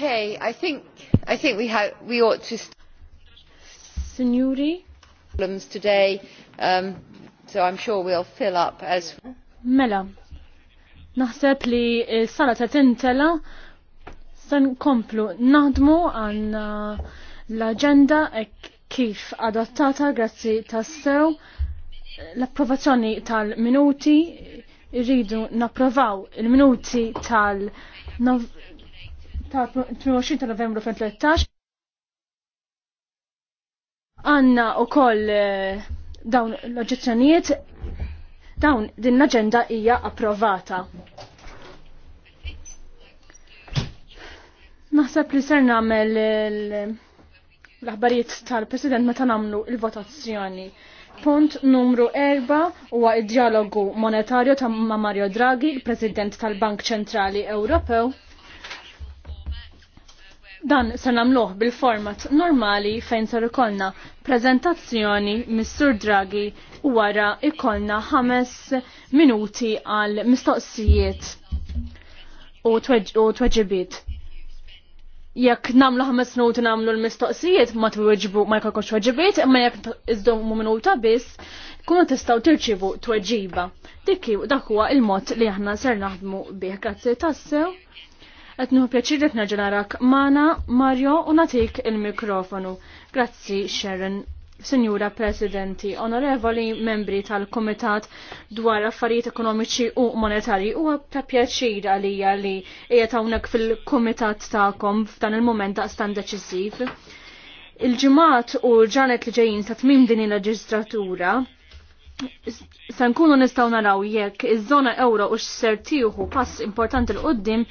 Okay, I think, I think we, we ought to... Signori? Problems today, um, so I'm sure we'll fill up as... Mela, naħseb li s-sala ta' tintela san komplu naħdmu għan uh, l-agenda kif adottata grazzi sew l-approvazzjoni tal-minuti irridu napprovaw il-minuti tal novembru ta' 28 ta' novembru 2013 għanna u koll eh, dawn l-oġezzjonijiet dawn din l-agenda hija approvata. Naħseb li ser nagħmel l-aħbarijiet tal-President meta nagħmlu il-votazzjoni. Punt numru 4 huwa id-dialogu monetarju ta' Mario Draghi, il-President tal-Bank Ċentrali Ewropew. Dan se nagħmluh bil-format normali fejn ser ikollna prezentazzjoni mis-Sur Draghi u wara ikollna ħames minuti għal mistoqsijiet u tweġibiet. Jekk namlu ħames minuti namlu l-mistoqsijiet ma tweġbu ma jkollkomx tweġibiet, imma jekk iżdommu minuta biss, kunu tistgħu tirċivu tweġiba. Dik dak huwa il-mod li aħna ser naħdmu bih. Grazzi tassew. Qed pjaċir li tnerġanarak Mana Mario u natik il-mikrofonu. Grazzi Sharon. Sinjura Presidenti, onorevoli membri tal-Komitat dwar affarijiet ekonomiċi u monetari, huwa ta' pjaċir għalija li qiegħed hawnhekk fil-Kumitat tagħkom f'dan il-mument daqstan deċiżiv. Il-ġimgħat u ġanet li ġejjin ta' tmim din il-leġistratura se nkunu nistgħu naraw jekk iż-żona euro u x'ser tieħu pass importanti l qoddim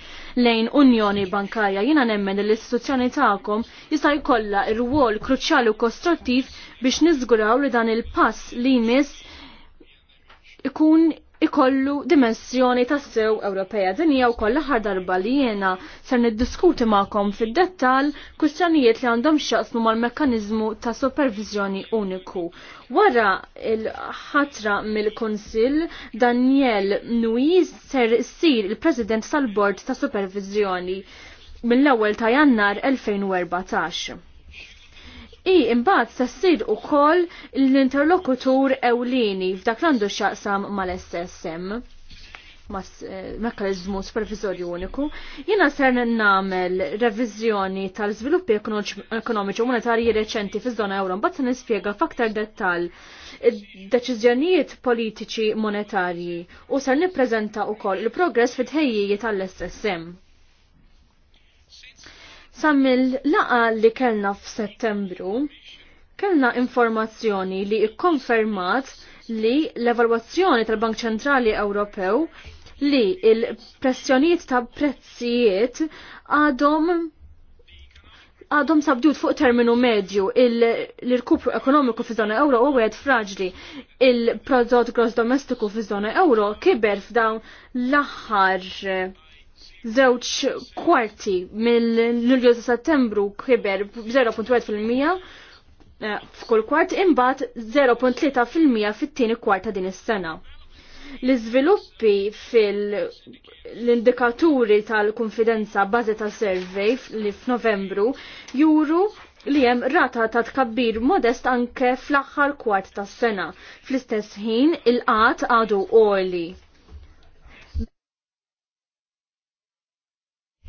lejn Unjoni Bankarja. Jiena nemmen l-istituzzjoni tagħkom jista' jkollha rwol kruċjali u kostruttiv biex niżguraw li dan il-pass li jmiss ikun ikollu dimensjoni tas-sew Ewropea. Din hija wkoll aħħar darba li jiena ser niddiskuti magħkom fid-dettall kwistjonijiet li għandhom x'jaqsmu mal-mekkaniżmu ta' supervizjoni uniku. Wara il-ħatra mill-Kunsill, Daniel Nuiz ser issir il-President tal-Bord ta' Supervizjoni mill-ewwel ta' Jannar 2014 i imbagħad se ssir ukoll l-interlokutur ewlieni f'dak l-għandu x'jaqsam mal-SSM eh, mekkalizmu supervizorju uniku, jina ser namel revizjoni tal-sviluppi ekonomiċi u monetarji reċenti fi zona euro, mbagħad se nispjega f'aktar dettall deċiżjonijiet politiċi monetarji u ser nippreżenta wkoll il-progress fit-ħejjijiet tal-SSM. Sammil laqa li kellna f'Settembru, kellna informazzjoni li ikkonfermat li l-evalwazzjoni tal-Bank Ċentrali Ewropew li il-pressjonijiet ta' prezzijiet għadhom għadhom sabdut fuq terminu medju l-irkupru ekonomiku fi zona euro u għed fraġli il-prodott gross domestiku fi zona euro kiber f'dawn l-aħħar Zewċ kwarti mill-Lulju ta' Settembru kiber fil 01 eh, f'kull kwart imbagħad 0.3% fit-tieni kwart ta' din is-sena. L-iżviluppi fil-indikaturi tal-konfidenza bażi ta' survey li f'Novembru juru li hemm rata ta' tkabbir modest anke fl-aħħar kwart tas-sena. Fl-istess ħin il-qat għadu għoli.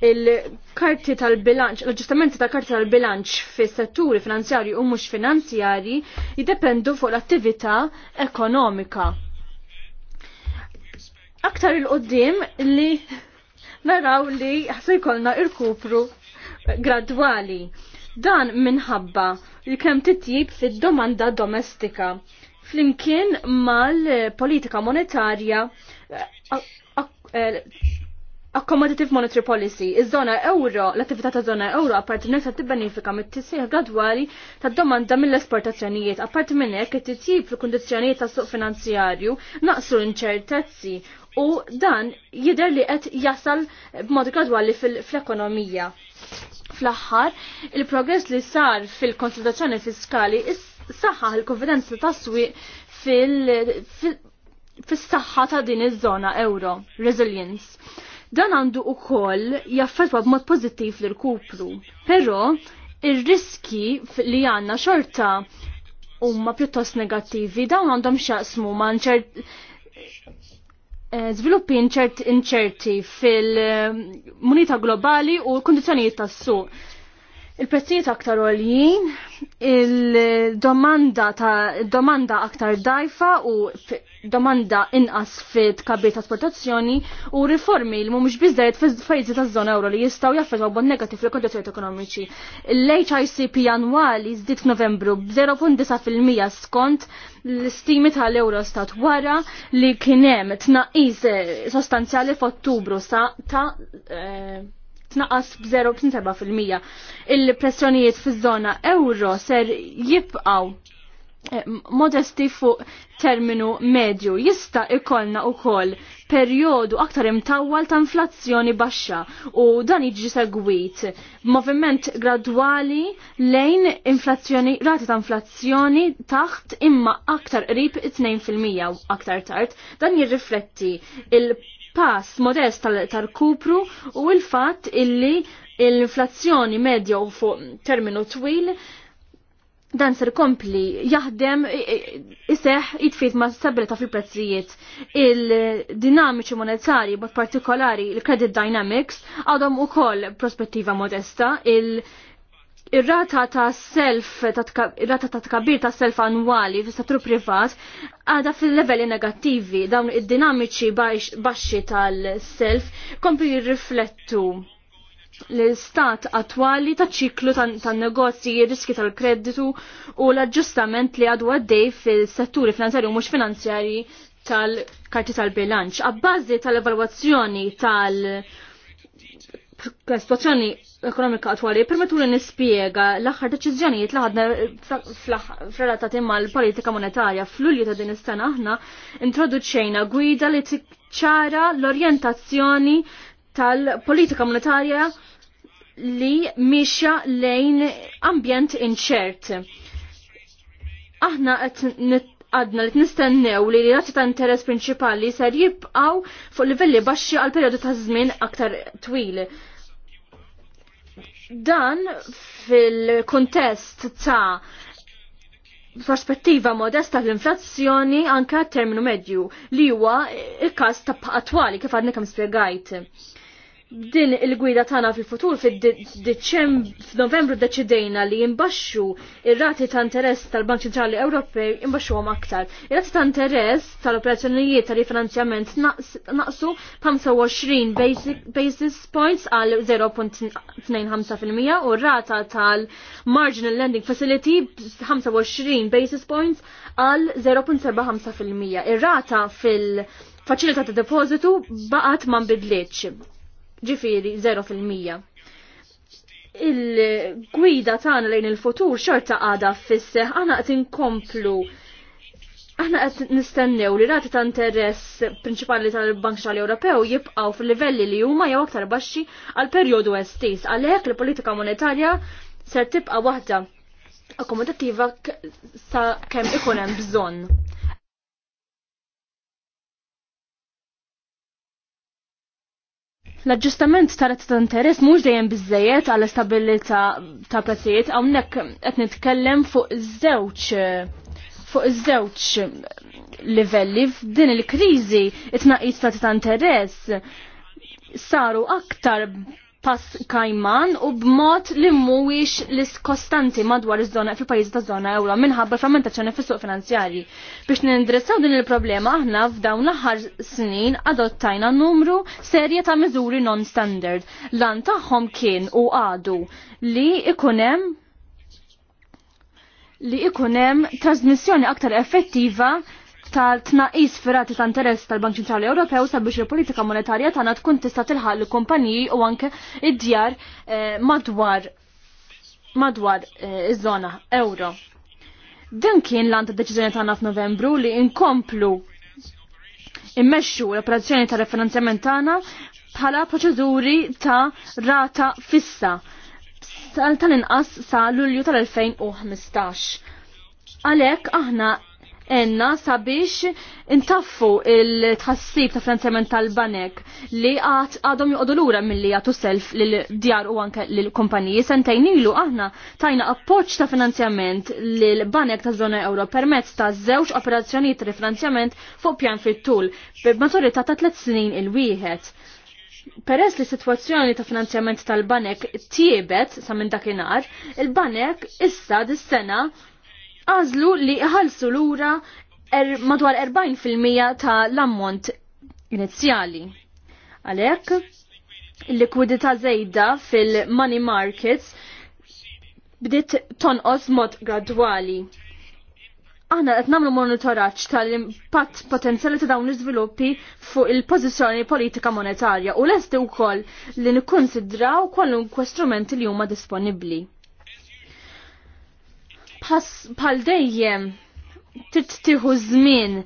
il-karti tal-bilanċ, l-ġustamenti tal-karti tal-bilanċ fis setturi finanzjari u mhux finanzjari jiddependu fuq l-attività ekonomika. Aktar il-qoddim li naraw li se jkollna irkupru gradwali. Dan minħabba li kemm titjib fid-domanda domestika flimkien mal-politika monetarja accommodative monetary policy. Iż-żona euro, l-attività ta' żona euro apparti minn se tibbenifika mit-tisih gradwali ta' domanda mill-esportazzjonijiet. Apparti minn hekk it-titjib fil-kundizzjonijiet tas suq finanzjarju naqsu l-inċertezzi u dan jidher li qed jasal b'mod gradwali fl-ekonomija. Fl-aħħar, il-progress li sar fil-konsultazzjoni fiskali saħħaħ il-konfidenza tas-swieq fil-saħħa ta' din iż-żona euro, resilience Dan għandu u koll jaffetwa b'mod pozittiv l kuplu Pero, il-riski li għanna xorta umma pjuttost negattivi, dawn għandhom xaqsmu ma' nċert Zviluppi eh, inċerti fil-munita globali u kondizjonijiet tas-suq il-prezzijiet aktar għoljien, il-domanda ta' domanda aktar dajfa u domanda inqas fit kabir ta' sportazzjoni, u riformi li mhumiex biżdejjed fil-pajjiżi taż-żona euro li jistgħu jaffettwaw bon negattiv fil kondizjoni ekonomiċi. L-HICP annwali żdied f'Novembru b'0.9% skont l-istimi tal-Eurostat wara li kien hemm tnaqqis eh, sostanzjali f'Ottubru sa ta' eh, tnaqqas 07 Il-pressjonijiet fiż-żona euro ser jibqaw eh, modesti fuq terminu medju jista' ikollna wkoll perjodu aktar imtawwal ta' inflazzjoni baxxa u dan jiġi segwit moviment gradwali lejn inflazzjoni rati ta' inflazzjoni taħt imma aktar qrib 2% u aktar tard dan jirrifletti il pass modest tal-kupru u il-fatt illi l-inflazzjoni medja u fuq terminu twil dan ser kompli jaħdem iseħ jitfit ma' stabilita fil-prezzijiet. Il-dinamiċi monetari, bot partikolari il-credit dynamics, għadhom u koll prospettiva modesta, il- Ir-rata ta' self, ir-rata ta' tkabir ta' self annwali fi settur privat għada fil-leveli negattivi dawn id-dinamiċi baxxi tal-self kompli jirriflettu l-istat attwali ta' ċiklu ta' negozji, riski tal-kreditu u l-aġġustament li għadu għaddej fil-setturi finanzjarju u mhux finanzjarji tal-karti tal-bilanċ. Abbażi tal-evalwazzjoni tal-, -bilanċ, situazzjoni ekonomika attwali permettu li nispiega l-aħħar deċiżjonijiet li ħadna fl-relatati mal-politika monetarja fl-ulju ta' din is-sena aħna introduċejna gwida li tiċċara l-orjentazzjoni tal-politika monetarja li mixja lejn ambjent inċert. Aħna qed għadna li t-nistennew li li ta' interess prinċipali ser jibqaw fuq livelli baxxi għal periodu ta' żmien aktar twil. Dan fil-kontest ta' prospettiva modesta l-inflazzjoni anka terminu medju li huwa il-każ ta' attwali kif għadni kemm spjegajt din il-gwida tagħna fil-futur f'Novembru deċidejna li jimbaxxu il rati ta' interess tal-Bank Ċentrali Ewropej għom aktar. Ir-rati ta' interess tal-operazzjonijiet tal-rifinanzjament naqsu 25 basis points għal 0.25% u r-rata tal-Marginal Lending Facility 25 basis points għal 0.75%. Ir-rata fil- Faċilità ta' depożitu baqgħet ma nbidlitx ġifiri 0%. Il-gwida tagħna lejn il-futur xorta għada fisseħ għana qed inkomplu Aħna qed nistennew li rati ta' interess prinċipali tal-Bank Xali Ewropew jibqgħu fil-livelli li huma jew aktar baxxi għal perjodu estis għalhekk li politika monetarja ser tibqa' waħda akkomodattiva sa kemm ikun hemm bżonn. L-aġġustament tal-qed ta' interess mhux dejjem biżejjed għal stabilità ta' prezzijiet hawnhekk qed nitkellem fuq iż-żewġ fuq iż-żewġ livelli f'din il-kriżi it-tnaqqis ta' interess saru aktar pass kajman u b'mod li mhuwiex l-iskostanti madwar iż-żona fil-pajjiżi ta' żona ewra minħabba frammentazzjoni fis-suq finanzjarji. Biex nindressaw din il-problema aħna f'dawn l-aħħar snin adottajna numru serje ta' miżuri non-standard. Lan tagħhom kien u għadu li ikunem li ikun hemm trasmissjoni aktar effettiva tal-tnaqis firati ta' interess tal-Bank Ċentrali Ewropew sabiex il-politika monetarja tagħna tkun tista' tilħaq l kumpaniji u anke id-djar eh, madwar madwar eh, iż-żona euro. Din kien l għanta deċiżjoni tagħna f'Novembru li inkomplu immexxu l-operazzjoni ta' referenzjament tagħna bħala proċeduri ta' rata fissa tal-inqas sa' Lulju tal-2015. Għalek aħna enna sabiex intaffu il-tħassib ta' finanzjament tal-banek li għad għadhom juqodu lura mill-li għatu self l-djar u anke l-kumpaniji sentajn ilu aħna tajna appoċ ta' finanzjament l-banek ta' zona euro permezz ta' żewġ operazzjonijiet rifinanzjament fuq pjan fit-tul b'maturità ta' tliet snin il-wieħed. Peress li situazzjoni ta' finanzjament tal-banek tiebet sa' minn dakinhar, il-banek issa dis-sena għażlu li ħalsu lura er, madwar 40% ta' l-ammont inizjali. Għalhekk, il-likwidità żejda fil-money markets bdiet tonqos mod gradwali. Aħna qed nagħmlu monitoraġġ tal-impatt potenzjali ta' dawn l-iżviluppi fuq il-pożizzjoni politika monetarja u lesti wkoll li nikkonsidraw kwalunkwe strumenti li huma disponibbli bħal dejjem tittieħu żmien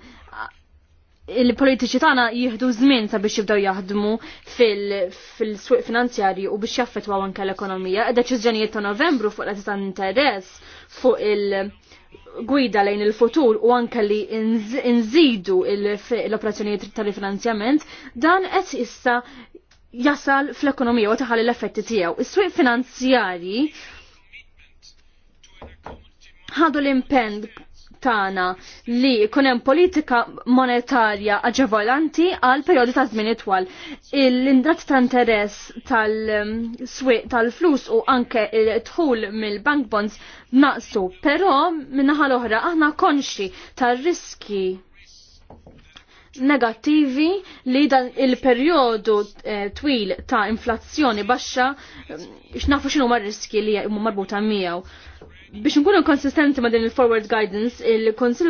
il-politiċi tagħna jieħdu żmien sabiex jibdew jaħdmu fil-swieq finanzjarji u biex jaffettwaw anke l-ekonomija. Deċiżjonijiet ta' Novembru fuq qed ta' interess fuq il-gwida lejn il-futur u anke li nżidu l-operazzjonijiet tal-finanzjament dan qed issa jasal fl-ekonomija u taħalli l-effetti tiegħu. Is-swieq finanzjarji ħadu l-impend tagħna li jkun hemm politika monetarja aġevolanti għal periodi ta' żmien itwal. L-indrat ta' interess tal-swieq tal-flus u anke l-dħul mill-bank bonds naqsu, però minnaħa l-oħra aħna konxi tar-riski negattivi li dan il-perjodu eh, twil ta' inflazzjoni baxxa eh, x'nafu x'inhuma r-riski li marbuta miegħu Biex nkunu konsistenti ma din il-forward guidance, il-Konsil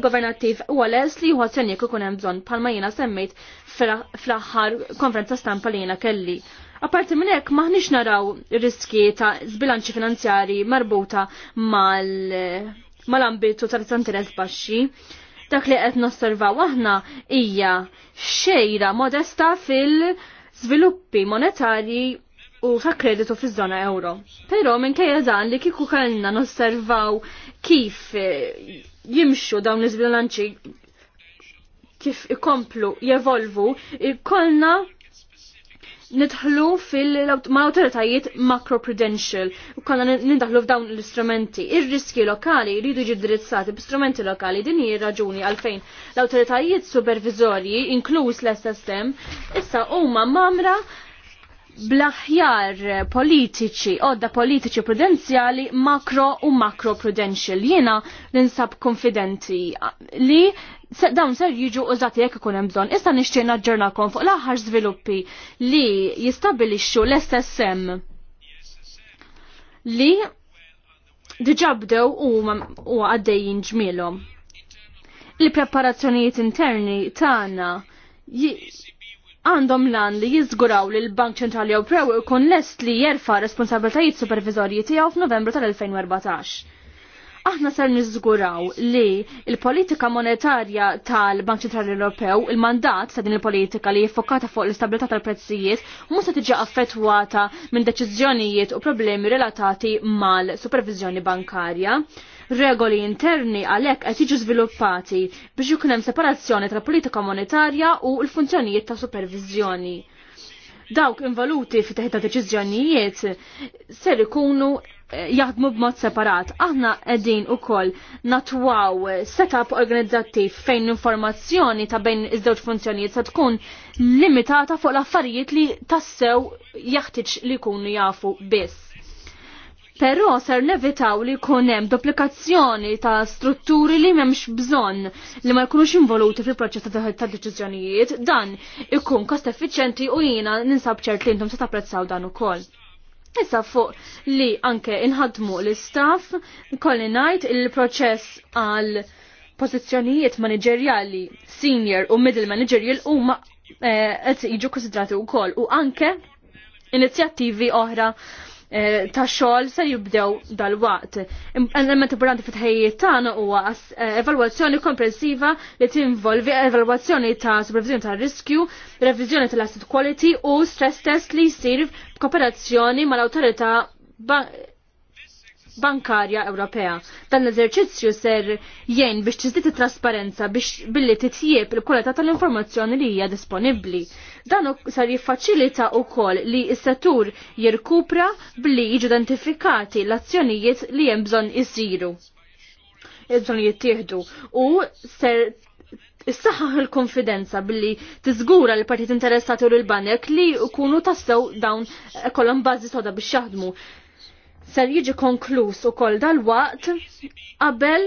Governattiv huwa għales li huwa senni ikun hemm bżonn bħalma jiena semmejt fl-aħħar konferenza stampa li jena kelli. Apparti minn hekk maħniex naraw riski ta' zbilanċi finanzjari marbuta mal-ambitu tal interess baxxi dak li qed nosservaw aħna hija xejra modesta fil-żviluppi monetarji u ta' kreditu fi żona euro. Però minkejja dan li kieku kellna nosservaw kif eh, jimxu dawn l-izbilanċi kif ikomplu jevolvu, ikollna nidħlu fil-autoritajiet macroprudential u konna nidħlu f'dawn l-istrumenti. Ir-riski lokali jridu ġidrizzati b'istrumenti lokali din hi raġuni għalfejn l-autoritajiet supervizorji inkluż l-SSM issa huma mamra blaħjar politiċi, odda politiċi prudenzjali makro u makro prudential. Jiena l-insab konfidenti li dawn ser jiġu użati jekk ikun hemm bżonn. Issa nixtieq naġġornakom fuq l-aħħar żviluppi li jistabilixxu l-SSM li diġà bdew u għaddejjin ġmielhom. Il-preparazzjonijiet interni tagħna għandhom lan li jiżguraw li l-Bank Ċentrali Ewropew ikun lest li jerfa' responsabiltajiet supervizorji tiegħu f'Novembru tal-2014. Aħna ser niżguraw li il-politika monetarja tal-Bank Ċentrali Ewropew, il-mandat ta' din il-politika li jiffokata fuq l-istabilità tal-prezzijiet, mhux se tiġi affettwata minn deċiżjonijiet u problemi relatati mal-supervizjoni bankarja regoli interni għalhekk qed jiġu żviluppati biex ikun hemm separazzjoni tra politika monetarja u l-funzjonijiet ta' supervizjoni. Dawk involuti fi teħta deċiżjonijiet ser ikunu eh, jaħdmu b'mod separat. Aħna qegħdin ukoll natwaw setup organizzattiv fejn informazzjoni ta' bejn iż-żewġ funzjonijiet se tkun limitata fuq l-affarijiet li tassew jaħtieġ li jkunu jafu biss Però ser nevitaw li jkun hemm duplikazzjoni ta' strutturi li m'hemmx bżonn li ma jkunux involuti fil-proċess ta' deċiżjonijiet, dan ikun kost effiċenti u jiena ninsab ċert li intom se tapprezzaw dan ukoll. Issa fuq li anke inħadmu l-istaff, kolli najt il-proċess għal pozizjonijiet manageriali senior u middle u huma eh, qed jiġu konsidrati wkoll u anke inizjattivi oħra Eh, ta' xogħol se jibdew dal-waqt. Element importanti fit-ħejjiet tagħna huwa eh, evalwazzjoni komprensiva li tinvolvi evalwazzjoni ta' supervizjoni ta' riskju, revizjoni tal-asset quality u stress test li jsir b'kooperazzjoni mal-awtorità bankarja Ewropea. Dan l-eżerċizzju ser jgħin biex tiżdiet it-trasparenza biex billi titjieb il-kwalità tal-informazzjoni li hija disponibbli. Dan sar jiffaċilita wkoll li s-settur jirkupra billi jiġu identifikati l-azzjonijiet li hemm bżonn isiru. Bżonn jittieħdu u ser Issaħħaħ il-konfidenza billi tiżgura l-partit interessati u l-banek li jkunu tassew dawn eh, kollhom bażi soda biex jaħdmu ser jiġi konkluż ukoll dal-waqt qabel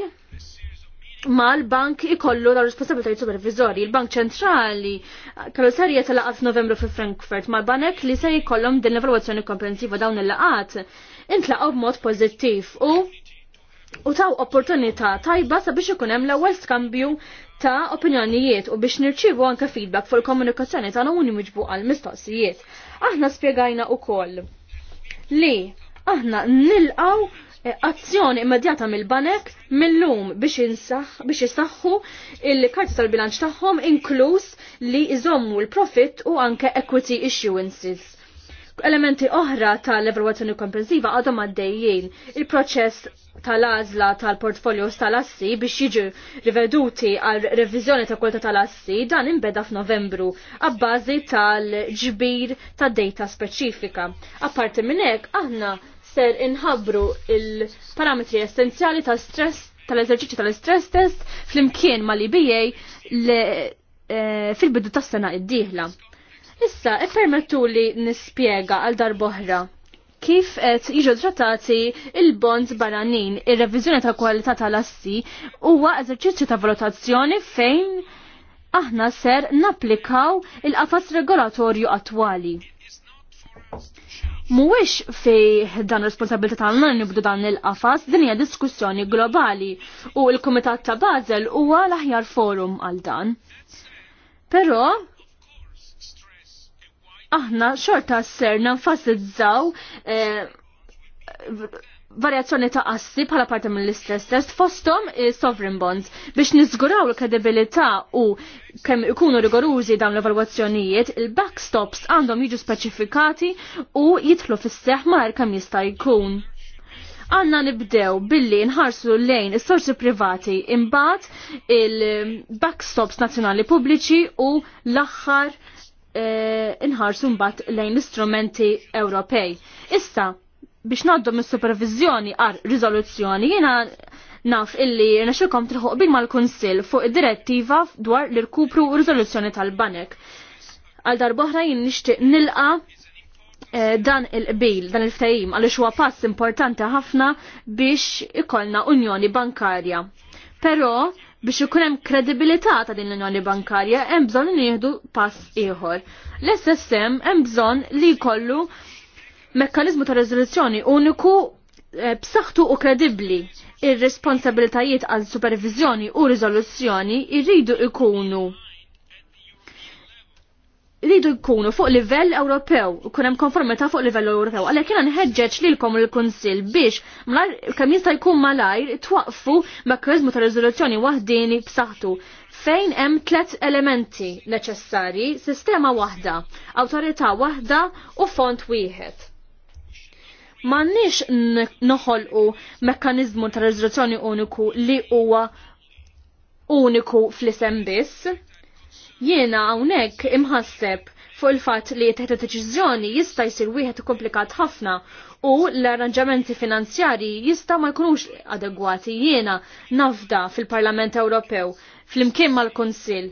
ma l-bank ikollu la responsabilitajiet supervisori. Il-Bank ċentrali kellu ser jitilaqat f'Novembru fi Frankfurt ma banek li se jkollhom din l-evalwazzjoni komprensiva dawn il-laqat intlaqgħu b'mod pożittiv u u taw opportunità tajba sabiex ikun hemm l-ewwel skambju ta' opinjonijiet u biex nirċievu anke feedback fuq il-komunikazzjoni tagħna u nimiġbu għall-mistoqsijiet. Aħna spjegajna wkoll li aħna nilqaw eh, azzjoni immedjata mill-banek mill-lum biex jisaxħu il-karti tal-bilanċ tagħhom inkluż li jżommu l-profit u anke equity issuances. Elementi oħra tal-evaluazzjoni kompensiva għadhom għaddejjin. Il-proċess tal-azla tal-portfolios tal-assi biex jiġu riveduti għal revizjoni ta' kwalità tal-assi dan imbeda f'Novembru għabbażi tal-ġbir ta' data speċifika. Apparti minn hekk aħna ser inħabru il-parametri essenzjali ta' stress tal-eżerċiċċju tal-stress test fl-imkien ma' li bijaj eh, fil-bidu tas sena id-dieħla. Issa, ippermettu e li nispjega għal darboħra kif qed jiġu trattati il-bonds baranin, ir-reviżjoni ta' kwalità tal-assi huwa eżerċizzju ta' valutazzjoni fejn aħna ser napplikaw il-qafas regolatorju attwali. Mhuwiex fej dan responsabilità tagħna nibdu dan il-qafas, din hija diskussjoni globali u l-Kumitat ta' Bazel huwa l-aħjar forum għal dan. Però aħna xorta s-ser nanfasizzaw eh, varjazzjoni ta' assi bħala parti mill istess test fostom sovereign bonds biex niżguraw l-kredibilità u kemm ikunu rigorużi dawn l-evalwazzjonijiet, il-backstops għandhom jiġu speċifikati u jitlu fis-seħ mar kemm jista' jkun. Għanna nibdew billi nħarsu lejn is-sorsi privati imbagħad il-backstops nazzjonali pubbliċi u l-aħħar eh, inħarsu mbagħad lejn l-istrumenti Ewropej. Issa, biex naddu mis-supervizjoni għar riżoluzzjoni jiena naf illi naxilkom trilħuq bil mal-Kunsill fuq id-direttiva dwar l-irkupru u riżoluzzjoni tal-banek. Għal darboħra jien nixtieq nilqa eh, dan il-qbil, dan il-ftajim, għal huwa pass importanti ħafna biex ikollna unjoni bankarja. Però biex ikun hemm kredibilità ta' din l-unjoni bankarja hemm bżonn li pass ieħor. L-SSM hemm bżonn li jkollu mekkanizmu ta' rezoluzzjoni uniku eh, b'saħħtu u kredibbli ir-responsabilitajiet għal supervizjoni u riżoluzzjoni irridu ikunu rridu jkunu fuq livell Ewropew, kun hemm konformità fuq livell Ewropew. Għalhekk jiena nħeġġeġ lilkom il-Kunsill biex mlar kemm jista' jkun malajr twaqfu mekkaniżmu ta' riżoluzzjoni waħdini b'saħħtu fejn hemm tliet elementi neċessarji, sistema waħda, awtorità waħda u font wieħed m'għandniex noħolqu mekkaniżmu ta' rezoluzzjoni uniku li huwa uniku fl-isem biss. Jiena hawnhekk imħasseb fuq il-fatt li teħta deċiżjoni jista' jsir wieħed komplikat ħafna u l-arranġamenti finanzjari jista' ma jkunux adegwati jiena nafda fil-Parlament Ewropew fl-imkien mal-Kunsill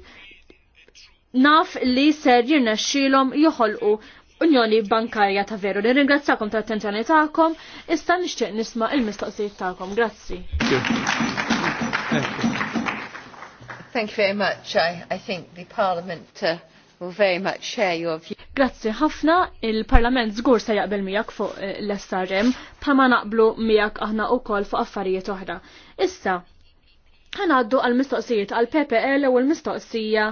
naf li ser jirnexxilhom joħolqu Unjoni Bankarja ta' Veru. Nirringrazzakom ta' attenzjoni tagħkom, issa nixtieq nisma' il-mistoqsijiet tagħkom. Grazzi. Thank you very much. I, I think the Parliament uh, will very much share your view. Grazzi ħafna, il-Parlament żgur se jaqbel miegħek fuq eh, l-SRM ma naqblu miegħek aħna wkoll fuq affarijiet oħra. Issa, ħanaddu għal mistoqsijiet għal PPL u l-mistoqsija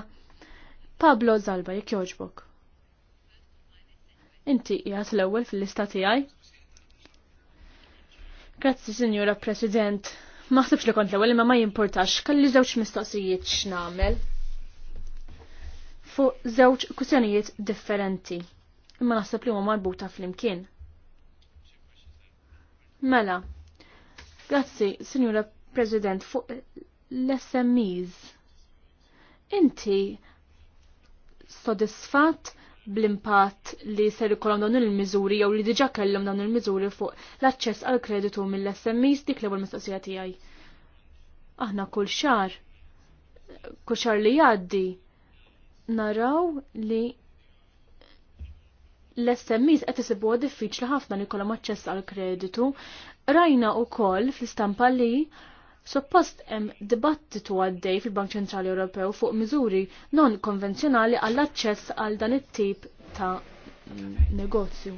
Pablo Zalba jekk jogħġbok. Inti jgħat l-ewwel fil-lista tiegħi. Grazzi, Sinjura President. Ma ħsibx li kont l-ewwel imma ma jimportax, kalli żewġ mistoqsijiet x'namel. Fu żewġ kwistjonijiet differenti. Imma naħseb li huma marbuta flimkien. Mela, grazzi, Sinjura President, fuq l-SMEs. Inti sodisfatt bl-impatt li ser ikollhom dawn il-miżuri jew li diġà kellhom dawn il-miżuri fuq l-aċċess għal kreditu mill-SMEs dik l-ewwel mistoqsija tiegħi. Aħna kull xar kull xar li jgħaddi naraw li l-SMEs qed isibuha diffiċli ħafna li jkollhom aċċess għal kreditu. Rajna wkoll fl-istampa li Suppost hemm dibattitu għaddej fil-Bank Ċentrali Ewropew fuq miżuri non konvenzjonali għall aċċess għal dan it-tip ta' negozju.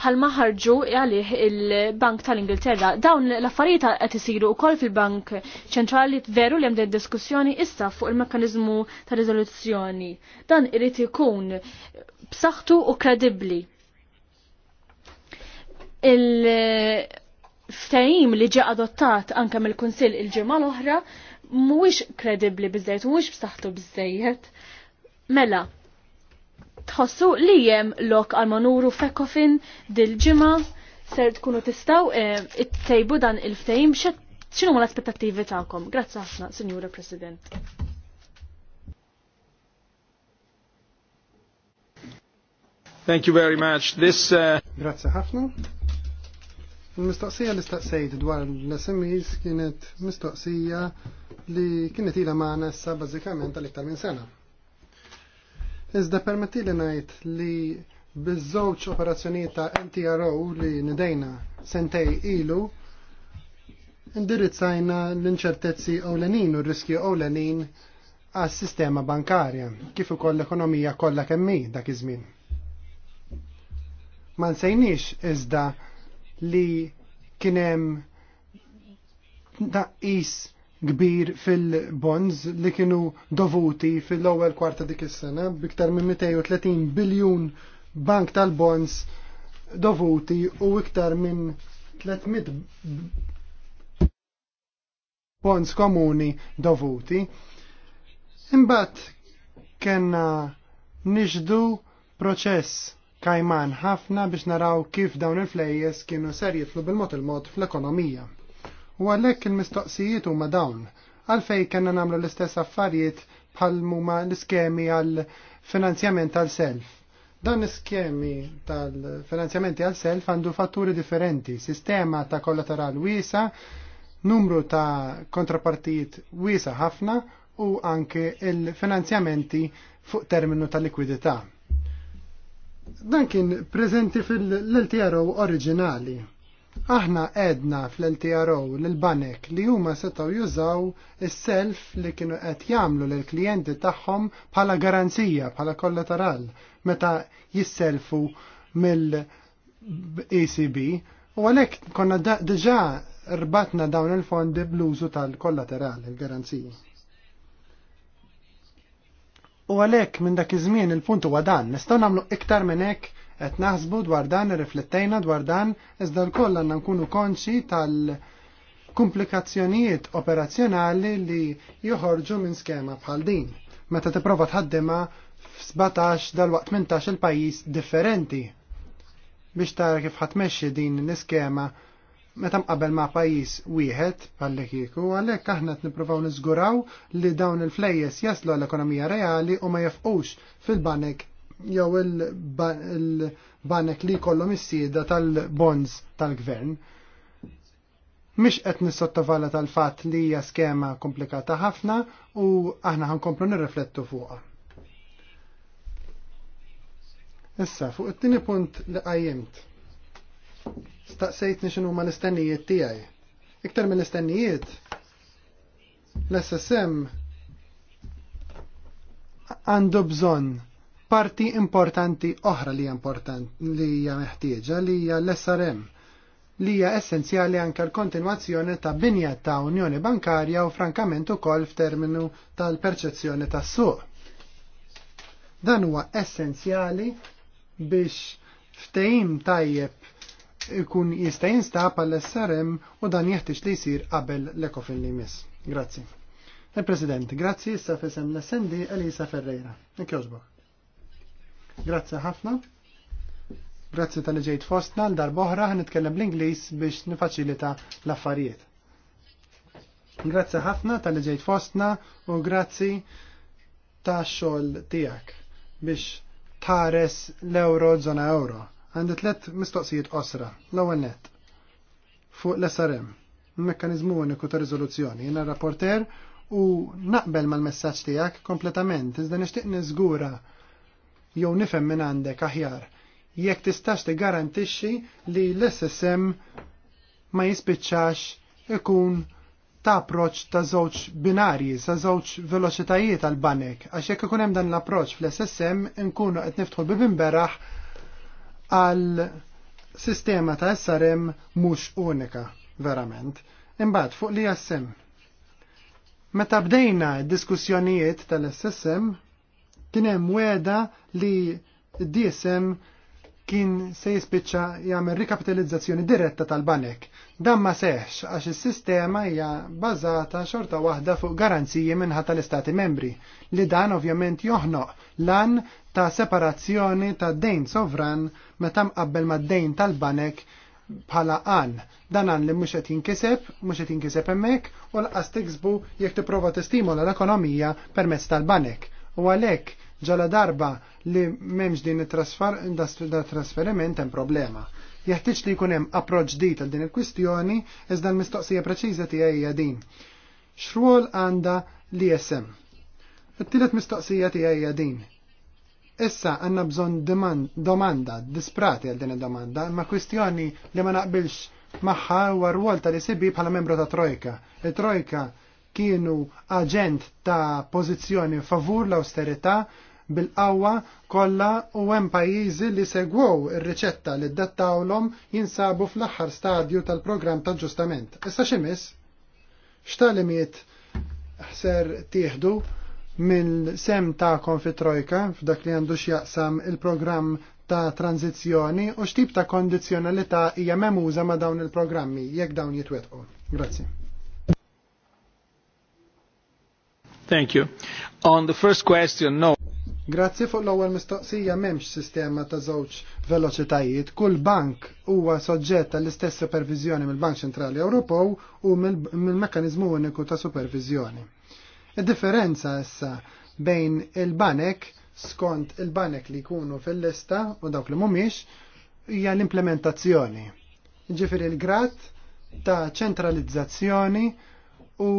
Palma ħarġu għalih il-Bank tal-Ingilterra. Dawn l-affarijiet qed isiru wkoll fil-Bank Ċentrali veru li hemm din diskussjoni issa fuq il-mekkaniżmu ta' riżoluzzjoni. Dan irid ikun b'saħħtu u kredibbli ftehim li ġie adottat anke mill-Kunsill il-ġimgħa l-oħra mhuwiex kredibbli biżejjed, mhuwiex b'saħħtu biżejjed. Mela, tħossu li jem lok għal manuru fekofin dil-ġimgħa ser tkunu tistaw eh, it-tejbu dan il-ftehim x'inhu l-aspettattivi tagħkom. Grazzi ħafna, Sinjura President. Thank you very much. This uh... Grazie ħafna mistoqsija li staqsejt dwar l-SMEs kienet mistoqsija li kienet ila maħna issa bazzikament għal-iktar minn sena. Iżda permetti li najt li bizzowċ operazzjoniet ta' NTRO li nidejna sentej ilu, indirizzajna l-inċertezzi ewlenin u r-riskju ewlenin għas sistema bankarja, kif ukoll l-ekonomija kollha kemmi dak iż-żmien. Ma nsejniex iżda li kienem is kbir fil-bonds li kienu dovuti fil-ewwel kwarta dik is-sena biktar minn 230 biljun bank tal-bonds dovuti u iktar minn 300 bonds komuni dovuti. Imbagħad kellna nixdu proċess kajman ħafna biex naraw kif dawn il-flejjes kienu ser jitlu bil-mod il-mod fl-ekonomija. U għalhekk il-mistoqsijiet huma dawn, għalfej kena namlu l-istess affarijiet bħal muma l-iskemi għal finanzjament għal self. Dan l-iskemi tal-finanzjamenti għal self għandu fatturi differenti, sistema ta' kollateral wisa, numru ta' kontrapartijiet wisa ħafna u anke il-finanzjamenti fuq terminu tal likwidità. Dan kien prezenti fil-LTRO oriġinali. Aħna edna fl-LTRO l-banek li huma setaw jużaw is-self li kienu qed jagħmlu l klijenti tagħhom bħala garanzija, bħala kollateral meta jisselfu mill-ECB u għalhekk konna diġà rbatna dawn il-fondi bl-użu tal-kollateral, il-garanzija. U għalhekk minn dak iż-żmien il-punt huwa dan, nistgħu nagħmlu iktar minn hekk qed naħsbu dwar dan, irriflettejna dwar dan, iżda l-koll għandna nkunu konxi tal-komplikazzjonijiet operazzjonali li joħorġu minn skema bħal din. Meta tipprova tħaddimha f-17 dal-waqt mintax il-pajjiż differenti biex tara kif ħatmexxi din l-iskema meta mqabel ma' pajjiż wieħed għallek jieku, għalhekk aħna qed nippruvaw niżguraw li dawn il-flejjes jaslu għall-ekonomija reali u ma jafqux fil-banek jew il-banek li jkollhom missida tal-bonds tal-gvern. Mish qed nissottovala tal-fatt li hija skema komplikata ħafna u aħna ħankomplu nirriflettu fuqha. Issa, fuq it-tieni punt li qajjimt staqsejtni xinu ma l-istennijiet tijaj. Iktar minn l-istennijiet, l-SSM għandu bżon parti importanti oħra li importanti li hija meħtieġa li hija l-SRM li hija essenzjali anke l-kontinwazzjoni ta' binja ta' Unjoni Bankarja u frankament ukoll f'terminu tal-perċezzjoni tas-suq. Dan huwa essenzjali biex ftehim tajjeb ikun jista' jinstab għal srm u dan jeħtiġ li jsir qabel l-ekofin li jmiss. Grazzi. Il-President, grazzi jissa fesem l-Sendi Elisa Ferreira. Ikjożbok. Grazzi ħafna. Grazzi tal ġejt fostna l darboħra ħan nitkellem l-Inglis biex nifaċilita l-affarijiet. Grazzi ħafna tal ġejt fostna u grazzi ta' xol tijak biex tħares l-euro zona euro għandet tlet mistoqsijiet qosra, l-ewwel net. Fuq l-SRM, mekkaniżmu uniku ta' riżoluzzjoni, jiena rapporter u naqbel mal-messaġġ tiegħek kompletament, iżda nixtieq niżgura jew nifhem minn għandek aħjar jekk tistax tigarantixxi li l-SSM ma jispiċċax ikun ta' approċ ta' żewġ binarji, sa' żewġ veloċitajiet għal banek, għax jekk ikun hemm dan l-approċ fl-SSM nkunu qed niftħu bibin beraħ għal sistema ta' SRM mhux unika verament. Imbagħad fuq li jassem. Meta bdejna d-diskussjonijiet tal-SSM kien hemm weda li d-DSM kien se jispiċċa jagħmel rikapitalizzazzjoni diretta tal-banek. Dan ma seħx għax is-sistema hija bażata xorta waħda fuq garanziji minħa tal-Istati membri li dan ovvjament joħnoq lan ta' separazzjoni ta' dejn sovran meta mqabbel ma' dejn tal-banek bħala għan. Dan għan li mhux qed jinkiseb, mhux qed jinkiseb hemmhekk u l-qas tiksbu jekk tipprova tistimola l-ekonomija permezz tal-banek. U għalhekk Ġala darba li m'hemmx din it-trasferiment hemm problema. Jeħtieġ li jkun hemm approċċ ġdid għal din il-kwistjoni iżda l-mistoqsija preċiża tiegħi hija din. X'rwol għandha l-ISM? It-tielet mistoqsija tiegħi hija din. Issa għandna bżonn domanda, disprati għal din id domanda, imma kwistjoni li ma naqbilx magħha u rwol tal isb bħala membru ta' Trojka. it trojka kienu aġent ta' pożizzjoni favur l-austerità bil-qawwa kollha u hemm pajjiżi li segwew ir-riċetta li ddattawlhom jinsabu fl-aħħar stadju tal-programm ta' ġustament. Issa x'imiss? X'talimiet ħser tieħdu mill-sem ta'kom fi trojka f'dak li għandu x'jaqsam il-programm ta' tranzizjoni u x'tip ta' kondizzjonalità hija memuża ma' dawn il-programmi jekk dawn jitwetqu. Grazzi. Thank you. On the first question, no. Grazzi fuq l-ewwel mistoqsija m'hemmx sistema ta' żewġ veloċitajiet. Kull bank huwa soġġett għall-istess supervizjoni mill-Bank Ċentrali Ewropew u mill-Mekkaniżmu Uniku ta' Supervizjoni. Id-differenza issa bejn il-banek skont il-banek li jkunu fil-lista u dawk li mhumiex hija l-implementazzjoni. Ġifieri l-grad ta' ċentralizzazzjoni u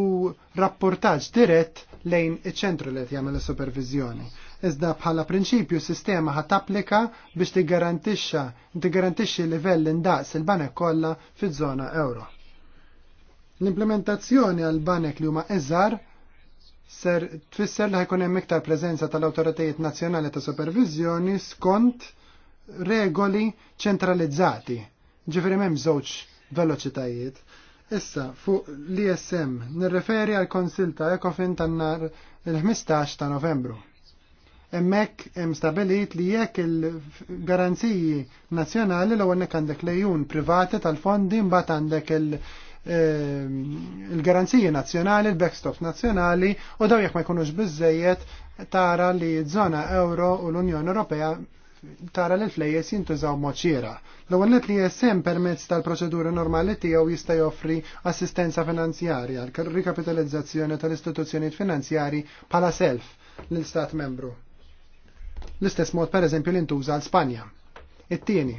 rapportaġġ dirett lejn iċ-ċentru li qed jagħmel is-supervizjoni. Iżda bħala prinċipju sistema ħat applika biex tiggarantixxa tiggarantixxi livell indaqs il-banek kollha fiż-żona euro. L-implementazzjoni għal banek li huma iżgħar ser tfisser li ħajkun hemm iktar preżenza tal-awtoritajiet nazzjonali ta' supervizjoni skont regoli ċentralizzati. Ġifieri m'hemm żewġ veloċitajiet Issa, fuq l-ISM, nirreferi għal konsil ta' Ekofin tan-nar il-15 ta' novembru. Emmek hemm stabilit li jekk il-garanziji nazzjonali l għonek għandek lejun privati tal-fondi mbagħad għandek ehm, il-garanziji nazzjonali, il-backstop nazzjonali u daw jekk ma jkunux bizzejiet tara li żona euro u l-Unjoni Ewropea tara li l-flejjes jintużaw moċira. L-ewwel li jessem permezz tal-proċedura normali tiegħu jista' joffri assistenza finanzjarja għal rikapitalizzazzjoni tal-istituzzjonijiet finanzjarji bħala self l-istat membru. L-istess mod pereżempju li ntuża l-Spanja. It-tieni,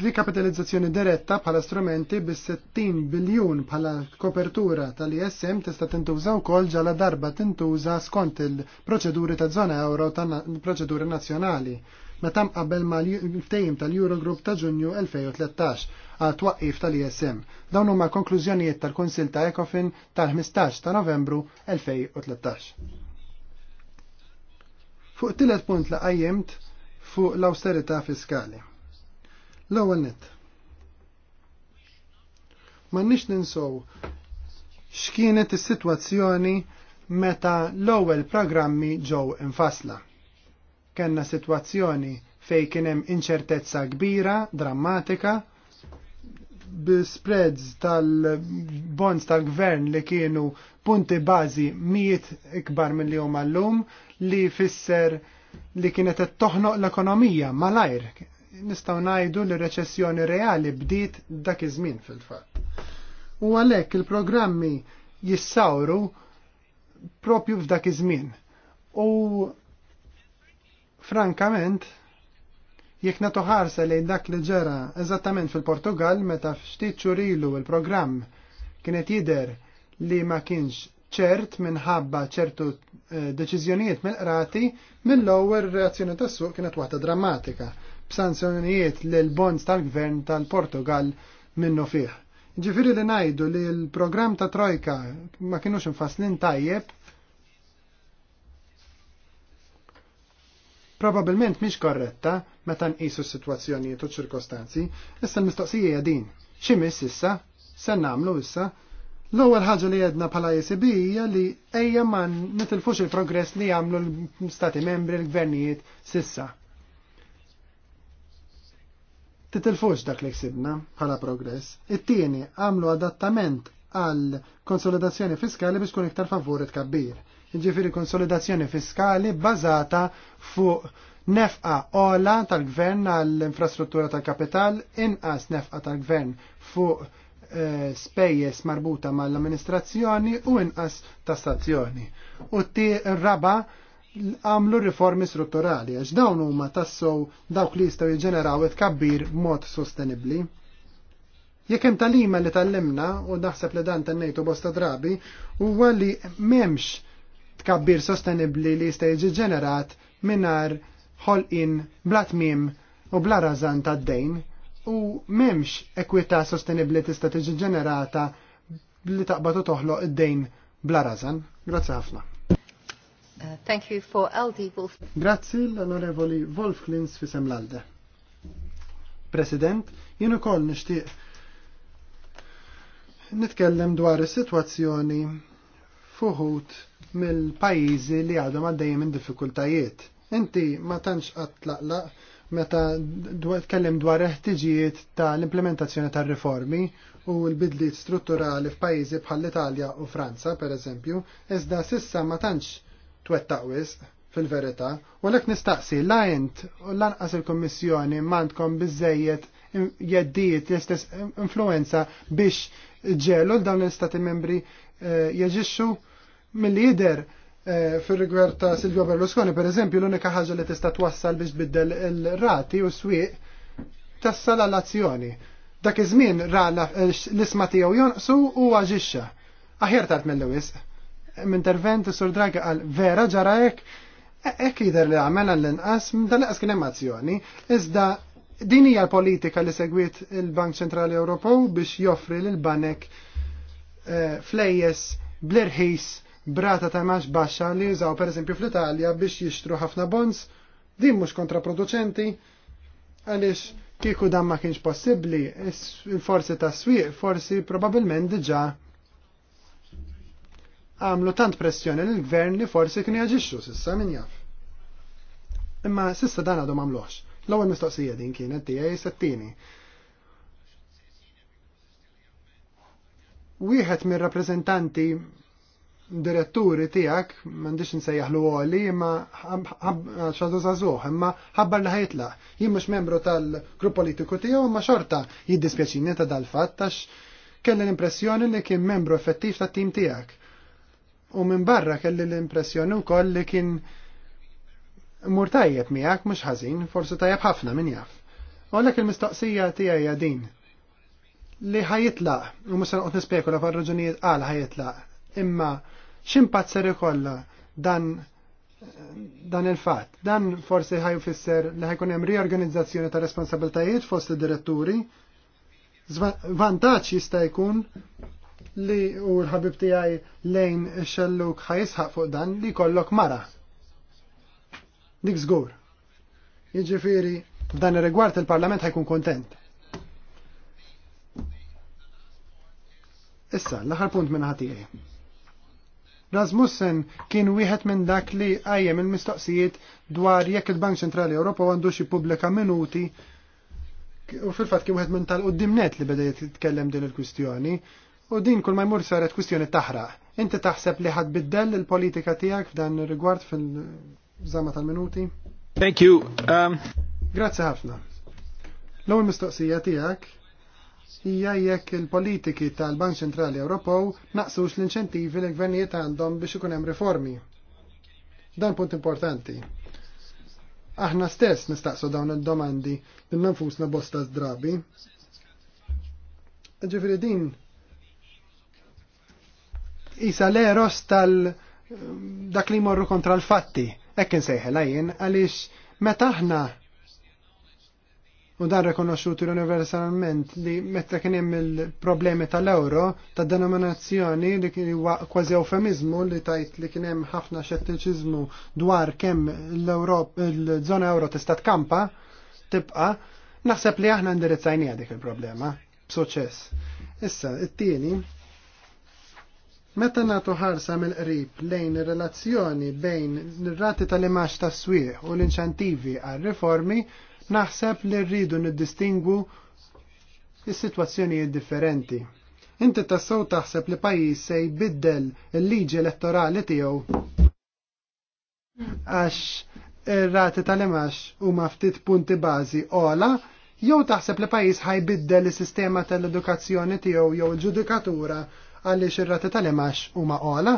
Rikapitalizzazzjoni diretta bħala strumenti bi 60 biljun bħala kopertura tal-ISM tista' tintuża wkoll ġala darba tintuża skont il-proċeduri ta' żona euro ta' proċeduri nazzjonali meta qabel ma' l-tejm tal-Eurogroup ta' Ġunju 2013 għal twaqqif tal-ISM. Dawn huma konklużjonijiet tal-Kunsil ta' Ekofin tal-15 ta' Novembru 2013. Fuq tillet punt la' fuq l austerita fiskali L-ewwel nett. M'għandniex ninsow x'kienet is-sitwazzjoni meta l-ewwel programmi ġew infasla. Kenna sitwazzjoni fejn kien hemm inċertezza kbira, drammatika, bi-spreads tal-bonds tal-gvern li kienu punti bażi miet ikbar mill-li huma llum li fisser li kienet toħnoq l-ekonomija malajr nistgħu ngħidu li reċessjoni reali bdiet dak iż-żmien fil-fatt. U għalhekk il-programmi jissawru propju f'dak iż-żmien. U frankament, jekk nagħtu ħarsa lejn dak li ġera eżattament fil-Portugal meta ftit xurilu il-programm kienet jidher li ma kienx ċert minħabba ċertu eh, deċiżjonijiet mill-qrati mill-ewwel reazzjoni tas-suq kienet waħda drammatika b'sanzjonijiet lill bonds tal-gvern tal-Portugal minnu fih. Ġifiri li najdu li l-program ta' Trojka ma kienux infaslin tajjeb, probabilment mhix korretta meta nqisu s-sitwazzjonijiet u ċ ċirkostanzi, issa l-mistoqsija din. Ximis issa, se nagħmlu issa, L-ewwel ħaġa li jedna bħala ECB hija li ejja ma nitilfux il-progress li jagħmlu l-Stati membri l-gvernijiet sissa titilfux dak li ksibna bħala progress. It-tieni għamlu adattament għal konsolidazzjoni fiskali biex kun iktar favori tkabbir. Ġifiri konsolidazzjoni fiskali bazata fuq nefqa ola tal-gvern għall-infrastruttura tal-kapital, inqas nefqa tal-gvern fuq e, eh, spejjes marbuta mal-amministrazzjoni u inqas tassazzjoni. U t-raba għamlu riformi strutturali, għax dawn huma tassow dawk li jistgħu jiġġeneraw it-kabbir mod sostenibbli. Jekk hemm talima li tallimna u naħseb li dan tennejtu bosta drabi, huwa li m'hemmx tkabbir sostenibbli li jista' jiġi ġenerat mingħajr ħolqin bla tmiem u bla rażan tad-dejn u m'hemmx ekwità sostenibbli tista' tiġi ġenerata li taqbad u toħloq id-dejn bla rażan. Grazzi ħafna. Uh, thank you for LD Wolf. Grazzi l-onorevoli Wolf Klins fisem l-Alde. President, jien ukoll nixtieq nitkellem dwar is-sitwazzjoni fuħut mill-pajjiżi li għadhom għaddejjem minn diffikultajiet. Inti ma tantx għatlaqla meta tkellem dwar eħtiġijiet ta' l-implementazzjoni tar riformi u l-bidliet strutturali f'pajjiżi bħall-Italja u Franza, per eżempju, iżda sissa ma tantx twettaq wisq fil-verità, u l nistaqsi, lajnt u lanqas il-Kommissjoni mandkom bizzejiet jeddijiet l-istess influenza biex ġelu dawn l-istati membri eh, jaġixxu mill-lider eh, fil rigwer ta' Silvio Berlusconi, per eżempju, l-unika ħaġa li tista' twassal biex biddel il-rati u swieq tassal l-azzjoni. Dak iż-żmien ra eh, l-isma tiegħu jonqsu u għaġixxa. Aħjar tard mill-wisq intervent sur Draghi għal vera ġara hekk, e, hekk jidher li għamel għall-inqas, dal-inqas kien hemm azzjoni, iżda din hija l-politika li segwiet il-Bank Ċentrali Ewropew biex joffri l banek e, flejjes bl-irħis brata ta' maċ baxxa li jużaw pereżempju fl-Italja biex jixtru ħafna bonds, din mhux kontraproducenti għaliex kieku dan ma kienx possibbli, il-forsi ta' swieq forsi probabilment diġà għamlu tant pressjoni l-gvern li forsi kien jaġixxu sissa min jaf. Imma sissa dan għadhom għamluħx. L-ewwel mistoqsija din kienet tiegħi settini. Wieħed mir-rappreżentanti diretturi tiegħek, m'għandix nsejjaħlu għoli, imma xadu żagħżuh, imma ħabbar li ħajtlaq. Jien mhux membru tal-grupp politiku tiegħu imma xorta jiddispjaċini ta' dal fatt għax kelli l-impressjoni li kien membru effettiv tat tim tiegħek u minn barra kelli l-impressjoni wkoll li kien mur tajjeb miegħek mhux ħażin, forsi tajjeb ħafna min jaf. U għalhekk il-mistoqsija tiegħi din li ħajitlaq u mhux noqgħod nispekula fuq raġunijiet qal ħajitlaq, imma x'impazzer ser dan dan il-fatt. Dan forsi ħaj fisser li ħajkun hemm riorganizzazzjoni ta' responsabiltajiet fost id-diretturi. Vantaċ jista' jkun li u l-ħabib tijaj lejn xelluk ħajisħaq fuq dan li kollok mara. Dik zgur. Iġifiri, f'dan ir-rigward il-Parlament ħajkun kontent. Issa, l-aħħar punt minn ħatijaj. Rasmussen kien wieħed minn dak li għajjem il-mistoqsijiet dwar jekk il-Bank Ċentrali Ewropa għandu xi pubblika minuti u fil-fatt kien wieħed minn tal net li beda jitkellem din il-kwistjoni U din kull ma jmur saret kwistjoni taħraq. Inti taħseb li ħad biddell il-politika tiegħek f'dan rigward fil-żama tal-minuti? Thank you. Um... Grazzi ħafna. L-ewwel mistoqsija tiegħek hija jekk il-politiki tal-Bank Ċentrali Ewropew naqsux l-inċentivi li gvernijiet għandhom biex ikun hemm riformi. Dan punt importanti. Aħna stess nistaqsu dawn id-domandi minn nfusna bosta drabi. Ġifieri din isa l-eros tal- dak li morru kontra l-fatti. Ekken sejħela jien, għalix meta aħna u dan rekonosciuti universalment li meta kien hemm il-problemi tal-euro, tad denominazzjoni li kien huwa kważi eufemizmu li tajt li kien hemm ħafna xettiċiżmu dwar kemm l-Ewrop żona euro tista' tkampa tibqa, naħseb li aħna indirizzajnija dik il-problema b'suċċess. Issa, it-tieni Meta nagħtu ħarsa mill-qrib lejn ir-relazzjoni bejn ir-rati tal-imax ta' swieħ u l-inċentivi għal reformi naħseb li rridu niddistingwu is-sitwazzjonijiet differenti. Inti tassew taħseb li pajjiż se jbiddel il-liġi elettorali tiegħu għax ir-rati tal-imax huma ftit punti bażi ola jew taħseb li pajjiż ħajbiddel is-sistema tal-edukazzjoni tiegħu jew il-ġudikatura għaliex ir-rati tal-imax huma ola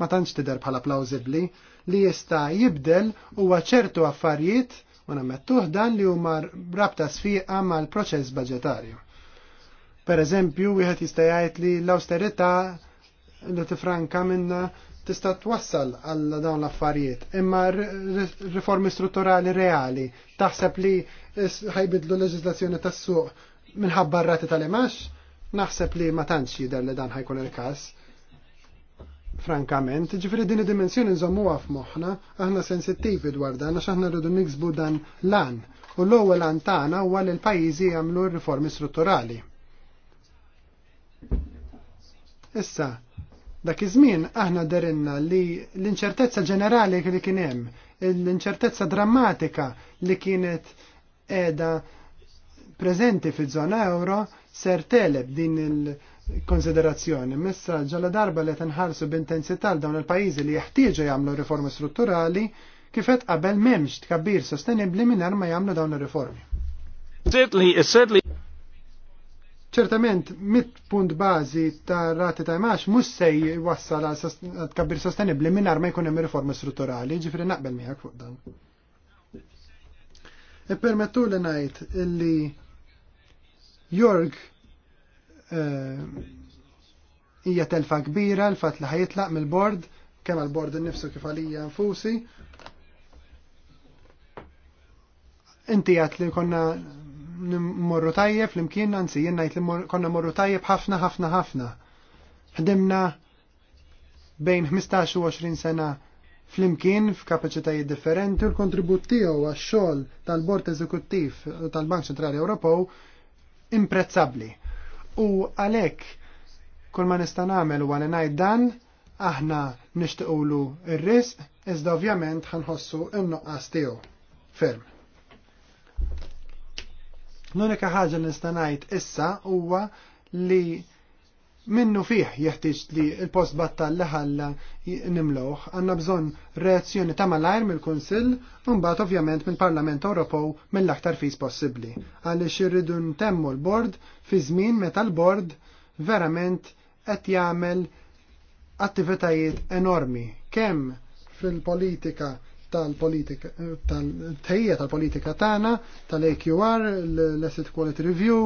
ma tantx tidher bħala plawzibli li jista' jibdel huwa ċertu affarijiet u nammettuh dan li huma rabta sfiqa mal-proċess budġetarju. Per eżempju, wieħed jista' jgħid li l-awsterità li tifranka minna tista' twassal għal dawn l-affarijiet, imma riformi strutturali reali taħseb li ħajbidlu leġiżlazzjoni tas-suq minħabba rati tal-imax? Naħseb li ma tantx jidher li dan ħajkun il-każ. Frankament, ġifri din id-dimensjoni nżommuha f'moħħna, aħna sensittivi dwar dan għax aħna rridu niksbu dan lan. U l-ewwel lan tagħna huwa li l-pajjiżi jagħmlu riformi strutturali. Issa, dak iż-żmien aħna derinna li l-inċertezza ġenerali li kien hemm, l-inċertezza drammatika li kienet qiegħda preżenti fiż-żona euro ser teleb din il-konsiderazzjoni. Messa ġala darba li tenħarsu b'intensità dawn il-pajjiżi li jeħtieġu jagħmlu riformi strutturali kifet qabel m'hemmx tkabbir sostenibbli mingħajr ma jagħmlu dawn ir-riformi. Uh, Ċertament, mit punt bażi ta' rati ta' imax mhux se jwassal għal tkabbir sostenibbli mingħajr ma jkun hemm riformi strutturali, ġifri naqbel miegħek fuq dan. Ippermettu e li ngħid illi Jorg eh, hija telfa kbira l-fatt li ħajitlaq mill-bord kemm għal-bord innifsu kif għalija nfusi. Inti għat li konna morru tajjeb flimkien anzi jien ngħid li konna morru tajjeb ħafna ħafna ħafna. Ħdimna bejn 15 u 20 sena flimkien f'kapaċitajiet differenti u l-kontribut tiegħu għax-xogħol tal-Bord Eżekuttiv tal-Bank Ċentrali Ewropew imprezzabli. U għalek, kull ma nista' nagħmel u għalenaj dan, aħna nishtiqulu il-ris, iżda ovvjament ħanħossu n-nuqqas tiegħu. Ferm. L-unika ħaġa nista' ngħid issa huwa li minnu fih jeħtieġ li l-post battal ħalla nimlowh għandna bżonn reazzjoni ta' malajr mill-Kunsill u mbagħad ovvjament mill-Parlament Ewropew mill-aktar fis possibbli għaliex irridu temmu l-bord fi żmien meta l-bord verament qed jagħmel attivitajiet enormi kemm fil-politika tal-politika tal-tejja tal-politika tagħna tal-AQR, l-Asset Quality Review,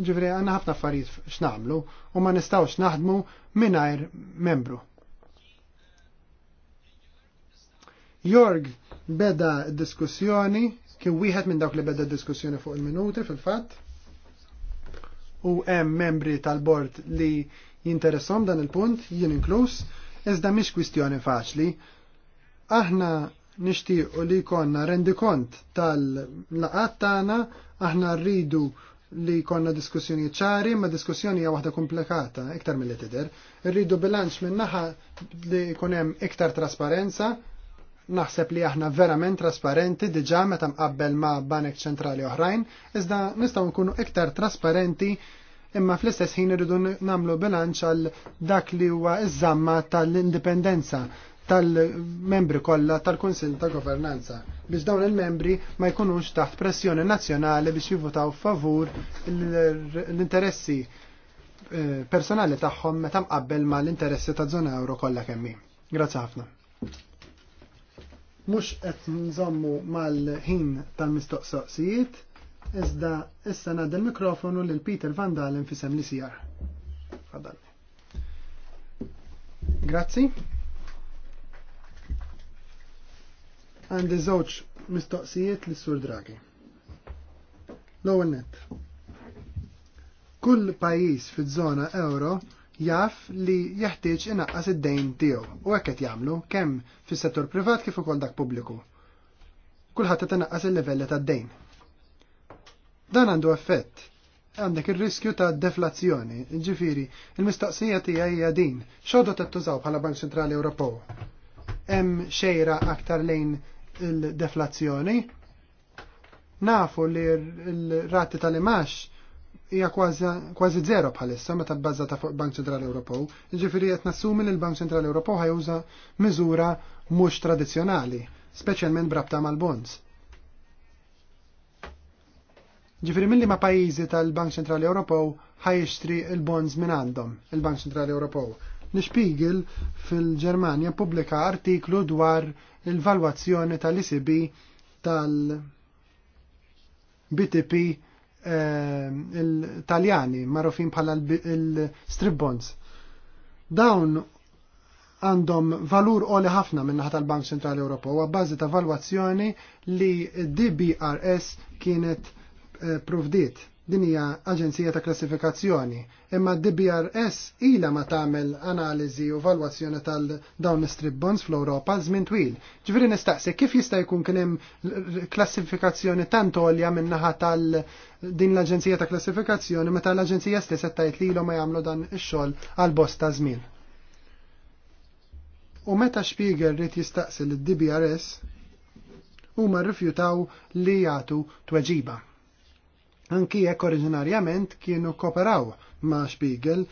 ġifri għanna ħafna affarijiet x'nagħmlu u ma nistgħux naħdmu mingħajr membru. Jorg beda diskussjoni kien wieħed minn dawk li beda diskussjoni fuq il-minuti fil-fatt u hemm membri tal-bord li jinteressom dan il-punt, jien inkluż, iżda mhix kwistjoni faċli. Aħna nixtiequ li jkollna rendikont tal-laqat tagħna aħna rridu li jkollna diskussjoni ċari, ma diskussjoni hija waħda komplikata iktar milli tidher. Irridu bilanċ minnaħa naħa li jkun hemm iktar trasparenza, naħseb li aħna verament trasparenti diġà meta mqabbel ma' banek ċentrali oħrajn, iżda nistgħu nkunu iktar trasparenti imma fl-istess ħin irridu nagħmlu bilanċ għal dak li huwa iż-żamma tal-indipendenza tal-membri kollha tal-Kunsill ta' Governanza biex dawn il-membri ma jkunux taħt pressjoni nazzjonali biex jivvotaw favur l-interessi eh, personali tagħhom meta mqabbel ma l-interessi ta' żona euro kollha kemm hi. Grazzi ħafna. Mhux qed nżommu mal-ħin tal-mistoqsoqsijiet, iżda issa ngħad il mikrofonu lil Peter Van Dalen fisem li sijar. E Grazzi. Għandi żewġ mistoqsijiet lis sur Draghi. L-ewwel nett. Kull pajjiż fiż-żona euro jaf li jeħtieġ inaqqas id-dejn tiegħu u hekk qed jagħmlu kemm fis-settur privat kif ukoll dak pubbliku. Kulħadd qed inaqqas il-livelli tad-dejn. Dan għandu effett. Għandek ir-riskju ta' deflazzjoni, ġifiri, il-mistoqsija tiegħi hija din, xogħdu tettużaw bħala Bank Ċentrali Ewropew. Hemm xejra aktar lejn il-deflazzjoni. Nafu li l-rati tal-imax hija kważi zero bħalissa meta bbażata fuq Bank Ċentrali Ewropew. Ġifieri qed nassumi li l-Bank Ċentrali Ewropew ħajuża miżura mhux tradizzjonali, speċjalment brabta mal-bonds. Ġifieri mill ma pajjiżi tal-Bank Ċentrali Ewropew ħajixtri il-bonds minn għandhom, il-Bank Ċentrali Ewropew. Nixpigil fil-Ġermanja publika artiklu dwar il-valwazzjoni tal-ICB tal-BTP tal eh, taljani marrufin bħala l strip bonds. Dawn għandhom valur oli ħafna minnaħat tal-Bank Centrali Ewropa u għabbażi ta' valwazzjoni li DBRS kienet eh, provdiet din hija aġenzija ta' klassifikazzjoni, imma DBRS ila ma tagħmel analiżi u valwazzjoni tal dawn strip bonds fl-Ewropa żmien twil. Ġifieri nistaqsi kif jista' jkun kien hemm klassifikazzjoni tant għolja min-naħa tal din l-aġenzija ta' klassifikazzjoni meta l-aġenzija stess qed tgħid lilhom ma jagħmlu dan ix-xogħol għal bosta żmien. U meta Spiegel rrid jistaqsi lid-DBRS huma rrifjutaw li jagħtu tweġiba Anki jekk oriġinarjament kienu koperaw ma' Spiegel,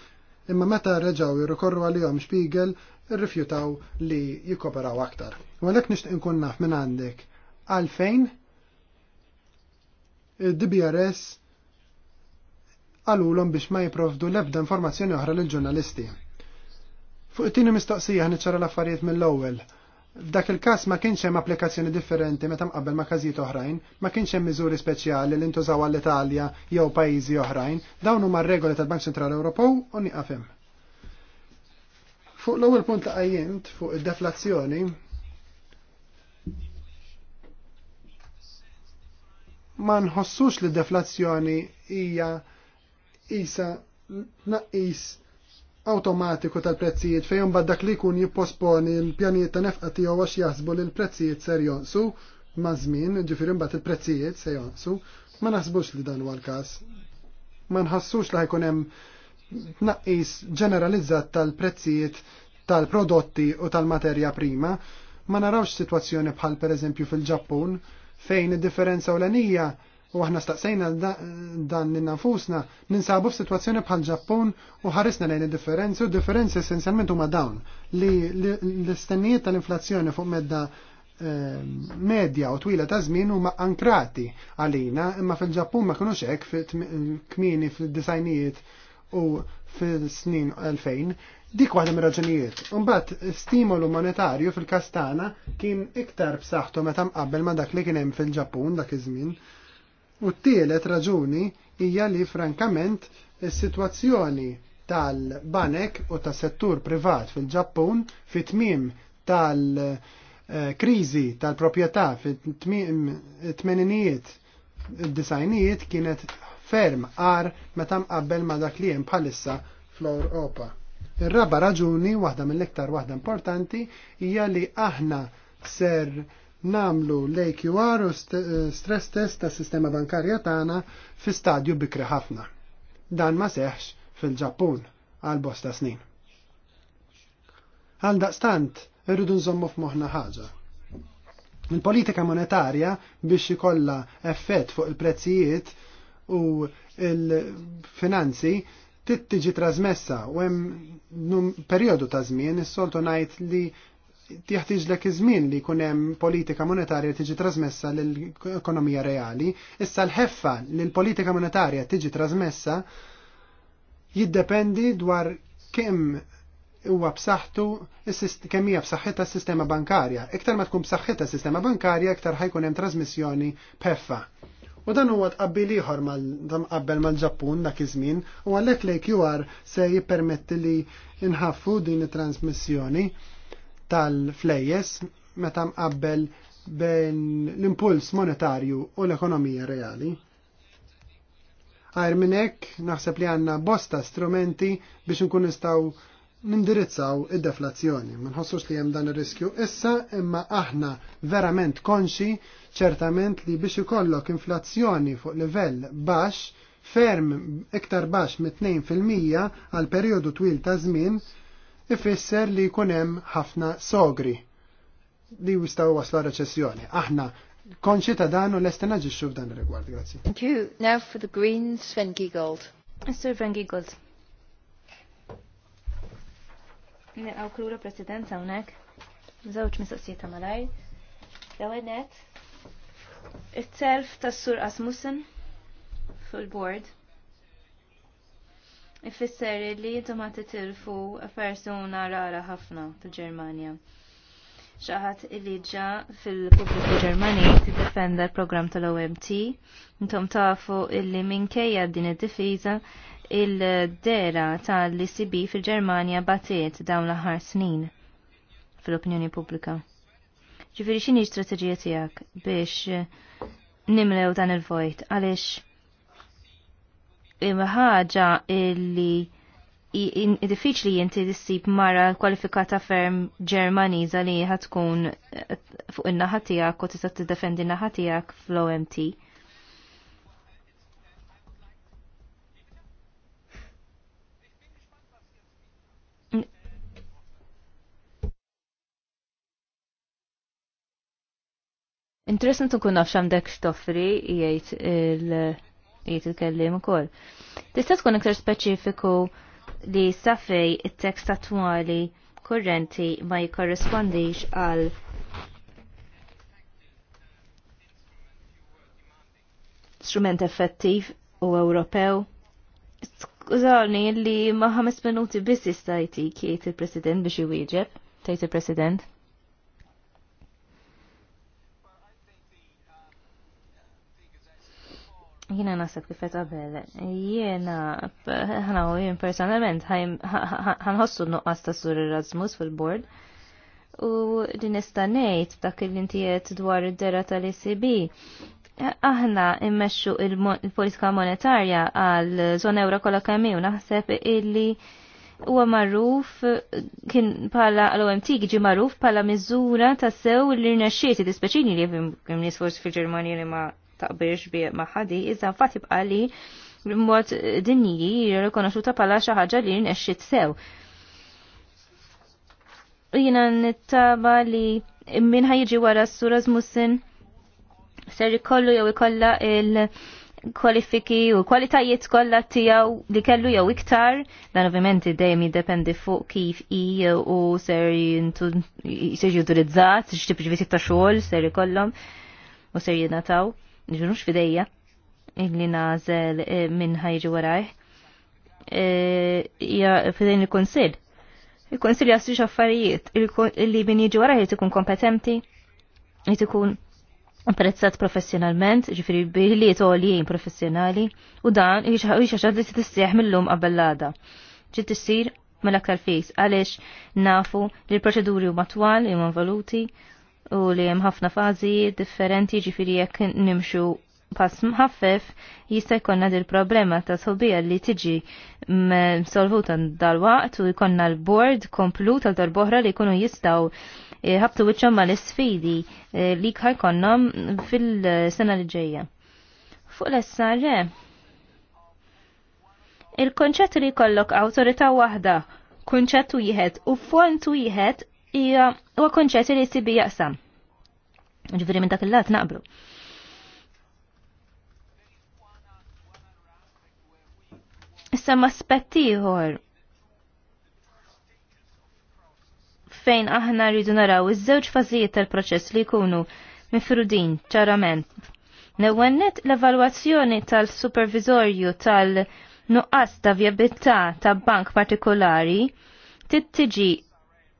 imma meta reġaw jirrikorru għalihom Spiegel, rrifjutaw li jikoperaw aktar. U għalhekk nixtieq inkun naf minn għandek għalfejn id-DBRS għalulhom biex ma jipprovdu l-ebda informazzjoni oħra lill-ġurnalisti. Fuq it-tieni mistoqsija ħniċċara l-affarijiet mill-ewwel F'dak il-każ ma kienx hemm applikazzjoni differenti meta mqabbel ma' każijiet oħrajn, ma kienx hemm miżuri speċjali li ntużaw għall-Italja jew pajjiżi oħrajn, dawn huma r-regoli tal-Bank Central Ewropew u hemm. Fuq l-ewwel punt ta' qajjimt fuq id-deflazzjoni, ma nħossux li d deflazzjoni hija isa naqis automatiku tal-prezzijiet fejn dak li jkun jipposponi l-pjanijiet ta' nefqa tiegħu għax jaħsbu li l-prezzijiet ser jonsu ma' żmien, ġifieri mbagħad il-prezzijiet se jonsu, ma naħsbux li dan huwa l-każ. Ma nħassux li ħajkun hemm tnaqqis ġeneralizzat tal-prezzijiet tal-prodotti u tal-materja prima, ma narawx sitwazzjoni bħal pereżempju fil-Ġappun fejn id-differenza ewlenija u aħna staqsejna dan li nafusna ninsabu f'sitwazzjoni bħal Ġappun u ħarisna lejn id-differenzi u differenzi essenzjalment huma dawn li l-istennijiet tal-inflazzjoni fuq medda ehm, medja u twila ta' żmien huma ankrati għalina imma fil-Ġappun ma kinux hekk kmini fil-disajnijiet u fil-snin 2000 dik waħda mir-raġunijiet. Imbagħad stimolu monetarju fil-kastana kien iktar b'saħħtu meta mqabbel ma' dak li kien hemm fil-Ġappun dak iż-żmien U t-tielet raġuni hija li frankament is-sitwazzjoni tal-banek u tas-settur privat fil-Ġappun fit-tmiem tal-kriżi tal-proprjetà fit-tmeninijiet id-disajnijiet kienet ferm għar meta mqabbel ma dak li hemm bħalissa fl-Ewropa. Ir-raba raġuni, waħda mill-iktar waħda importanti, hija li aħna ser namlu l-AQR u eh, stress test ta' sistema bankarja tagħna fi stadju bikri ħafna. Dan ma seħx fil-Ġappun għal bosta snin. Għal daqstant, irridu nżommu f'moħna ħaġa. Il-politika monetarja biex ikolla effett fuq il-prezzijiet u il-finanzi tittiġi trasmessa u hemm periodu ta' żmien is-soltu ngħid li jeħtieġlek iż-żmien li jkun hemm politika monetarja tiġi trasmessa lill-ekonomija reali, issa l-ħeffa li l-politika monetarja tiġi trasmessa jiddependi dwar kemm huwa b'saħħtu kemm hija b'saħħitha s-sistema bankarja. Iktar ma tkun b'saħħitha s-sistema bankarja, iktar ħajkun hemm trasmissjoni b'ħeffa. U dan huwa tqabbil ieħor qabel mal-Ġappun dak iż-żmien u għalhekk l jwar se jippermetti li nħaffu din it-transmissjoni tal-flejjes meta mqabbel bejn l-impuls monetarju u l-ekonomija reali. Għajr minn hekk naħseb li għandna bosta strumenti biex nkun nistgħu nindirizzaw id-deflazzjoni. Ma nħossux li hemm dan ir-riskju issa, imma aħna verament konxi ċertament li biex ikollok inflazzjoni fuq livell baxx ferm iktar baxx mit-2% għal perjodu twil ta' żmien ifisser li kunem ħafna sogri li jistgħu wasla reċessjoni. Aħna konċi ta' dan u l lesta naġixxu f'dan il rigward grazie. Thank you. Now for the Greens, Sven Giegold. Mr. Sven Giegold. Nilqaw krura President hawnhekk. zawċ mistoqsijiet ta' malaj. L-ewwel net. It-self tas-Sur Asmussen fuq board ifisser li ma titilfu persuna rara ħafna fil-Ġermanja ċaħat il-liġa fil-Pubbliku Ġermani tiddefenda l-program tal-OMT. Intom tafu illi minkejja din id-difiża il-dera tal-ICB fil-Ġermanja batiet dawn l-aħħar snin fil-opinjoni pubblika. Ġifieri x'inhi strateġija tiegħek biex nimlew dan il-vojt għaliex ħaġa illi diffiċli jinti dissib mara kwalifikata ferm Ġermaniża li ħatkun eh, fuq in-naħa tiegħek u tista' tiddefendi defendi naħa tiegħek fl-OMT. Interessant nkun nafx għandek x'toffri jgħid il- jiet il ukoll. Tista' tkun iktar speċifiku li safej it-tekst attwali kurrenti ma jikorrespondix għal strument effettiv u Ewropew. Skużani li ma ħames minuti biss jista' jtik jgħid il-President biex iwieġeb, tgħid il-President. Jiena nasib qed qabel, jiena ħana u jien personalment ħanħossu nuqqas ta' sur Erasmus fil-bord. U din nista' ngħid b'dak il-intijiet dwar id-dera tal-ECB aħna immexxu il-politika monetarja għal zona ewra kollha kemm hu naħseb illi huwa magħruf kien bħala l-OMT jiġi magħruf bħala miżura ta' sew l-irnexxieti, dispeċini li hemm nisfors fil-Ġermanja li ma taqbirx bi maħadi, iżda fatt jibqa li mod dinji jirrikonoxuta pala xi ħaġa li rnexxit sew. Jiena nittaba li minn ħajġi wara s-sura Mussin ser ikollu jew ikolla il- kwalifiki u kwalitajiet kollha tiegħu li kellu jew iktar, dan ovvjament dejjem jiddependi fuq kif i u ser ser jutilizzat, x'tip ġifiet ta' xogħol ser ikollhom u ser jingħataw ġunux fidejja illi nazel eh, minn ħajġi waraj. Eh, Ija fidejn il-konsil. Il-konsil jassu affarijiet illi min jiġi waraj jt ikun kompetenti, jt ikun apprezzat professionalment, ġifiri billi tolijin professjonali, u dan jiex għaxad li t-tissieħ mill-lum għabellada. Ġit t-tissir mill-aktar fis, għalix nafu li l-proċeduri u matwal, jimman valuti, u li hemm ħafna fażi differenti ġifiri jekk nimxu pass mħaffef jista' jkollna dil problema ta' sobija li tiġi solvuta dal-waqt u jkollna l-bord komplu tal darboħra li jkunu jistaw eh, ħabtu wiċċhom mal-isfidi eh, li ħajkonnom fil-sena li ġejja. Fuq l-SRE, il-konċett li jkollok awtorità waħda, kunċett wieħed u font wieħed hija huwa konċett li jsib jaqsam. Ġifiri minn dak il-lat naqblu. Issa ma spettiħor fejn aħna rridu naraw iż-żewġ fażijiet tal-proċess li jkunu mifrudin ċarament. Newennet l-evalwazzjoni tal-supervizorju tal-nuqqas ta' vjabilità ta' bank partikolari tittiġi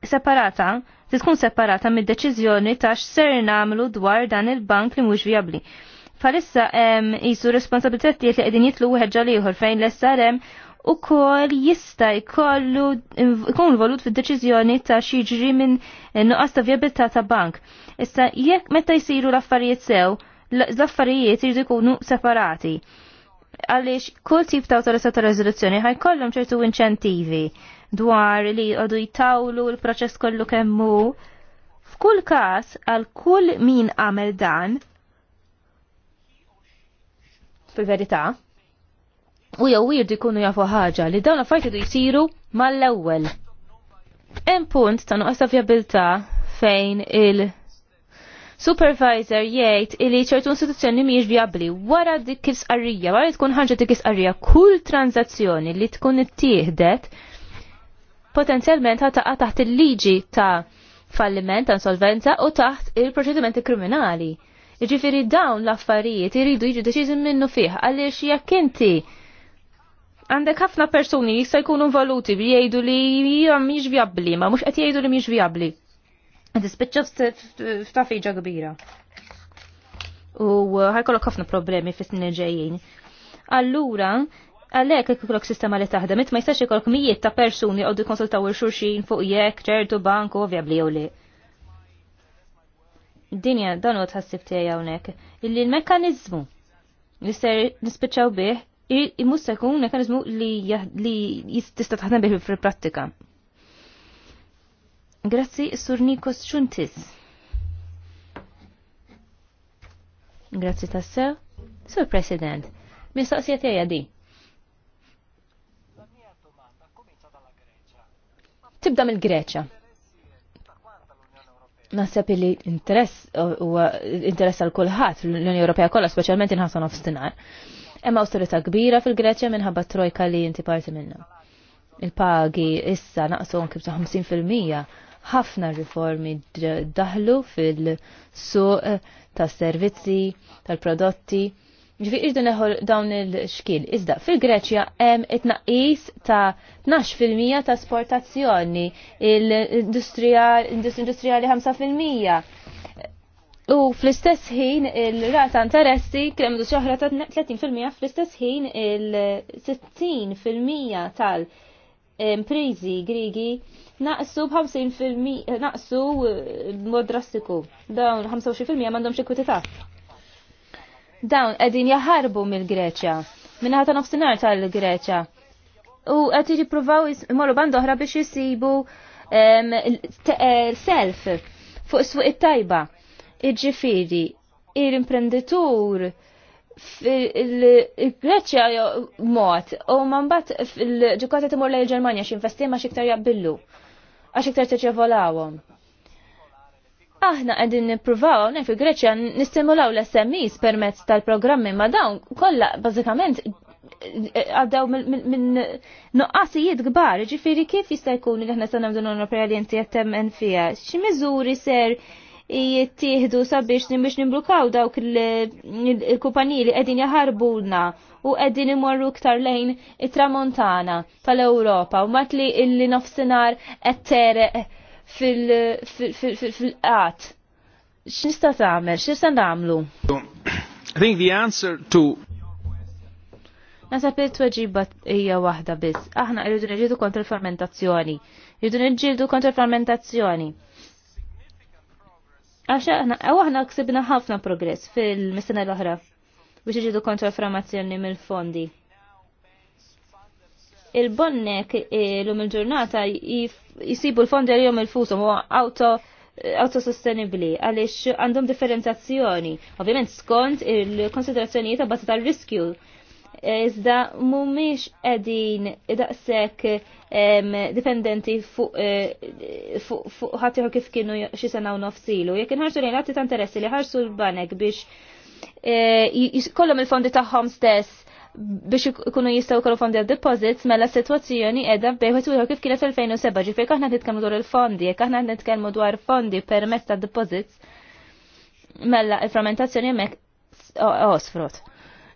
separata, tkun separata mid-deċiżjoni ta' x'ser nagħmlu dwar dan il-bank li mhux viabli. Falissa hemm isu responsabilitajiet li qegħdin jitlu wieħed ġol ieħor fejn l-SRM u kol jista jkollu jkun volut fid-deċiżjoni ta' xiġri minn eh, nuqqas ta' vjabilità ta' bank. Issa jekk meta jsiru l-affarijiet sew, l-affarijiet jridu jkunu separati. Għaliex kull tip ta' autorità ta' rezoluzzjoni ħajkollhom ċertu inċentivi dwar li għadu jtawlu l-proċess kollu kemmu. F'kull kas, għal kull min għamel dan, fil-verità, u jew wirdu jkunu jafu ħaġa li dawn affarijiet idu jsiru mal-ewwel. Hemm punt ta' nuqqas ta' vjabilità fejn il- Supervisor jgħid li ċertu instituzzjoni mhijiex vjabbli wara dik kif sqarrija, wara tkun ħaġa dik is-qarrija, kull tranzazzjoni li tkun ittieħdet potenzjalment ħataqa taħt il-liġi ta' falliment, ta' insolvenza u taħt il-proċedimenti kriminali. Iġifiri dawn l-affarijiet iridu jiġu deċiżi minnu fih għaliex jekk inti għandek ħafna persuni jista' jkunu voluti bi jgħidu li mhix vjabbli, ma mhux qed jgħidu li mhix vjabbli. Tispiċċa f'tafiġa kbira. U ħajkollok ħafna problemi fis-snin ġejjin. Allura, għalek ikkok sistema li taħdem, ma jistax ikolk mijiet ta' persuni għoddu konsultaw il-xurxin fuq jek, ċertu banku, ovvjabli u li. Dinja, dan u tħassib tijaj għonek. Illi l-mekanizmu li ser nispeċaw bih, immus jkun mekanizmu li jistista taħdem bih fil-prattika. Grazzi, Sur Xuntis. Grazzi tassew. Sur President, mis-soqsija tijaj di tibda mill-Greċja. Naħseb li interess u interess għal kulħadd l-Unjoni Ewropea kollha speċjalment inħassan nofsinhar. Hemm awtorità kbira fil-Greċja minħabba trojka li inti parti minnha. Il-pagi issa naqsu anke ta' 50% ħafna riformi daħlu fil-suq tas-servizzi, tal-prodotti, Ġifi iġdu neħol dawn il-xkil. Iżda, fil-Greċja hemm it-naqis ta' 12% ta' sportazzjoni, l-industrijali 5%. U fl-istess ħin il-rata interessi kremdu xoħra ta' 30% fl-istess ħin il-60% tal-imprizi grigi naqsu b'50% naqsu eh, mod drastiku. Dawn 25% m'għandhomx kwitità dawn qegħdin jaħarbu mill-Greċja, minna ħata nofsinhar tal-Greċja. U qed jippruvaw jismorru bandoħra oħra biex jisibu eh, self fuq is-suq it-tajba. iġifiri, il-imprenditur il greċja mot u bat il ġukata timur lejl ġermanja x'investima x'iktar jabbillu, għax iktar teċevolawhom aħna għedin nipruvaw għonek greċja nistimulaw l-SMEs permezz tal-programmi ma dawn kolla bazzikament eh, għaddaw minn noqqasijiet gbar, ġifiri kif jista' jkun li aħna sanam dan Ewropea li għattem jattemmen fija, xi miżuri ser jittieħdu sabiex biex nimbrukaw dawk il-kumpaniji li qegħdin jaħarbulna u qegħdin imorru ktar lejn it-tramontana tal-Ewropa u matli il-nofsinhar qed tereq fil-qat. X'nista' tagħmel, x'nista' nagħmlu? I think the answer to Nasa il-tweġiba ija wahda bis. Aħna irridu niġġieldu kontra l-fermentazzjoni. Irridu niġġieldu kontra l-fermentazzjoni. Għaxa aħna aħna ksibna ħafna progress fil-misena l ohra biex iġidu kontra l-fermazzjoni mill-fondi il-bonnek eh, l-lum il-ġurnata jif jisibu l-fonder jom il-fusom u auto autosostenibli għaliex għandhom differenzjazzjoni, ovvjament skont il-konsiderazzjonijiet ta' bazza tal-riskju. Iżda mumiex edin daqsek dipendenti fuq eh, ħatiħu kif kienu xi sena u nofsilu. Jekk inħarsu lejn għati ta' interessi li ħarsu l-banek biex eh, kollhom il-fondi tagħhom stess biex ikunu jistaw kollu fondi għad deposits mela situazzjoni edha bejħet uħu kif kienet 2007 ġifir kaħna nitkelmu dwar il-fondi, kaħna nitkelmu dwar fondi per ta' deposits mela il frammentazzjoni mek osfrot.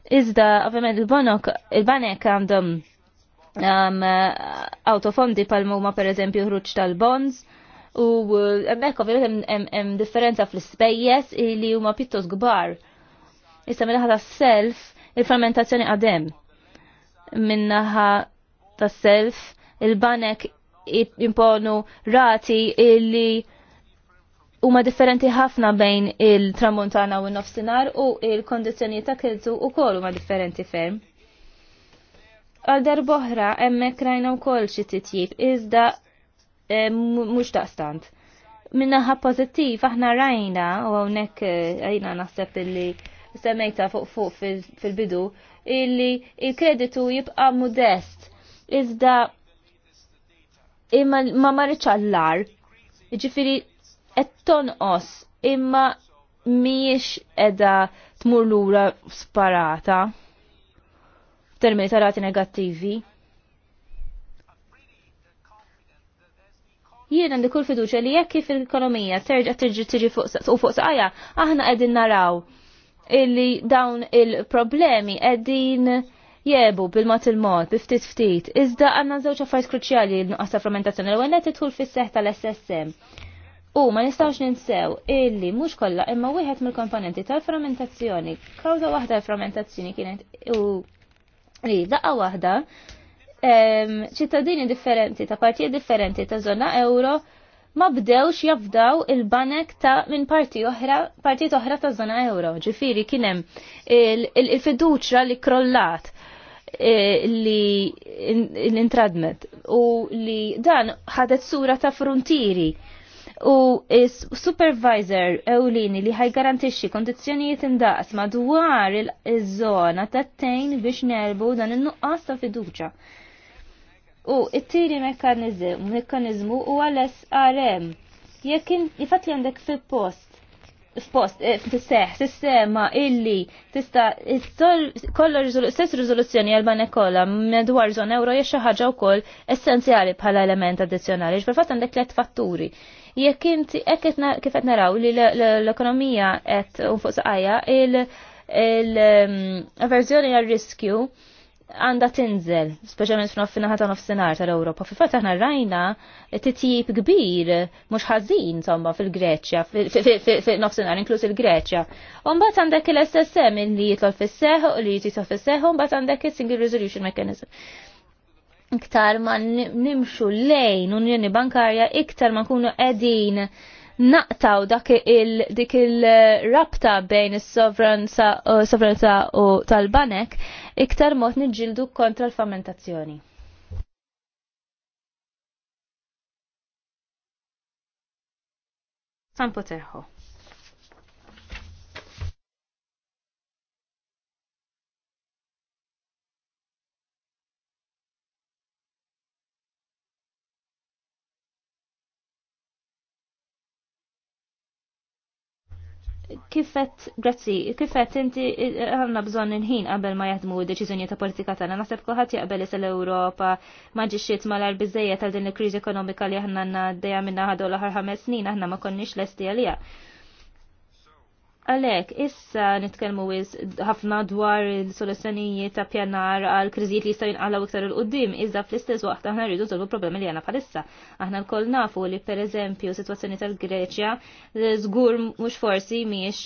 Iżda, ovvijament, il-bonok, il-banek għandhom um, autofondi pal-muma per eżempju ħruċ tal-bonds, u uh, emmek ovvijament hemm differenza fl-spejjes li huma pittos gbar. Issa mela ħata self, il-fermentazzjoni għadem minnaħa ta' self il-banek imponu rati illi huma differenti ħafna bejn il-tramuntana u n-nofsinar u il-kondizjoni ta' kiltu u kol huma differenti ferm. Għal darboħra emmek rajna u kol xi titjib iżda eh, mhux stant. Minnaħa pozittiv aħna rajna u hawnhekk għajna eh, naħseb illi semmejta fuq fuq fil-bidu illi il-kreditu jibqa modest iżda imma ma marriċ għallar ġifiri qed tonqos imma miex edha tmur lura sparata termini tarati rati negattivi. Jien għandi kull fiduċa li jekk kif l-ekonomija terġa' terġi tiġi fuq fuq saqajja, aħna qegħdin naraw illi dawn il-problemi qegħdin jebu bil-mat il-mod, biftit ftit. Iżda għanna żewġ affarijiet kruċjali nuqqas ta' frammentazzjoni l għennet titħul fis-seħ tal-SSM. U ma nistawx ninsew illi mhux kollha imma wieħed mill-komponenti tal-frammentazzjoni. Kawża waħda l-frammentazzjoni kienet u li daqqa waħda ċittadini differenti ta' partijiet differenti ta' zona euro ma bdewx jafdaw il-banek ta' minn parti oħra, parti oħra ta' zona euro. Ġifiri kienem il-fiduċa li krollat eh, li l-intradmet u li dan ħadet sura ta' frontieri u supervisor ewlini li ħaj garantixi kondizjonijiet indaqs madwar il-żona ta' tejn biex nerbu dan in-nuqqas ta' fiduċa U it-tieni mekanizmu huwa l-SRM. Jekk jifat li għandek fil-post f'post eh, f'tisseħ sistema illi tista' kollha stess rizoluzzjoni għal banek kollha madwar zon euro hija xi ħaġa wkoll essenzjali bħala element addizzjonali. xfil għandek tliet fatturi. Jekk inti hekk kif qed naraw li l-ekonomija qed fuq saqajja il-avverżjoni mm, għal riskju għanda tinżel, speċjalment f'noffina ħata nofsinhar tal-Ewropa. Fi fatt aħna rajna titjib kbir mhux ħażin somma fil-Greċja, fil-nofsinhar inkluż il-Greċja. U mbagħad għandek il-SSM li jitlob fis-seħ u li jitlob fis-seħ u mbagħad għandek il-Single Resolution Mechanism. Iktar ma nimxu lejn Unjoni Bankarja, iktar ma nkunu qegħdin naqtaw dak il dik il-rabta bejn is-sovranza uh, u tal-banek, iktar mod niġġieldu kontra l-fermentazzjoni. San Poterho. kifet, grazzi, kifet inti għanna bżon nħin qabel ma jaħdmu deċizjoni ta' politika tagħna. Naħseb kulħadd jaqbel is l-Ewropa ma ġixxiet malar tal din il-kriżi ekonomika li aħna għandna dejja minna ħadu l-aħħar ħames snin aħna ma konniex lesti għalija. Għalek, issa nitkelmu wis ħafna dwar il-soluzzjonijiet ta' pjanar għal kriżijiet li jistgħu jinqalgħu iktar il qudiem iżda fl-istess waqt aħna rridu nsolvu problemi li għana bħalissa. Aħna l-koll nafu li pereżempju sitwazzjoni tal-Greċja żgur mhux forsi miex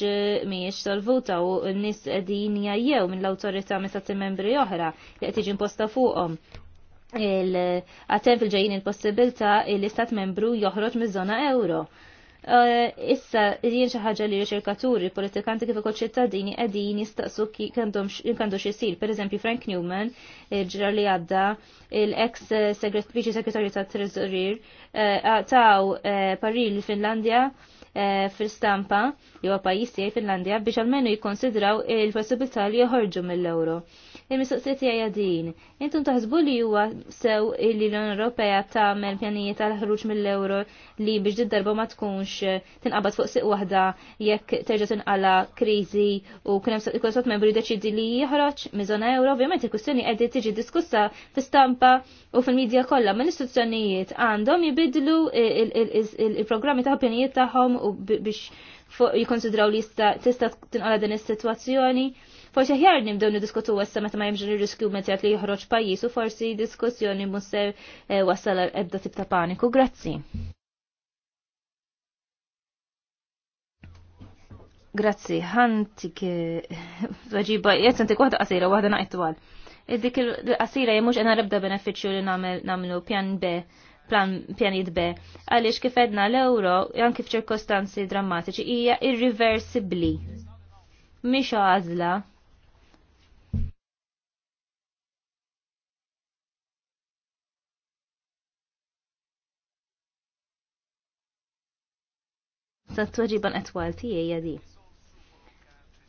mhijiex solvuta u n-nies qegħdin minn mill-awtorità minn membri oħra li qed tiġi imposta fuqhom għatem fil ġajin il-possibilta il-istat membru joħroġ miż-żona euro. Eh, issa jien xi ħaġa li riċerkaturi, politikanti kif ukoll ċittadini qegħdin jistaqsu kandu xi jsir. pereżempju Frank Newman, eh, ġra li għadda, l-ex eh, viċi segretarju ta' Treżorir, taw parir finlandja fil-stampa li huwa pajjiż tiegħi Finlandja biex almenu jikkonsidraw il-possibilità li joħorġu mill-euro. Il-mistoqsijiet hija din. Intom taħsbu li huwa sew li l-Unjoni Ewropea tagħmel pjanijiet għal ħruġ mill-euro li biex did-darba ma tkunx tinqabad fuq siq waħda jekk terġa' tinqala kriżi u kien hemm sot membru jiddeċidi li jieħroġ miżona euro, ovvjament il-kwistjoni qegħdi tiġi diskussa fl-istampa u fil-medja kollha mill-istituzzjonijiet għandhom jibidlu il-programmi ta' pjanijiet tagħhom u biex jikonsidraw li tista' tinqala din is-sitwazzjoni Forsi ħjar nibdew niddiskutu wassa meta ma jemġri riskju meta li joħroġ pajjiż u forsi diskussjoni mhux se eh, wasal ebda tip ta' paniku. Grazzi. Grazzi, ħantik ġiba, jessantik waħda qasira, waħda naqt twal. Dik il-qasira jemux għana rabda beneficju li namlu pjan B plan pjanit B. Għaliex kif edna l-euro, kif ċirkostanzi drammatiċi, hija irreversibli. Mish għażla sa t etwal tijie jadi.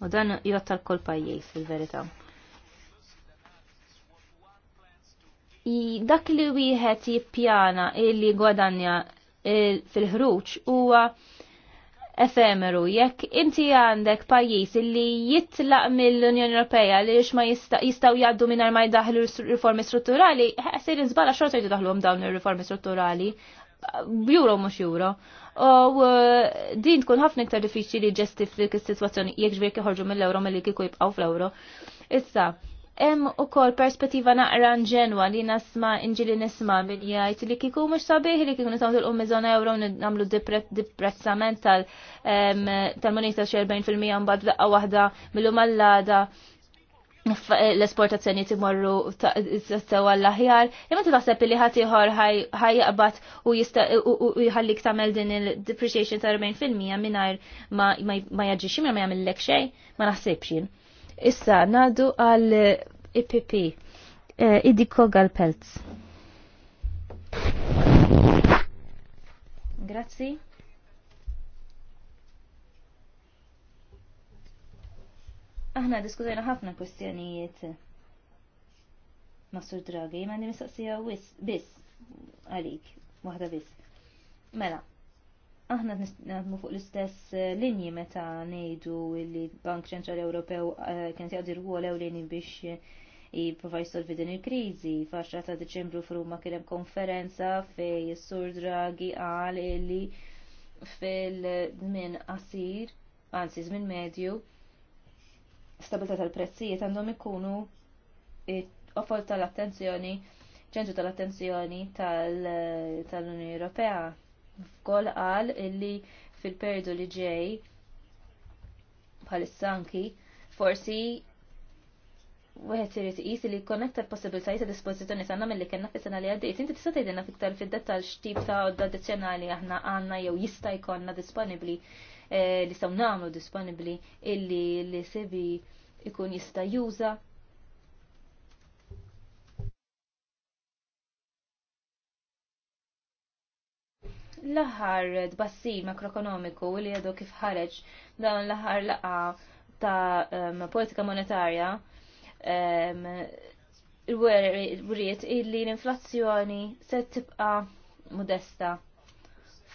U dan jottal kolpa jiej pajjiż fil-verità. Dak li wieħed jippjana illi gwadanja fil-ħruġ huwa efemeru jekk inti għandek pajjiż li jitlaq mill-Unjoni Ewropea li ma jistgħu jgħaddu mingħajr ma jdaħlu riformi strutturali, ħasir inżbala xorta jdaħluhom dawn ir-riformi strutturali euro mhux juro. U uh, din tkun ħafna iktar diffiċli ġestifik is-sitwazzjoni jek ġbir ħorġu mill-euro mill-li kiku jibqgħu fl-euro. Issa, hemm ukoll perspettiva naqra nġenwa li nasma inġili nisma' min jgħid li kieku mhux sabiħ li kiku nistgħu tilqu miżona euro nagħmlu deprezzament tal-moneta fil 40% mbagħad laqgħa waħda mill lumallada Eh, l-esportazzjoni timorru sewa l-aħjar, imma taħseb li ħatiħor ħajjaqbat u jħallik tamel din il-depreciation ta' 40% minnajr ma minn ma jagħmel lek xejn, ma naħsibx jien. Issa nadu għal IPP, eh, Idiko Peltz. Grazzi. Aħna diskutajna ħafna kwestjonijiet ma' Sur Draghi, ma' għandi mistaqsija biss għalik, waħda biss. Mela, aħna naħdmu fuq l-istess eh, linji meta ngħidu li l-Bank Ċentrali Ewropew eh, kien jgħaddi rwol ewlieni biex eh, jipprovaj solvi din il-kriżi. Faxra ta' Deċembru f'Ruma kien hemm konferenza fej sur Draghi qal li fil-żmien qasir, anzi żmien medju, stabilità tal-prezzijiet għandhom ikunu offol tal-attenzjoni, ċentru tal-attenzjoni tal-Unjoni Ewropea. F'kol qal illi fil-periodu li ġej bħal anki forsi Wieħed irid iqis li jkun aktar possibilitajiet ta' dispożizzjoni tagħna milli kellna fis-sena li għaddejt. Inti tista' tgħidilna fiktar fid-dettall x'tip ta' għodda addizzjonali aħna għandna jew jista' jkollna disponibbli Eh, li staw namlu disponibli illi li sebi ikun jista juża l-aħħar tbassir makroekonomiku li għadu kif ħareġ dan l-aħħar laqa ta' politika monetarja il-weriet illi l-inflazzjoni se tibqa modesta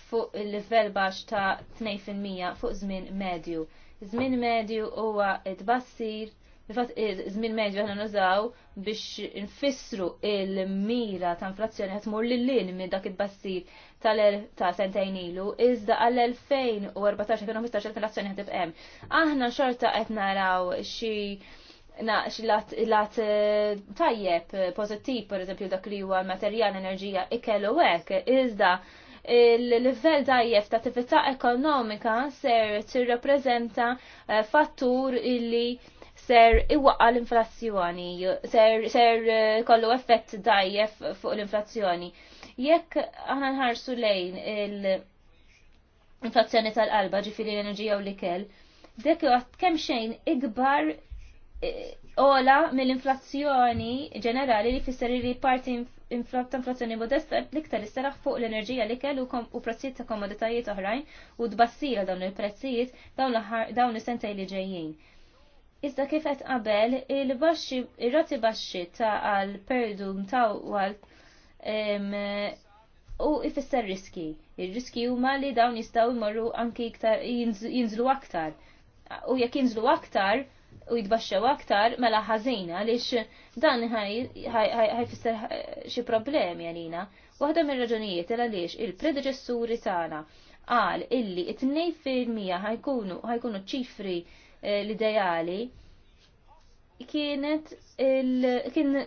fuq il level baxx ta' 2% fuq żmien medju. Zmin medju huwa t-bassir, tbassir eh, żmien medju aħna nużaw biex nfissru il-mira ta' inflazzjoni qed tmur lil minn dak il bassir ta' sentejn ilu, iżda għal 2014 2015 inflazzjoni qed ibqem. Aħna xorta qed naraw xi naqx lat eh, tajjeb eh, pożittiv per eżempju dak li huwa materjal enerġija ikellu hekk iżda il-livell dajjef ta' attività ekonomika ser tirrappreżenta eh, fattur illi ser iwaqqa l-inflazzjoni, ser, ser eh, kollu effett dajjef fuq l-inflazzjoni. Jekk aħna nħarsu lejn l-inflazzjoni tal-qalba ġifiri l-enerġija u l-ikel, dek kemm xejn ikbar eh, ola mill-inflazzjoni ġenerali li fisser li parti inflazzjoni modesta l-iktar istaraħ fuq l-enerġija li kellu u prezzijiet ta' komoditajiet oħrajn u tbassira dawn il-prezzijiet dawn is-sentej li ġejjin. Iżda kif qed qabel il-baxxi ir-rati baxxi ta' għal perdu mtawwal u ifisser riski. Ir-riski huma li dawn jistgħu jmorru anki iktar jinżlu aktar. U jekk jinżlu aktar, u jitbaxxew aktar mela ħażina għaliex dan ħajfisser xi problemi għalina. Waħda mir-raġunijiet għaliex il-predeċessuri tagħna qal illi it tnejn fil-mija ħajkunu ħajkunu ċifri eh, l-ideali kienet kien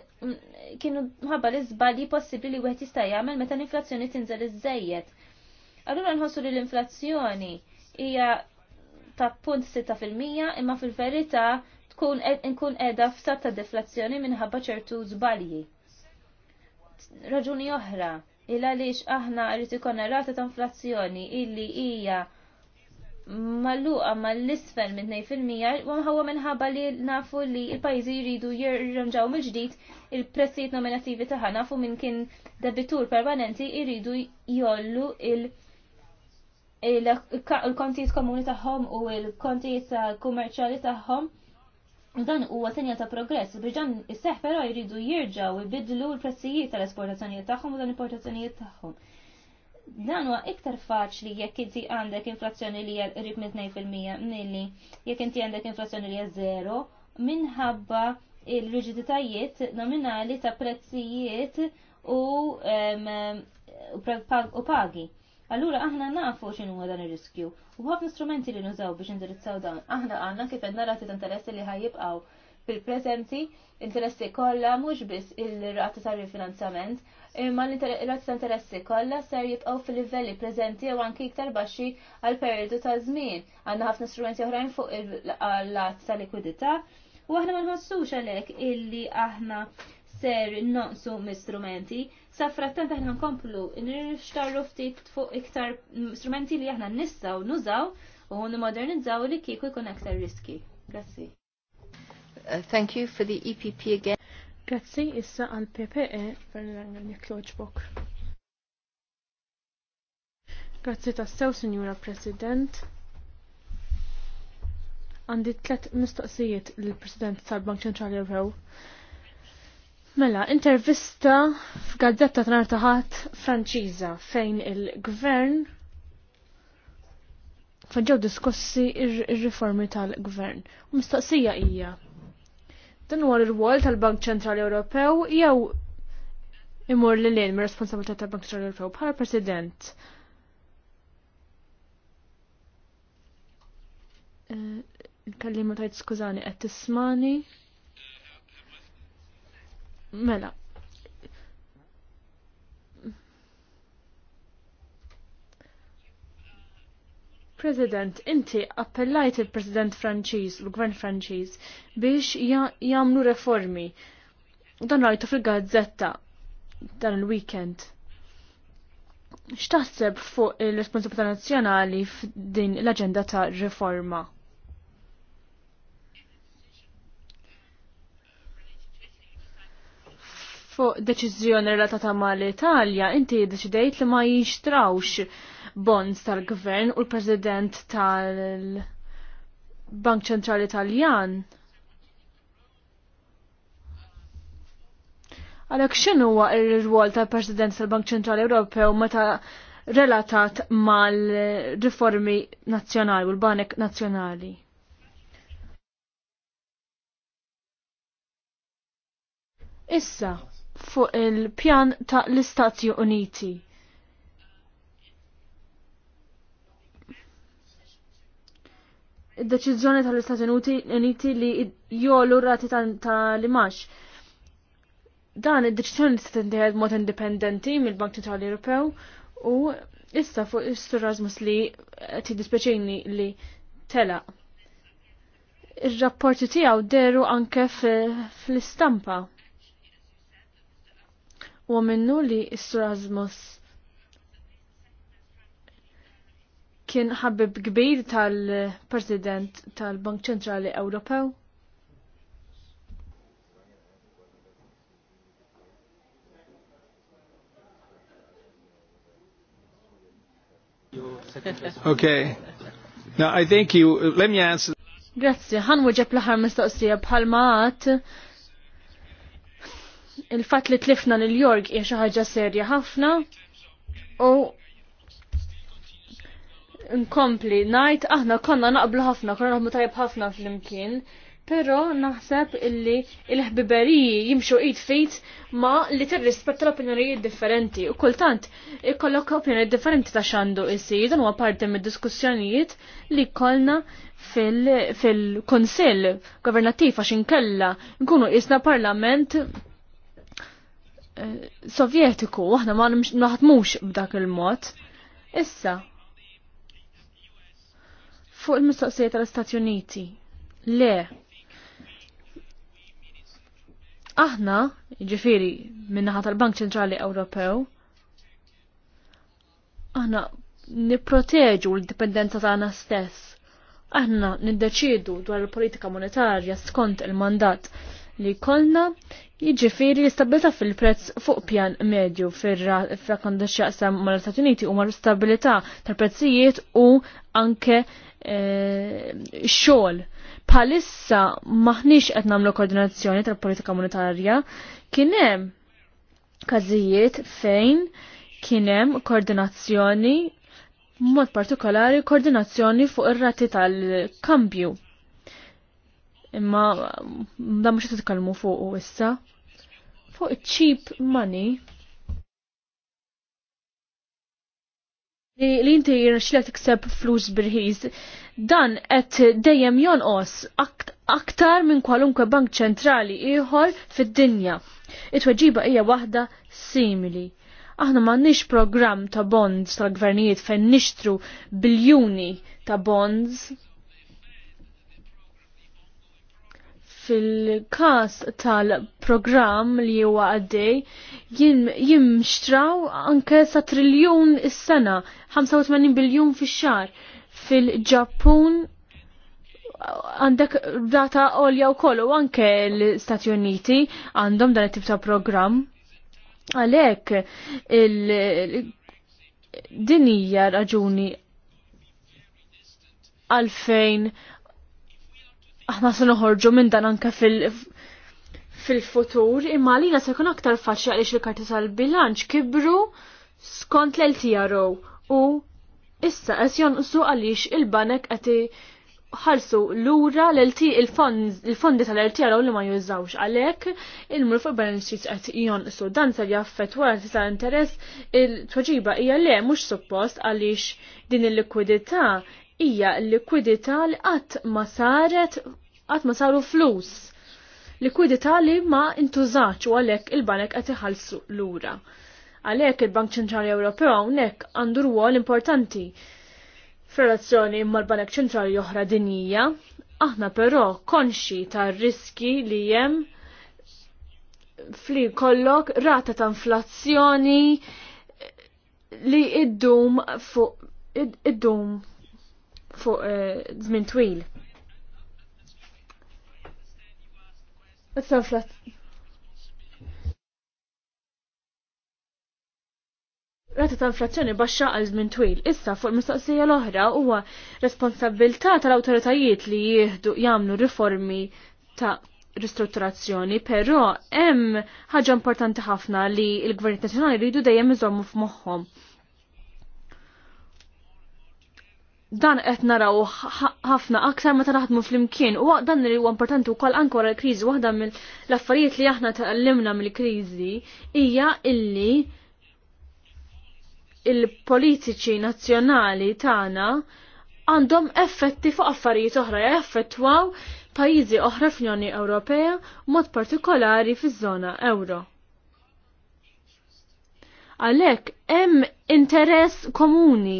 kienu ħabba l-iżbalji possibbli li wieħed jista' jagħmel meta l-inflazzjoni tinżel iżejjed. Allura nħossu li l-inflazzjoni hija ta' punt mija imma fil-verità tkun nkun edha f'sat ta' deflazzjoni minħabba ċertu żbalji. Raġuni oħra, il għaliex aħna rrid ikonna rata ta' inflazzjoni illi hija malluqa mal-isfel minn 2% u mħawwa minħabba li nafu li l-pajjiżi jridu jirranġaw mill-ġdid il-prezzijiet nominativi taħna nafu minn kien debitur permanenti jridu jollu il- il-kontijiet komuni tagħhom u il-kontijiet kummerċjali tagħhom dan huwa sinja ta' progress biex dan isseħ però jridu jirġaw ibidlu l-prezzijiet tal-esportazzjonijiet tagħhom u dan importazzjonijiet tagħhom. Dan huwa iktar faċli jekk inti għandek inflazzjoni li hija qrib minn 2% milli jekk inti għandek inflazzjoni li hija zero minħabba il-riġiditajiet nominali ta' prezzijiet u, um, u pagi. Allura aħna nafu x'inhu huwa dan ir-riskju u ħafna strumenti li nużaw biex indirizzaw dan. Aħna għandna kif qed narati ta' interessi li ħajjibqgħu fil-preżenti interessi kollha mhux biss il-rati ta' rifinanzjament, imma l-rati ta' interessi kollha ser jibqgħu fil-livelli preżenti u anki iktar baxxi għal perjodu ta' żmien. Għandna ħafna strumenti oħrajn fuq il-lat ta' likwidità u aħna ma nħossux għalhekk illi aħna ser nonqsu mistrumenti Sa frattant aħna nkomplu nirxtarru ftit fuq iktar strumenti li aħna nistgħu nużaw u nimodernizzaw li kieku jkun aktar riski. Grazzi. Uh, thank you for the EPP again. Grazzi issa għal PPE Fernando Nikloġbok. Grazzi tassew, Signora President għandi tlet mistoqsijiet l-President tal-Bank Ċentrali Ewropew. Mela, intervista f'gazzetta ħadd Franċiża fejn il-gvern faġġew diskussi ir-riformi tal-gvern. U mistoqsija hija. Dan huwa r-rwol tal-Bank Ċentrali Ewropew jew imur li lejn mir responsabilità tal-Bank Ċentrali Ewropew bħala President. Eh, Il-kallima tajt skużani qed tismani. Mela. President, inti appellajt il-President Franċiż, l-Gvern Franċiż, biex jagħmlu reformi. Dan rajtu fil-gazzetta dan il-weekend. X'taħseb fuq il-responsabilità nazzjonali f'din l-aġenda ta' riforma? fuq deċiżjoni relatata ma l-Italja, inti deċidejt li ma jixtrawx bonds tal-gvern u l-president tal-Bank ċentrali Italjan. Għalek xinu huwa il rwol tal-President tal-Bank Ċentrali Ewropew meta relatat mal-riformi nazzjonali u l-banek nazzjonali? Issa, fuq il-pjan ta' l-Istati Uniti. Id-deċiżjoni tal-Istati Uniti li jolu rati li maċ. Dan id-deċiżjoni se mod indipendenti mill-Bank Ċentrali Ewropew u issa fuq is-Sur Rasmus li tiddispeċini li tela. Ir-rapporti tiegħu deru anke fl-istampa u minnu li Erasmus kien ħabib kbir tal-President tal-Bank Ċentrali Ewropew. okay. Now I think you let me answer. Grazie, ħan weġeb l-ħar mistoqsija bħal maħat il-fat li tlifna lil Jorg hija xi ħaġa serja ħafna u nkompli ngħid aħna konna naqblu ħafna, konna naħmu tajb ħafna flimkien, però naħseb illi il-ħbiberiji jimxu id fit ma li tirrispetta l-opinjonijiet differenti u kultant ikollok opinjonijiet differenti ta' xandu issi. dan huwa parti mid-diskussjonijiet li kollna fil konsil fil governattiv għax inkella nkunu isna parlament sovjetiku, aħna ma naħdmux b'dak il-mod. Issa, fuq il-mistoqsija tal-Istati Uniti, le, aħna, ġifiri, minnaħa tal-Bank Ċentrali Ewropew, aħna niproteġu l-dipendenza tagħna stess. Aħna niddeċidu dwar il-politika monetarja skont il-mandat li kolna jiġifieri l-istabilità fil-prezz fuq pjan medju fir-rakonda x'jaqsam mal stat Uniti u mal-istabilità tal-prezzijiet u anke eh, xol. Palissa maħniex qed nagħmlu koordinazzjoni tal-politika monetarja kien hemm każijiet fejn kien hemm koordinazzjoni mod partikolari koordinazzjoni fuq ir-rati tal-kambju imma da mux qed titkellmu fuq issa. Fuq cheap money li inti jirxilek tikseb flus birħiz, dan qed dejjem jonqos aktar minn kwalunkwe bank ċentrali ieħor fid-dinja. It-tweġiba hija waħda simili. Aħna m'għandniex programm ta' bonds tal-gvernijiet fejn nixtru biljuni ta' bonds fil-kas tal-program li huwa għaddej jimxtraw anke sa triljun is-sena, 85 biljun fix-xar. Fil-Ġappun għandek data olja u kollu anke l-Stati Uniti għandhom dan it-tip ta' program. Għalhekk il-din hija raġuni għalfejn aħna se noħorġu minn dan anke fil- fil-futur imma lina se jkun aktar faċli għaliex il-karti tal-bilanċ kibru skont l-LTRO u issa qed jonqsu għaliex il-banek qed ħarsu lura l il-fondi tal-LTRO li ma jużawx għalhekk il-mur fuq balance sheets qed jonqsu dan se jaffett wara ta' interess il-tweġiba hija le mhux suppost għaliex din il-likwidità hija l-likwidità li qatt ma saret qatt ma saru flus. Likwidità li ma intużax u għalhekk il-banek qed iħallsu lura. Għalhekk il-Bank Ċentrali Ewropew hawnhekk għandu rwol importanti f'relazzjoni mal-Banek Ċentrali oħra dinija, aħna però konxi tar-riski li hemm fli kollok rata ta' inflazzjoni li iddum fuq iddum fuq eh, żmien twil. Rata ta' inflazzjoni baxxa għal żmien twil. Issa fuq mistoqsija l-oħra huwa responsabilità tal-awtoritajiet li jieħdu jagħmlu riformi ta' ristrutturazzjoni, però hemm ħaġa importanti ħafna li l-Gvern Nazzjonali jridu dejjem iżommu f'moħħhom. dan qed naraw ħafna aktar meta naħdmu flimkien u dan li huwa importanti wkoll anke wara l-kriżi waħda mill-affarijiet li aħna tgħallimna mill-kriżi hija illi il-politiċi nazzjonali tagħna għandhom effetti fuq affarijiet oħra jaffettwaw pajjiżi oħra fl-Unjoni Ewropea mod partikolari fiż-żona euro. Għalhekk hemm interess komuni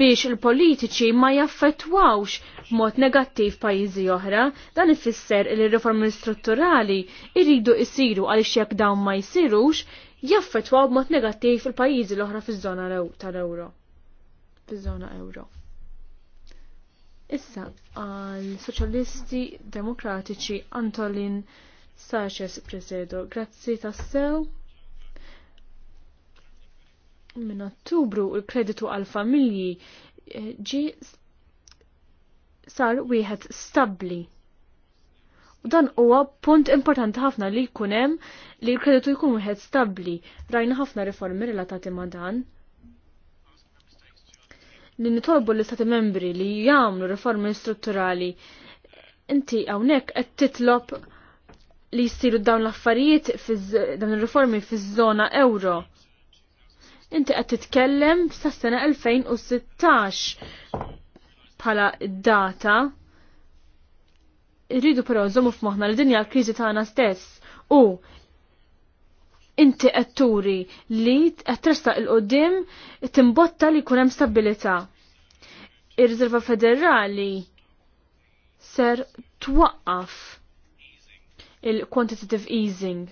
biex il-politiċi ma jaffettwawx mod negattiv pajizi oħra, dan ifisser li riformi strutturali jridu jsiru għaliex jekk dawn ma jsirux, jaffettwaw b'mod negattiv il-pajjiżi l-oħra fiż-żona tal-euro. Fiż-żona euro. Issa għal soċjalisti demokratiċi Antolin Sarches Presedo. Grazzi tassew. Minn Ottubru il-kreditu għal familji eh, ġi sar wieħed stabbli. U dan huwa punt importanti ħafna li jkun hemm li l-kreditu jkun wieħed stabbli. Rajna ħafna riformi relatati ma' dan. Li nitolbu l-istati membri li jagħmlu riformi strutturali inti hawnhekk qed titlob li jsiru dawn l-affarijiet dawn ir-riformi fiż-żona euro. Inti qed titkellem sas sena 2016 bħala data. Irridu però nżommu f'moħħna li dinja l-kriżi tagħna stess u inti qed turi li qed tresta il qudiem timbotta li jkun hemm stabilità. Ir-Riserva Federali ser twaqqaf il-quantitative easing.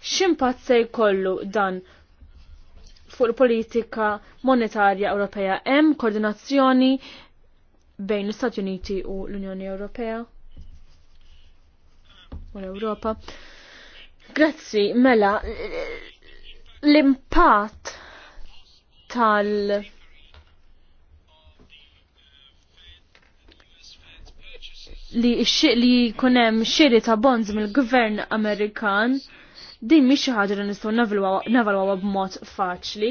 X'impatt se jkollu dan fuq il-politika monetarja Ewropea hemm koordinazzjoni bejn l-Istati Uniti u l-Unjoni Ewropea u l-Ewropa. Grazzi, mela, l-impatt tal- li li kunem xiri ta' bonds mill-gvern Amerikan din mhix xi ħaġa li nistgħu nevalwawha b'mod faċli.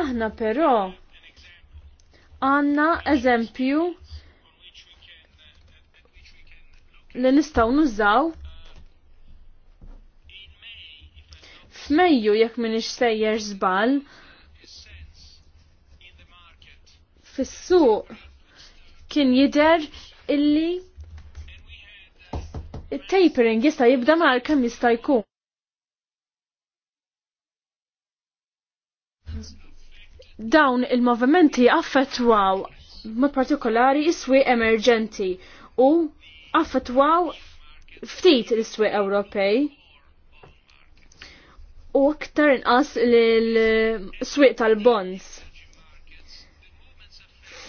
Aħna però għandna eżempju li nistgħu nużaw f'Mejju jekk m'iniex sejjer żball fis-suq kien jidher illi it-tapering jista' jibda mar kemm jista' jkun. Dawn il-movimenti affettwaw mod partikolari iswi emerġenti u affettwaw ftit l-iswi Ewropej u aktar inqas l-swiq tal-bonds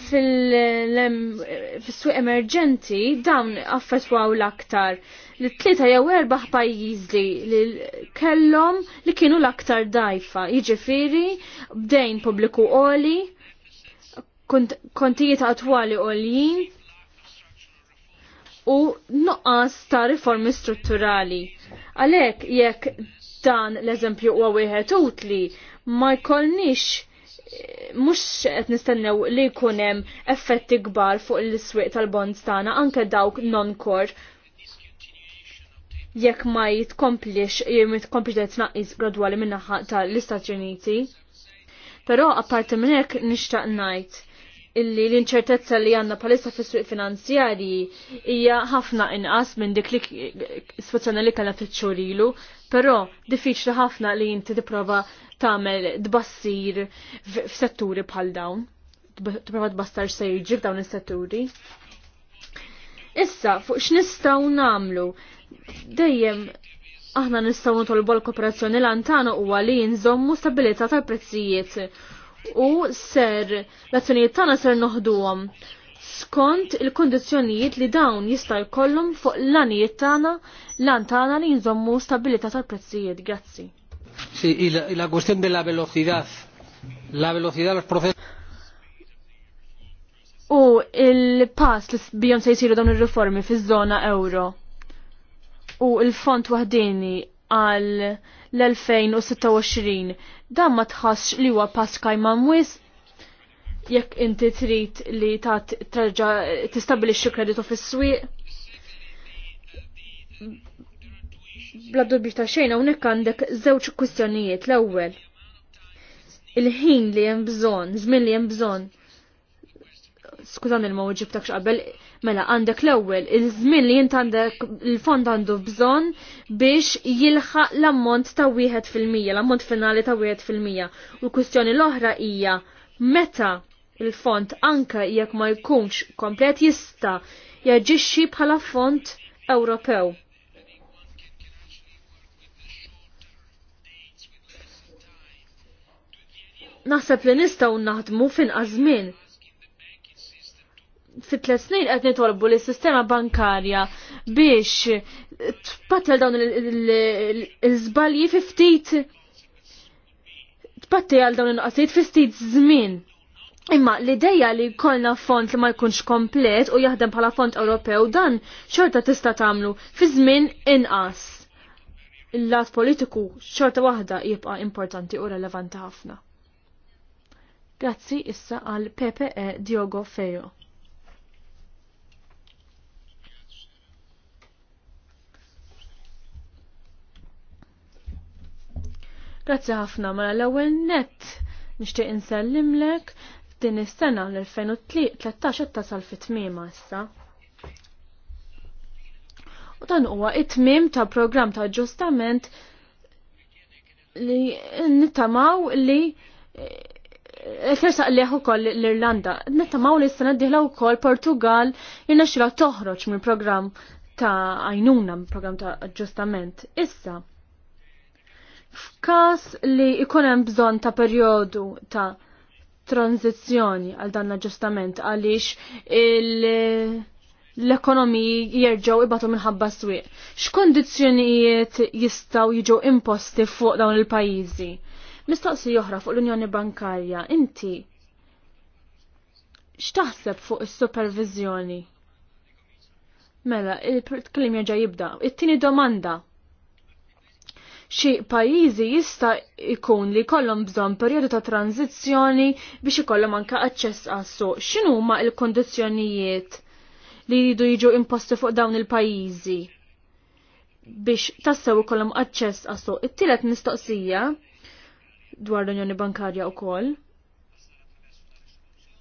fil-suq emerġenti dawn affetwaw l-aktar li tlieta jew erbaħ pajjiżli li kellhom li kienu l-aktar dajfa, jiġifieri bdejn pubbliku qoli, kontijiet attwali qoljin u nuqqas ta' riformi strutturali. Għalhekk jekk dan l-eżempju huwa wieħed utli ma jkollniex mux qed nistennew li hemm effetti kbar fuq l-iswiq tal-bonds tagħna anke dawk non-core jekk ma jitkomplix jitkomplix li tnaqqis gradwali minnaħa tal-Istati Uniti. Però apparti minn hekk nixtaq ngħid illi l-inċertezza li għandna palissa fis suq finanzjarji hija ħafna inqas minn dik li sfuzzjoni li kellha tiċċurilu però diffiċli ħafna li inti tipprova tagħmel tbassir f'setturi bħal dawn. Tipprova tbassar sejġi f'dawn is-setturi. Issa, fuq x'nistgħu nagħmlu? Dejjem aħna nistgħu nitolbu l-kooperazzjoni l-antana huwa li nżommu stabbilità tal-prezzijiet u ser l-azzjonijiet tagħna ser noħduhom skont il-kondizjonijiet li dawn jista' jkollhom fuq l-għanijiet tagħna l-għan tagħna li nżommu stabilità tal-prezzijiet. Grazzi. Sì, si, la questione della velocità, la velocità del processo. U il-pass li bijom se jisiru dawn ir-riformi fiż-żona euro u il-font wahdini għal l-2026 dan ma tħassx li huwa pass kajman wisq jekk inti trid li ta' terġa' tistabilixxi kreditu fis-swieq. Bla dubbi ta' xejn hawnhekk għandek żewġ kwistjonijiet l-ewwel. Il-ħin li hemm bżonn, żmien li hemm bżonn. Skużani il ma ġibtak qabel, mela għandek l-ewwel, iż-żmien li jint għandek il-fond għandu bżonn biex jilħaq l-ammont ta' wieħed fil-mija, l-ammont finali ta' wieħed fil-mija. U l-kwistjoni l-oħra hija meta Il-font anka jekk ma jkunx komplet jista jaġixxi bħala font Ewropew. Naħseb li nistgħu naħdmu finqas żmien fit tliet snin qed nitolbu li sistema bankarja biex tbattel dawn il żbalji fi ftit tbattel għal dawn il-nuqqasijiet fi ftit żmien. Imma l-ideja li kollna font li ma jkunx komplet u jaħdem bħala font Ewropew dan xorta tista' tagħmlu fi żmien inqas. Il-lat politiku xorta waħda jibqa' importanti u relevanti ħafna. Grazzi issa għal PPE Diogo Fejo. Grazzi ħafna mara mela l-ewwel nett nixtieq insellimlek din is-sena l-2013 qed tasal fit tmiem issa. U dan huwa it-tmiem ta' programm ta' aġġustament li nittamaw li Tersaq eh, liħu kol l-Irlanda. Nittamaw li s-sena diħla u kol Portugal jirnaxila toħroċ mill program ta' għajnuna, program ta' ġustament. Issa, f'kas li ikunem bżon ta' periodu ta' tranzizjoni għal dan l-aġġustament għaliex l-ekonomiji jerġgħu ibatu minħabba swieq. X'kondizzjonijiet jistgħu jiġu imposti fuq dawn il-pajjiżi? Mistoqsi joħra fuq l-Unjoni Bankarja, inti x'taħseb fuq is-supervizjoni? Mela, il-klim jerġa' jibda. It-tieni domanda xi pajjiżi jista' jkun li jkollhom bżonn perjodu ta' tranzizzjoni biex ikollhom anke aċċess għas-suq. X'inhu huma l-kondizzjonijiet li jridu jiġu imposti fuq dawn il-pajjiżi biex tassew ikollhom aċċess għas-suq. It-tielet mistoqsija dwar l-Unjoni Bankarja wkoll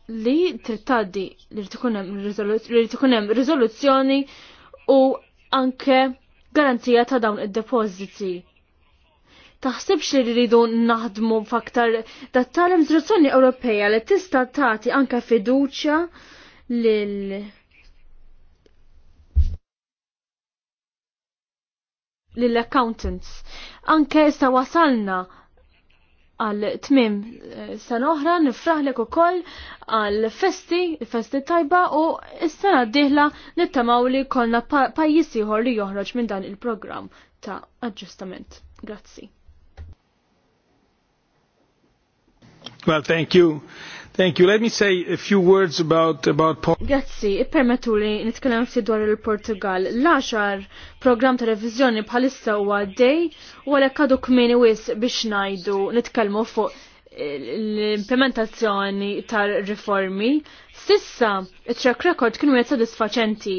li trittadi li tkun hemm riżoluzzjoni u anke garanzija ta' dawn id-depożiti taħsibx li rridu naħdmu f'aktar dat-tal istituzzjoni Ewropea li tista' tagħti anke fiduċja lil lill-accountants. Anke issa wasalna għal tmim eh, san oħra nifraħlek ukoll għal festi, festi tajba u s-sena diħla nittamaw li konna pajjiż ieħor li joħroġ minn dan il-programm ta' aġġustament. Grazzi. Well, thank you. Thank you. Let me say a few words about about e ippermettu li nitkellem ftit dwar il-Portugal. L-għaxar program televizjoni reviżjoni bħalissa huwa dej u għalhekk għadu kmieni wis biex ngħidu nitkellmu fuq l-implementazzjoni tar-riformi. Sissa, it-track record kienu qed sodisfaċenti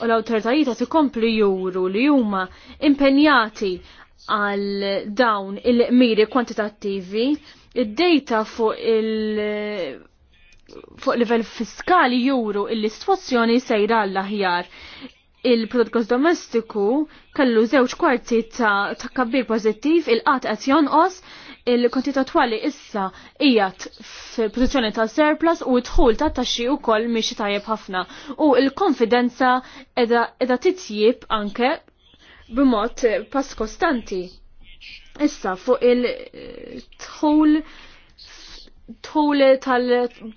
u l-awtoritajiet qed ikomplu juru li huma impenjati għal dawn il-miri kwantitattivi id-data fuq il- fuq livell fiskali juru il istwazzjoni sejra l-aħjar. Il-prodott gross domestiku kellu żewġ kwarti ta', ta kabbir pozittiv il-qat qed jonqos, il kontita twali issa ijat f'pożizzjoni ta' surplus u dħul ta' taxxi wkoll miex tajjeb ħafna. U l-konfidenza edha titjib anke b'mod pass kostanti. Issa fuq il-tħol tħol tħul tal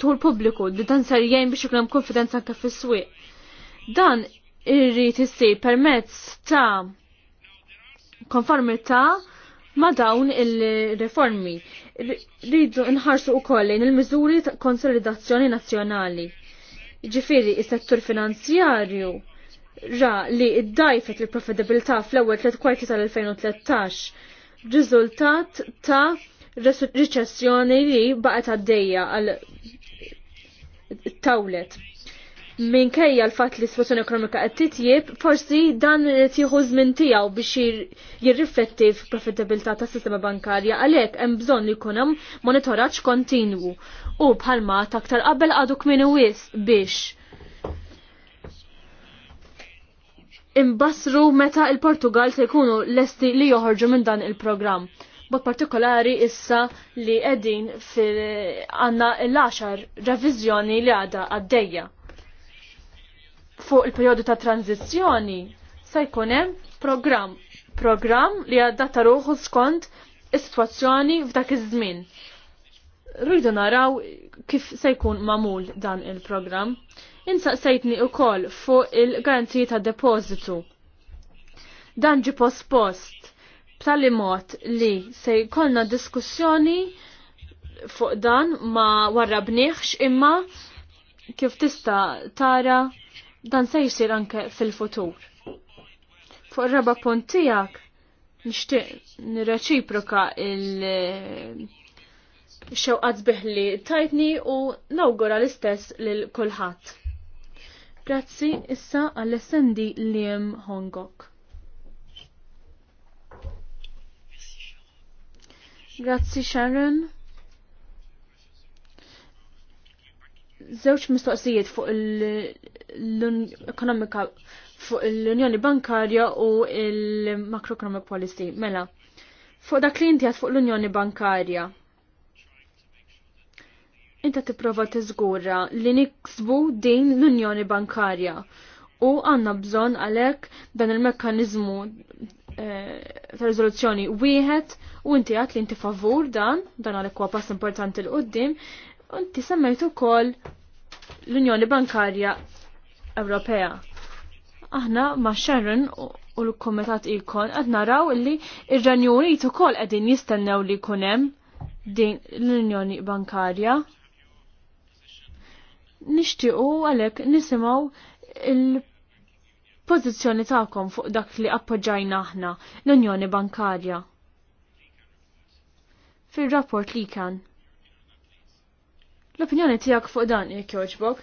tħol li dan ser jgħin biex ikun hemm konfidenza anke fis-swieq. Dan irrid issir permezz ta' konformità ma' dawn il-reformi. Rridu nħarsu wkoll lejn il-miżuri ta' konsolidazzjoni nazzjonali. Ġifieri is-settur finanzjarju ra li id-dajfet il-profitabilità fl-ewwel tliet kwarti tal-2013 riżultat ta' riċessjoni li baqgħet għaddejja għal tawlet. Minkejja l-fatt li s-situazzjoni ekonomika qed titjib, forsi dan tiħu żmien tiegħu biex jirrifletti f'profittabilità tas-sistema bankarja għalhekk hemm bżonn li jkun hemm monitoraġġ kontinwu u bħalma taktar qabel għadu kmieni wis biex imbasru meta il-Portugal se jkunu lesti li joħorġu minn dan il-programm. Bot partikolari issa li edin fil għanna l-10 revizjoni li għada għaddeja. Fuq il-periodu ta' tranzizjoni se jkunem program. Program li għadda ta' ruħu skont is-situazzjoni f'dak iż-żmien. Rridu naraw kif se jkun mamul dan il-program. Insaqsejtni u koll fuq il garanzija ta' depozitu. Dan post-post b'tali mod li se jkollna diskussjoni fuq dan ma bniħx imma kif tista tara dan se jsir anke fil-futur. Fuq raba punt tiegħek nixtieq nirreċiproka il- xewqat biħli tajtni u nawgura l-istess lil kulħadd. Grazzi issa għall-essendi Liam Hongok. Grazzi Sharon. Zewċ mistoqsijiet fuq l-ekonomika fuq l-Unjoni Bankarja u l macroeconomic Policy. Mela, fuq dak li inti fuq l-Unjoni Bankarja Inta tipprova tiżgura li niksbu din l-Unjoni Bankarja u għanna bżon għalek dan il mekkaniżmu eh, ta' riżoluzzjoni wieħed u inti għat li inti favur dan, dan għalek huwa pass importanti l-qoddim, u inti semmejtu kol l-Unjoni Bankarja Ewropea. Aħna ma' Sharon u l-Komitat Ikon qed naraw li r renju Unit ukoll qegħdin jistennew li jkun hemm din l-Unjoni Bankarja nixtiequ għalhekk nisimgħu il pozizjoni tagħkom fuq dak li appoġġajna aħna l-Unjoni Bankarja. Fir-rapport li kan. L-opinjoni tiegħek fuq dan jekk jogħġbok,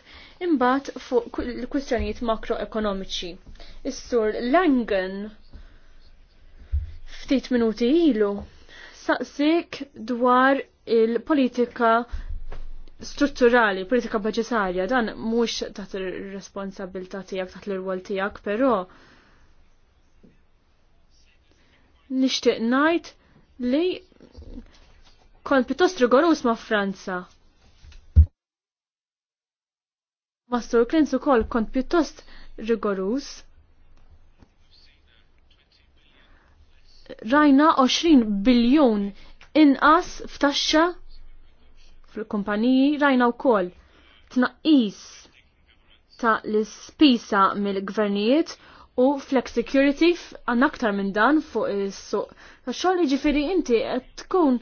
imbagħad fuq l-kwistjonijiet makroekonomiċi. Is-sur Langen ftit minuti ilu saqsik dwar il-politika strutturali, politika budgetarja, dan mhux taħt ir-responsabilità tiegħek taħt l-irwol tiegħek, però nixtieq ngħid li kon pjuttost rigorus ma' Franza. Mastur Klins ukoll kont pjuttost rigorus. Rajna 20 biljon inqas f'taxxa fil-kumpaniji rajna wkoll tnaqqis ta' l-spisa mill-gvernijiet u flex security għan aktar minn dan fuq is-suq. Xogħol jiġifieri inti qed tkun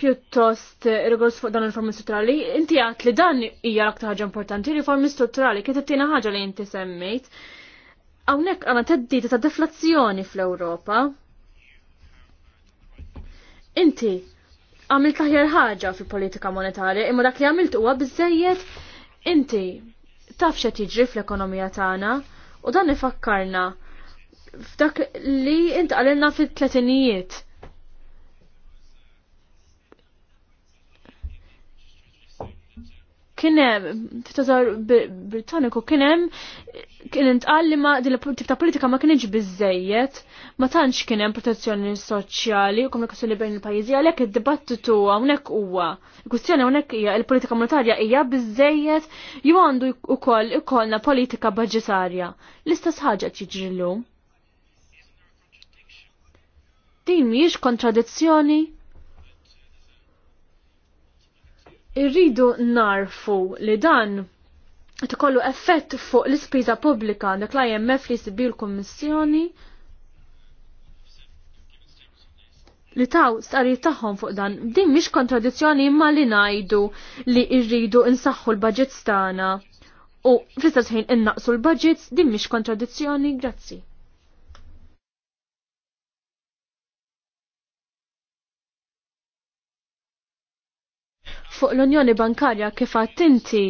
pjuttost rigors fuq dan il-reformi strutturali, inti għat li dan hija l-aktar ħaġa importanti, riformi strutturali t tina ħaġa li inti semmejt. Hawnhekk għandna teddi ta' deflazzjoni fl-Ewropa. Inti għamilt l-aħjar ħaġa fil-politika monetarja, imma dak li għamilt huwa biżejjed inti taf xa jiġri fl-ekonomija tagħna u dan ifakkarna f'dak li inti qalilna fit-tletinijiet. kienem, f'tazar Britanniku kienem, kien intqal li ma din ta' politika ma kienieġ bizzejiet ma tantx kien hemm protezzjoni soċjali u komunikazzjoni bejn il-pajjiżi għalhekk id-dibattitu hawnhekk huwa. Il-kwistjoni hawnhekk hija il-politika monetarja hija biżejjed jew għandu wkoll ikollna politika budġetarja. L-istess ħaġa tiġri llum. Din mhijiex kontradizzjoni irridu narfu li dan ikollu effett fuq l-ispiża pubblika dak l-IMF li sibi l-Kummissjoni li taw stari tagħhom fuq dan, din mhix kontradizzjoni imma li ngħidu li rridu insaħħu l-budgets tagħna u fissa sħin innaqsu l-budgets, din mish kontradizzjoni, grazzi. fuq l-Unjoni Bankarja kif għat inti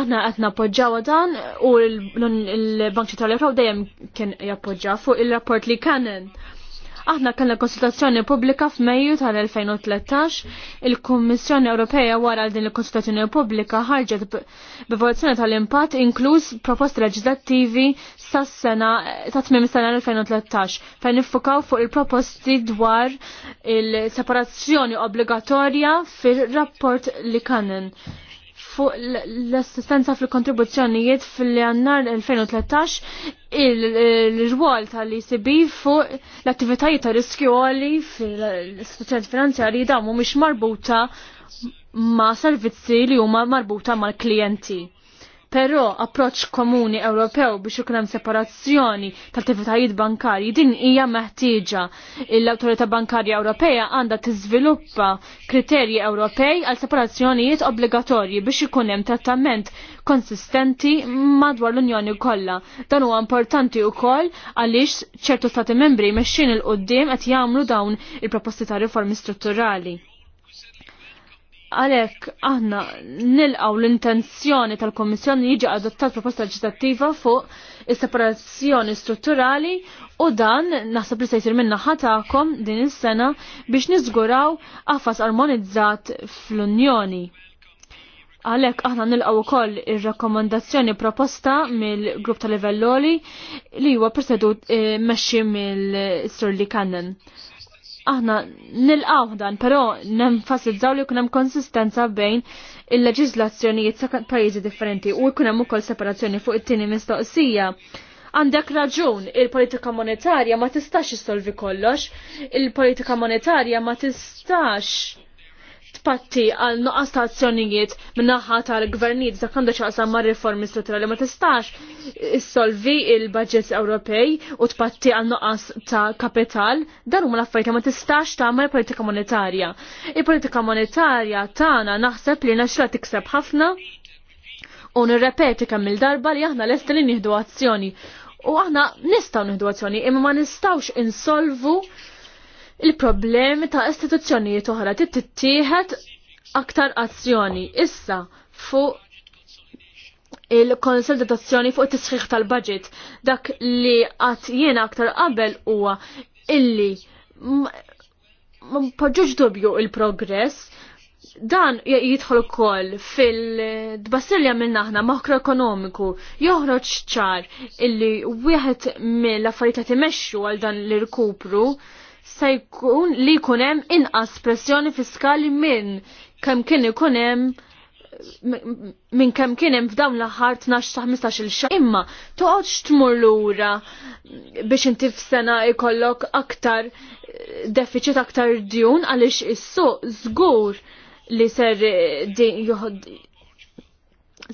aħna qed nappoġġawha dan u l-Bank Ċentrali Ewropew dejjem kien jappoġġa fuq il-rapport li kanen Aħna kellna konsultazzjoni pubblika f'Mejju tal-2013. Il-Kummissjoni Ewropea wara din il-konsultazzjoni pubblika ħarġet b'evoluzzjoni tal-impatt inkluż proposti leġislattivi sas-sena ta' tmiem sena 2013 fejn niffukaw fuq il-proposti dwar il-separazzjoni obbligatorja fir-rapport li kanen fuq l-assistenza fil-kontribuzzjonijiet fil-jannar 2013 il-rwol tal-ECB fuq l-attivitajiet ta' riskju fil-istituzzjoni finanzjari damu mhumiex marbuta ma' servizzi li huma marbuta mal-klijenti però approċ komuni Ewropew biex ikun hemm separazzjoni tal-attivitajiet bankarji din hija meħtieġa. L-Awtorità Bankarja Ewropea għandha tiżviluppa kriterji Ewropej għal separazzjonijiet obbligatorji biex ikun hemm trattament konsistenti madwar l-Unjoni kollha. Dan huwa importanti wkoll għaliex ċertu stati membri mexxin il-qudiem qed jagħmlu dawn il-proposti ta' riformi strutturali. Għalek, aħna nilqaw l-intenzjoni tal-Komissjoni jiġi adottat proposta leġislattiva fuq is-separazzjoni strutturali u dan naħseb li se jsir minna ħatakom din is-sena biex niżguraw qafas armonizzat fl-Unjoni. Għalek, aħna nilqaw ukoll ir-rakkomandazzjoni proposta mill-grupp tal-livelloli li huwa persedu eh, mexxi mill-Sir Lee Cannon aħna nilqaw dan, però nenfasizzaw li kunem konsistenza bejn il-leġizlazzjonijiet sa' pajjiżi differenti u kunem ukoll separazzjoni fuq it-tieni mistoqsija. Għandek raġun, il-politika monetarja ma tistax issolvi kollox, il-politika monetarja ma tistax tpatti għal nuqqas ta' azzjonijiet minnaħħa tal-gvernijiet dak għandu xaqsam ma' riformi strutturali ma tistax issolvi il-budgets Ewropej u tpatti għal nuqqas ta' kapital dan huma l-affarijiet ma' ma tistax tagħmel politika monetarja. Il-politika monetarja tagħna naħseb li naxra tikseb ħafna u nirrepeti kemm il-darba li aħna lesti li nieħdu azzjoni. U aħna nistgħu nieħdu azzjoni imma ma nistgħux insolvu il-problemi ta' istituzzjonijiet oħra tittieħed aktar azzjoni issa fuq il-konsolidazzjoni fuq it-tisħiħ tal-budget. Dak li għat jiena aktar qabel huwa illi ma poġġuġ dubju il-progress dan jidħol ukoll fil-dbassirja minn aħna makroekonomiku joħroġ ċar illi wieħed mill-affarijiet li timexxu għal dan l-irkupru se jkun li jkun hemm inqas pressjoni fiskali minn kemm kien ikun hemm minn kemm kien hemm f'dawn l-aħħar 12 ta' 15-il xahar. Imma toqgħodx tmur lura biex inti f'sena jkollok aktar deficit aktar djun għaliex is-suq żgur li ser joħod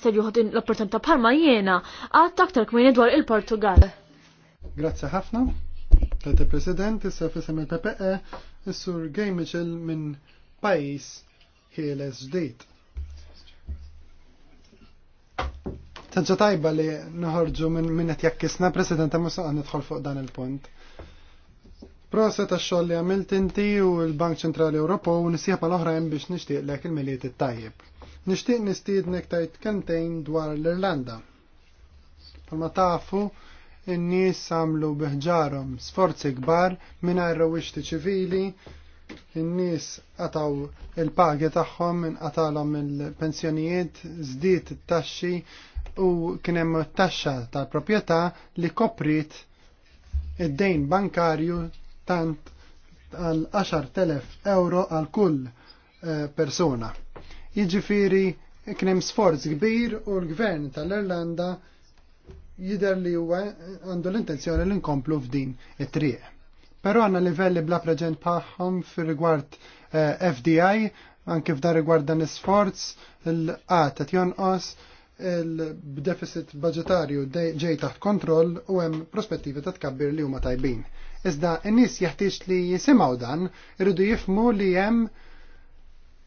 ser joħod l-opportunità bħalma jiena għadd aktar kmini dwar il-Portugal. Grazzi ħafna. Tete President, issa fissam il-PPE, s-sur Gay Mitchell minn pajis ħieles ġdijt. Tanċa tajba li nħorġu minn għet jakkisna, President, ma s nidħol fuq dan il-punt. Prosa ta' xoll li għamilt inti u l-Bank Ċentrali Ewropa u nisieħ pal-oħrajn biex nixtieq lek il-miliet it-tajjeb. Nixtieq nistiednek tajt kantejn dwar l-Irlanda. Palma tafu, in-nies għamlu biħġarhom sforzi kbar mingħajr wixti ċivili, in-nies għataw il-pagi tagħhom, inqatalhom il-pensjonijiet, żdiet it-taxxi u kien hemm taxxa tal-proprjetà li koprit id-dejn bankarju tant għal 10.000 euro għal kull eh, persuna. Jiġifieri kien hemm sforz kbir u l-gvern tal-Irlanda jider li huwa eh, għandu l-intenzjoni li nkomplu f'din it-triq. Però għanna livelli bla preġent paħħom fi rigward eh, FDI, anke fdar rigward dan l-sforz, l-qat qed jonqos, il-deficit budgetarju ġej taħt kontroll u hemm prospettivi ta' tkabbir li huma tajbin. Iżda n-nies jeħtieġ li jisimgħu dan, irridu jifmu li hemm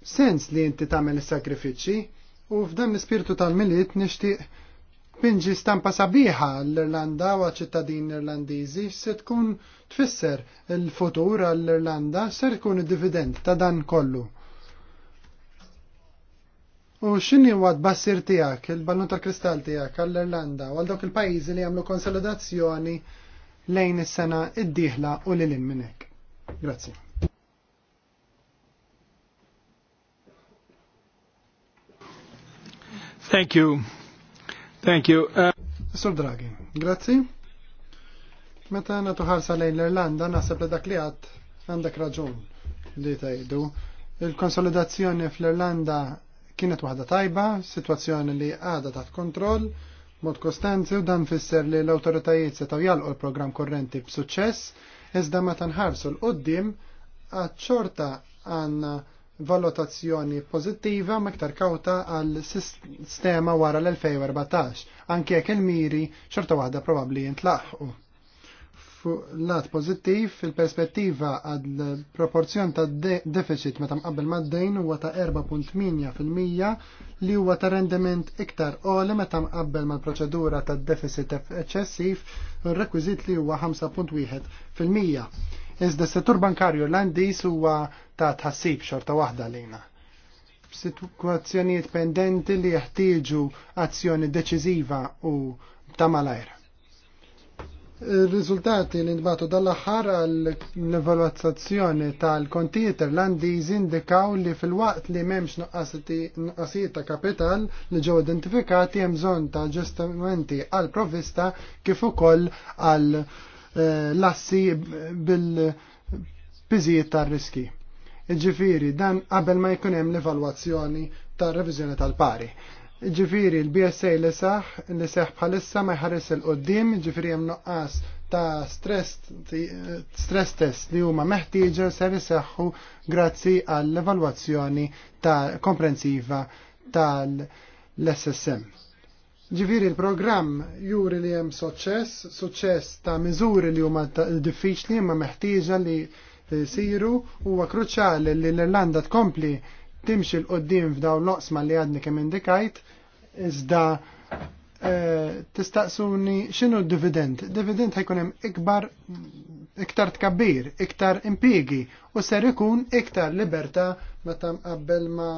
sens li inti tagħmel is-sakrifiċċji u f'dan l-ispirtu tal-miliet nixtieq binġi stampa sabiħa l-Irlanda u ċittadin Irlandiżi se tkun tfisser il-futur għall-Irlanda ser tkun id-dividend ta' dan kollu. U xinni għad tbassir tiegħek il-ballun tal-kristall tiegħek għall-Irlanda u għal dawk il-pajjiżi li għamlu konsolidazzjoni lejn is-sena id-dieħla u lil minn hekk. Grazzi. Thank you. Thank you. Uh... Draghi, grazzi. Meta natu ħarsa lejn l-Irlanda, naħseb li dak li għad għandek raġun li tajdu. Il-konsolidazzjoni fl-Irlanda kienet waħda tajba, situazzjoni li għada taħt kontroll, mod kostanzi u dan fisser li l-autoritajiet taw jalqu l-program korrenti b'suċċess, iżda meta nħarsu l-qoddim, għadċorta għanna valutazzjoni pozittiva m'iktar kawta għal sistema wara l-2014, anke jekk il-miri xorta waħda probabli jintlaħħu. Fuq lat pozittiv, fil perspettiva għal proporzjon ta' deficit meta mqabbel mad-dejn huwa ta' 4.8% li huwa ta' rendiment iktar qoli meta mqabbel mal-proċedura ta' deficit eċċessiv, rekwiżit li huwa 5.1%. Iżda s-settur bankarju l għandis huwa ta' tħassib xorta waħda lejna. Situazzjonijiet pendenti li jeħtieġu azzjoni deċiżiva u ta' malajr. Il-riżultati li nbatu dal-aħħar l-evalwazzazzjoni tal-kontijiet irlandiż indikaw li fil-waqt li memx nuqqasijiet ta' kapital li ġew identifikati hemm bżonn ta' ġustamenti għal provista kif ukoll għal Eh, lassi bil biziet tar-riski. Ġifiri, dan qabel ma jkun hemm l-evalwazzjoni tar-reviżjoni tal-pari. Ġifiri, l-BSA li saħ, li saħ bħalissa ma jħarris l qoddim ġifiri hemm noqqas ta' eh, stress, test li huma meħtieġa ser jisaxħu grazzi għall-evalwazzjoni ta' komprensiva tal-SSM. Ġifiri l-programm juri li hemm suċċess, suċċess ta' miżuri li huma diffiċli imma meħtieġa li eh, siru huwa kruċjali li l-Irlanda tkompli timxi l-qoddim f'dawn l-oqsma li għadni kemm indikajt iżda eh, tistaqsuni x'inhu d-dividend. Dividend ħajkun hemm ikbar iktar tkabbir, iktar impiegi u ser ikun iktar libertà meta qabel ma'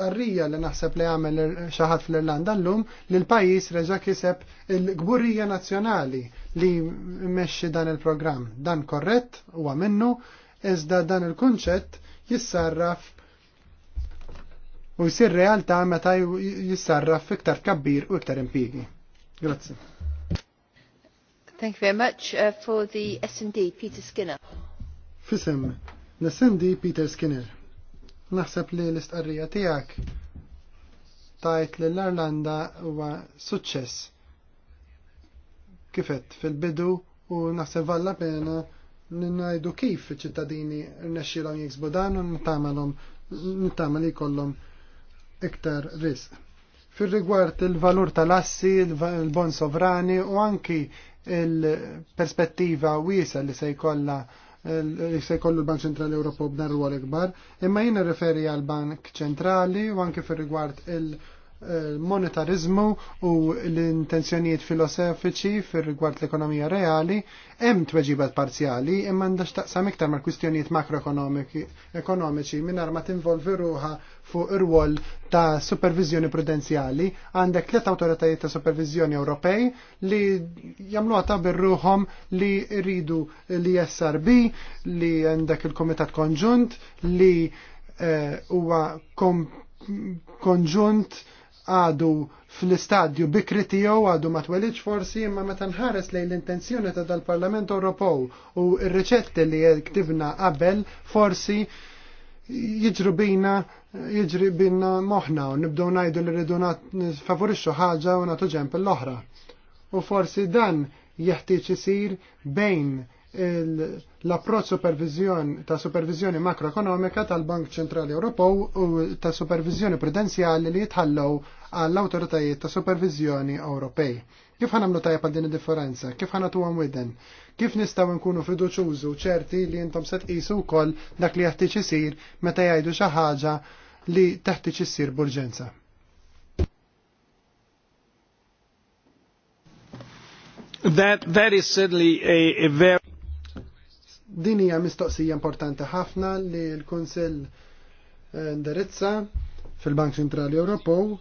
arrija li naħseb li għamel xaħat fl-Irlanda llum li l-pajis reġa kiseb il-gburija nazzjonali li mmexxi dan il-programm. Dan korrett huwa minnu iżda dan il-kunċett jissarraf u jsir realtà meta jissarraf iktar kabbir u iktar impigi. Grazzi. Thank you very much uh, for the S&D Peter Skinner. Fisem, l-S&D Peter Skinner. Naħseb li l-istqarrija tiegħek tajt li l arlanda huwa suċċess. Kifet fil-bidu u naħseb valla pena najdu kif ċittadini rnexxilhom jiksbu dan u nittamalhom nittamal jkollhom iktar rizq. Fil-rigward il-valur tal-assi, il-bon sovrani u anki il-perspettiva wiesa li se jkollha se kollu l-Bank Ċentrali Ewropew b'dan rwol ikbar, imma jina referi għal Bank Ċentrali u anke fir rigward il- monetarizmu u l-intenzjonijiet filosofiċi fir rigward l-ekonomija reali hemm tweġibat parzjali imma għandax taqsam iktar mal kwistjonijiet makroekonomiċi mingħajr ma tinvolvi ruha fuq ir-rwol ta' supervizjoni prudenzjali għandek tliet awtoritajiet ta' supervizjoni Ewropej li jagħmluha ta' birruhom li rridu li SRB li għandek il-Kumitat Konġunt li eh, huwa konġunt għadu fl-istadju bikri tiegħu għadu ma twelidx forsi imma meta nħares lejn l-intenzjoni ta' dal-Parlament Ewropew u r-riċetti li ktibna qabel forsi jiġru bina jiġri bina moħna u nibdew ngħidu li rridu favorixxu ħaġa u nagħtu ġemp l-oħra. U forsi dan jeħtieġ isir bejn l-approċ supervizjon ta' supervizjoni makroekonomika tal-Bank Ċentrali Ewropew u ta' supervizjoni prudenzjali li jitħallew għall-autoritajiet ta' supervizjoni Ewropej. Kif ħanamlu tajja għal din id-differenza? Kif ħana tuwa widden? Kif nistaw nkunu fiduċużu ċerti li jintom set qisu wkoll dak li jaħtieġ isir meta jgħidu xi ħaġa li taħtieġ isir b'urġenza? That, that is certainly a, a very Din hija mistoqsija importanti ħafna li l-Kunsill eh, indirizza fil-Bank Centrali Ewropew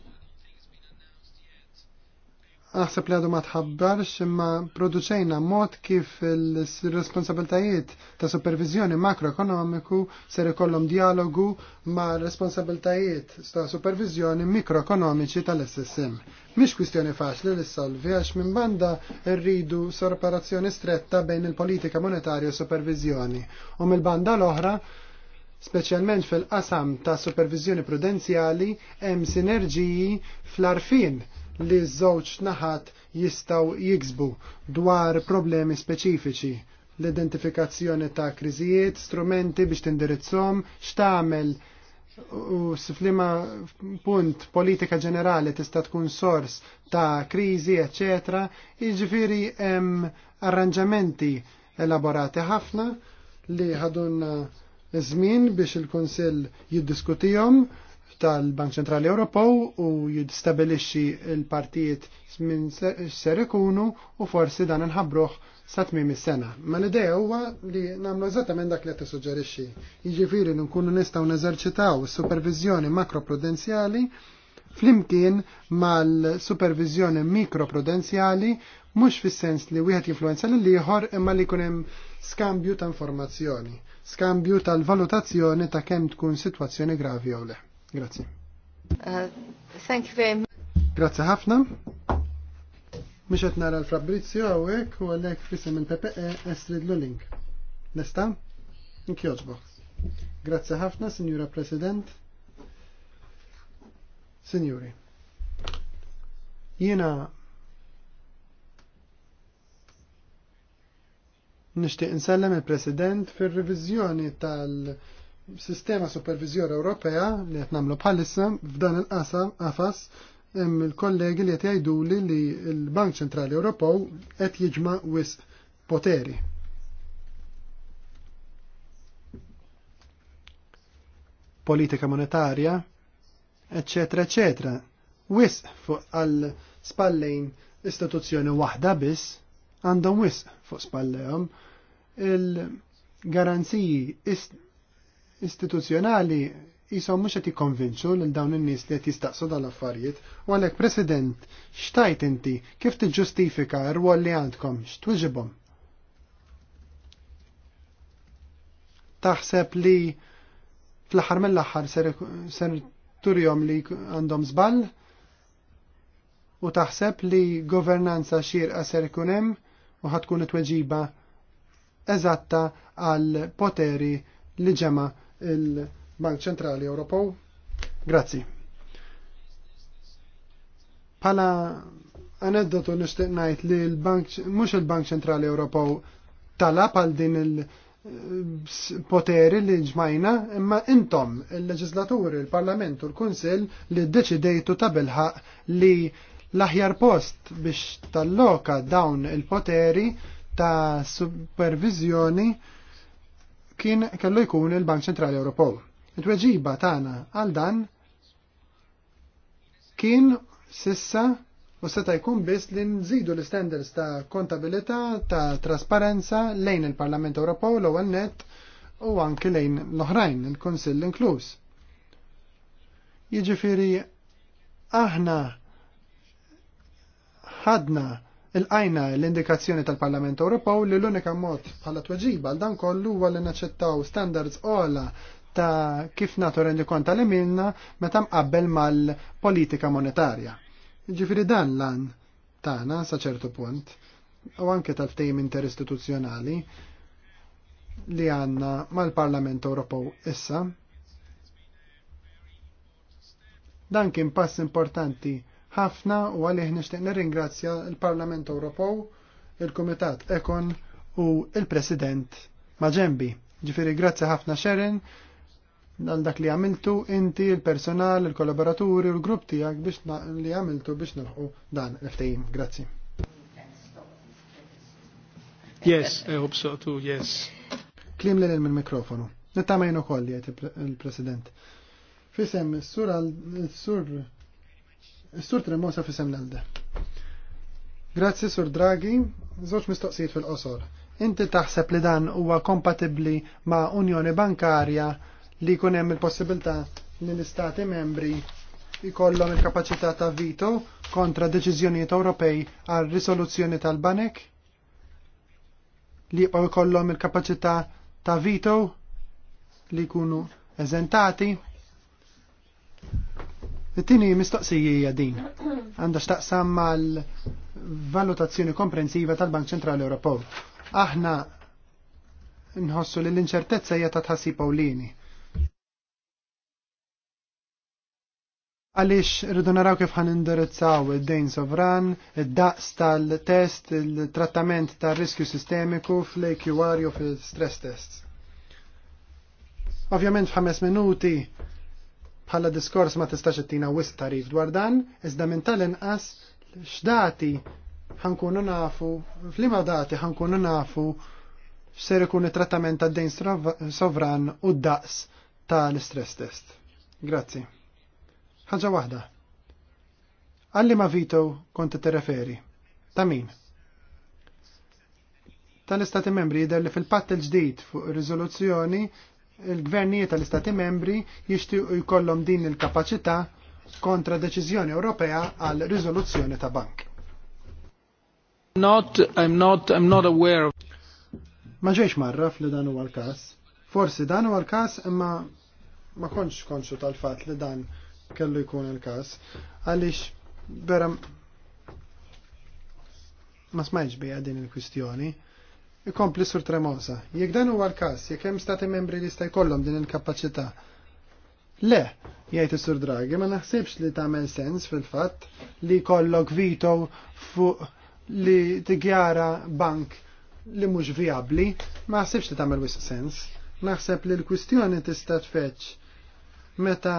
Aħseb li għadu ma tħabbarx imma produċejna mod kif il-responsabiltajiet ta' supervizjoni makroekonomiku ser ikollhom dialogu ma' responsabiltajiet ta' supervizjoni mikroekonomiċi tal-SSM. Mhix kwistjoni faċli li solvi għax minn banda rridu sorparazzjoni stretta bejn il-politika monetarja u supervizjoni u mill-banda l-oħra speċjalment fil-qasam ta' supervizjoni prudenzjali hemm sinerġiji fl-arfin li żewġ naħat jistaw jiksbu dwar problemi speċifiċi l-identifikazzjoni ta' kriżijiet, strumenti biex tindirizzhom, x'tagħmel u s-flima punt politika ġenerali tista' tkun sors ta' kriżi, eċetera, jiġifieri hemm arranġamenti elaborati ħafna li ħadun żmien biex il-Kunsill jiddiskutihom tal-Bank Ċentrali Ewropew u jistabilixxi l-partijiet minn ser ikunu u forsi dan inħabbruh sa tmiem is-sena. Ma l-idea huwa li nagħmlu eżattament dak li qed tissuġġerixxi. Jiġifieri li nkunu nistgħu neżerċitaw is-supervizjoni makroprudenzjali flimkien mal-supervizjoni mikroprudenzjali mhux fis-sens li wieħed jinfluenza lil ieħor imma li jkun hemm skambju ta' informazzjoni, skambju tal-valutazzjoni ta' kemm tkun sitwazzjoni gravi jew le. Grazie. Uh, thank you very much. Grazie ħafna. Mhux nara l-Fabrizio għawek u għalhekk fisem il-PPE Estrid eh, Luling. Nesta? Nkjoġbo. Grazie ħafna, Signora President. Signori. Jena nixtieq insellem il-President fir revizjoni tal- sistema supervizjoni Ewropea li qed nagħmlu bħalissa f'dan il-qasam qafas hemm il-kollegi li qed jgħiduli li l-Bank Ċentrali Ewropew qed jiġma' wisq poteri. Politika monetarja, eccetera, eccetera. Wisq fuq għal spallejn istituzzjoni waħda biss għandhom wisq fuq spallejhom il-garanziji istituzzjonali jisom mux għati konvinċu l dawn il-nis li għati staqsu dal-affarijiet, u għalek president, xtajt inti, kif t-ġustifika r-wol li għandkom, xtwġibom? Taħseb li fl-ħar mill-ħar ser turjom li għandhom zbal? U taħseb li governanza xirqa ser kunem u ħatkun t tweġiba eżatta għal poteri li ġema' il-Bank Ċentrali Ewropew. Grazzi. Pala aneddotu nixtieq ngħid li l-Bank mhux il-Bank Ċentrali Ewropew talab għal din il- eh, poteri li ġmajna imma intom il-leġislaturi, il-parlament u l-kunsil li d-deċidejtu ta' li l-aħjar post biex talloka dawn il-poteri ta' supervizjoni kien kellu jkun il-Bank Ċentrali Ewropew. It-tweġiba tagħna għal dan kien sissa u seta jkun biss li nżidu l-standards ta' kontabilità, ta' trasparenza lejn il-Parlament Ewropew l-ewwel net u anke lejn l-oħrajn, il-Kunsill inkluż. Jiġifieri aħna ħadna Il-qajna l-indikazzjoni tal-Parlament Ewropew li l-unika mod bħala tweġiba għal dan kollu huwa li naċċettaw standards ola ta' kif natu rendi konta li minna meta mqabbel mal-politika monetarja. Ġifiri dan lan tagħna sa ċertu punt u anke tal-ftejim interistituzzjonali li għanna mal-Parlament Ewropew issa. Dan kien pass importanti ħafna u għalih nixtieq nirringrazzja l-Parlament Ewropew, il-Kumitat Ekon u il-President Maġembi. Ġifiri, grazzi ħafna Sharon għal dak li għamiltu inti, il-personal, il-kollaboraturi u l-grupp tiegħek biex li għamiltu biex nilħu dan l-ftehim. Grazzi. Yes, I hope so too, yes. Klim l minn mikrofonu. Nittamajnu kolli għet il-President. Fisem, s-sur Sur Tremosa fi semnelde. Grazzi Sur Draghi, zoċ mistoqsijiet fil-qosor. Inti taħseb li dan huwa kompatibli ma' Unjoni Bankarja li jkun hemm il-possibilità li l-istati membri jkollhom il-kapaċità ta' vito kontra deċiżjonijiet Ewropej għal risoluzzjoni tal-banek? Li jibqgħu jkollhom il-kapaċità ta' vito li jkunu eżentati? It-tieni mistoqsija din għandha x'taqsam mal-valutazzjoni komprensiva tal-Bank Ċentrali Ewropew. Aħna nħossu li l-inċertezza hija ta' tħassib Pawlini. għalix rridu naraw kif ħan indirizzaw id-dejn sovran, id-daqs tal-test, il-trattament tal-riskju sistemiku fl-AQR jew fil-stress tests. Ovvjament f'ħames minuti Bħala diskors ma tistax ittina wisq tarif dwar dan, iżda minn tal-inqas x'dati ħankunu nafu, f'liema dati ħankunu nafu x'ser ikun it-trattament tad-dejn sovran u d-daqs tal istress test. Grazzi. Ħaġa waħda. Għalli ma vito kont t-referi. Ta' min? Tal-istati membri jider li fil-patt il-ġdijt fuq rizoluzzjoni il-gvernijiet tal-istati membri jixtiequ jkollhom din il-kapaċità kontra deċiżjoni Ewropea għal riżoluzzjoni ta' bank. Not, I'm not, I'm not aware of... Ma ġejx marraf li dan huwa l-każ. Forsi dan huwa l-każ imma ma konċ konxu tal-fatt li dan kellu jkun il-każ għaliex vera ma smajġ bija din il-kwistjoni ikompli sur tremosa. Jekk dan huwa l-każ, jekk hemm stati membri li sta jkollhom din il-kapaċità. Le, jgħid is-Sur Dragi, ma naħsibx li tagħmel sens fil-fatt li jkollok vito fuq li tigjara bank li mhux viabli, ma naħsibx li tagħmel wisq sens. Naħseb li l-kwistjoni tista' tfetx meta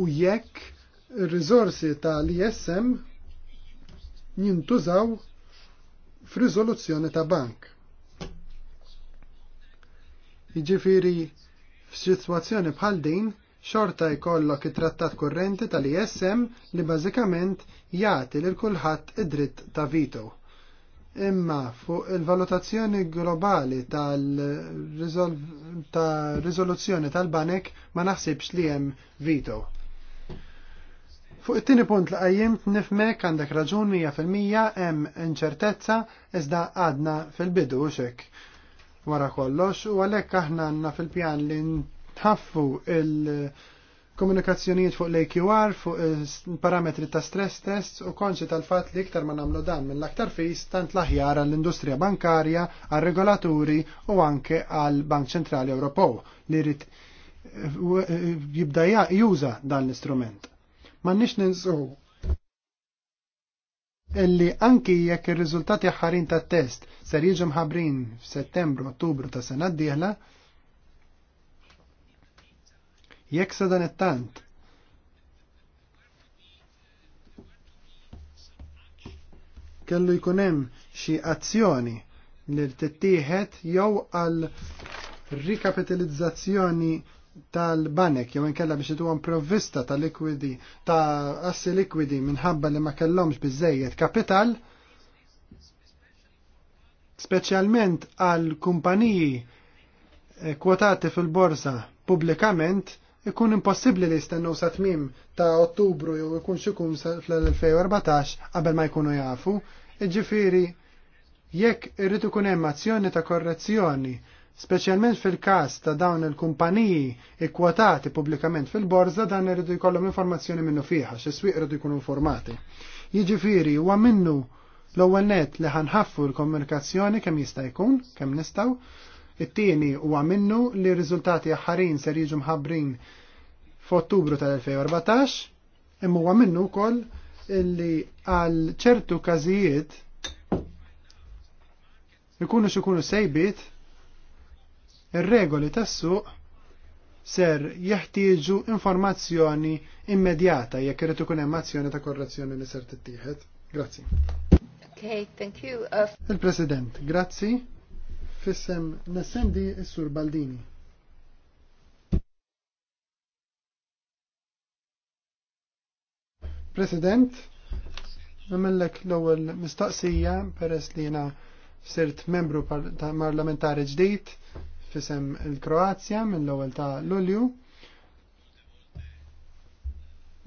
u jekk ir-riżorsi tal-ISM jintużaw f'riżoluzzjoni ta' bank. Jiġifieri f'sitwazzjoni bħal din xorta jkollok it-trattat kurrenti tal-ISM li bażikament jagħti lil kulħadd id-dritt ta' vito. Imma fuq il-valutazzjoni globali tal-riżoluzzjoni tal-banek ma naħsibx li hemm vito. Fuq it-tieni punt li qajjim nifmek għandek raġun 100% hemm inċertezza iżda għadna fil-bidu xek wara kollox u għalhekk aħna għandna fil-pjan li nħaffu il-komunikazzjonijiet fuq l-AQR, fuq parametri ta' stress test u konċi tal-fatt li iktar ma nagħmlu dan mill-aktar fis tant l-aħjar għall-industrija bankarja, għal-regolaturi u anke għall-Bank Ċentrali Ewropew li jrid eh, jibda juża dan l-istrument ma nix ninsuhu. illi anki jekk ir-riżultati ħarin tat test ser jiġu mħabrin f'Settembru Ottubru ta' sena d-dieħla, jekk se dan it-tant kellu jkun hemm xi azzjoni li tittieħed jew għal rikapitalizzazzjoni tal-banek jew inkella biex tuwa provvista ta' likwidi ta' assi likwidi minħabba li ma kellhomx bizzejiet kapital speċjalment għal kumpaniji eh, kwotati fil-borsa pubblikament ikun impossibbli li jistennu sa ta' Ottubru jew ikun xikun fl-2014 qabel ma jkunu jafu, iġifiri jekk irritu ikun hemm azzjoni ta' korrezzjoni Speċjalment fil-każ ta' dawn il-kumpaniji ikkwatati pubblikament fil-borza dan irridu jkollhom informazzjoni minnu xi swieq irridu jkunu informati. Jiġifieri huwa minnu l-ewwel net li ħanħaffu l-komunikazzjoni kemm jista' jkun, kemm nistgħu. It-tieni huwa minnu li r-riżultati aħħarin ser jiġu mħabbrin f'Ottubru tal-2014, imma huwa minnu wkoll illi għal ċertu każijiet ikunu xikunu sejbiet Ir-regoli tas-suq ser jeħtieġu informazzjoni immedjata jekk irid ikun hemm azzjoni ta' korrezzjoni li ser tittieħed. Grazzi. Okay, thank you. Uh... Il-President, grazzi. Fissem nassendi s-Sur Baldini. President, namillek l-ewwel mistaqsija peress li jiena sirt membru parlamentari ġdid fisem il-Kroazja mill-ewwel ta' Lulju.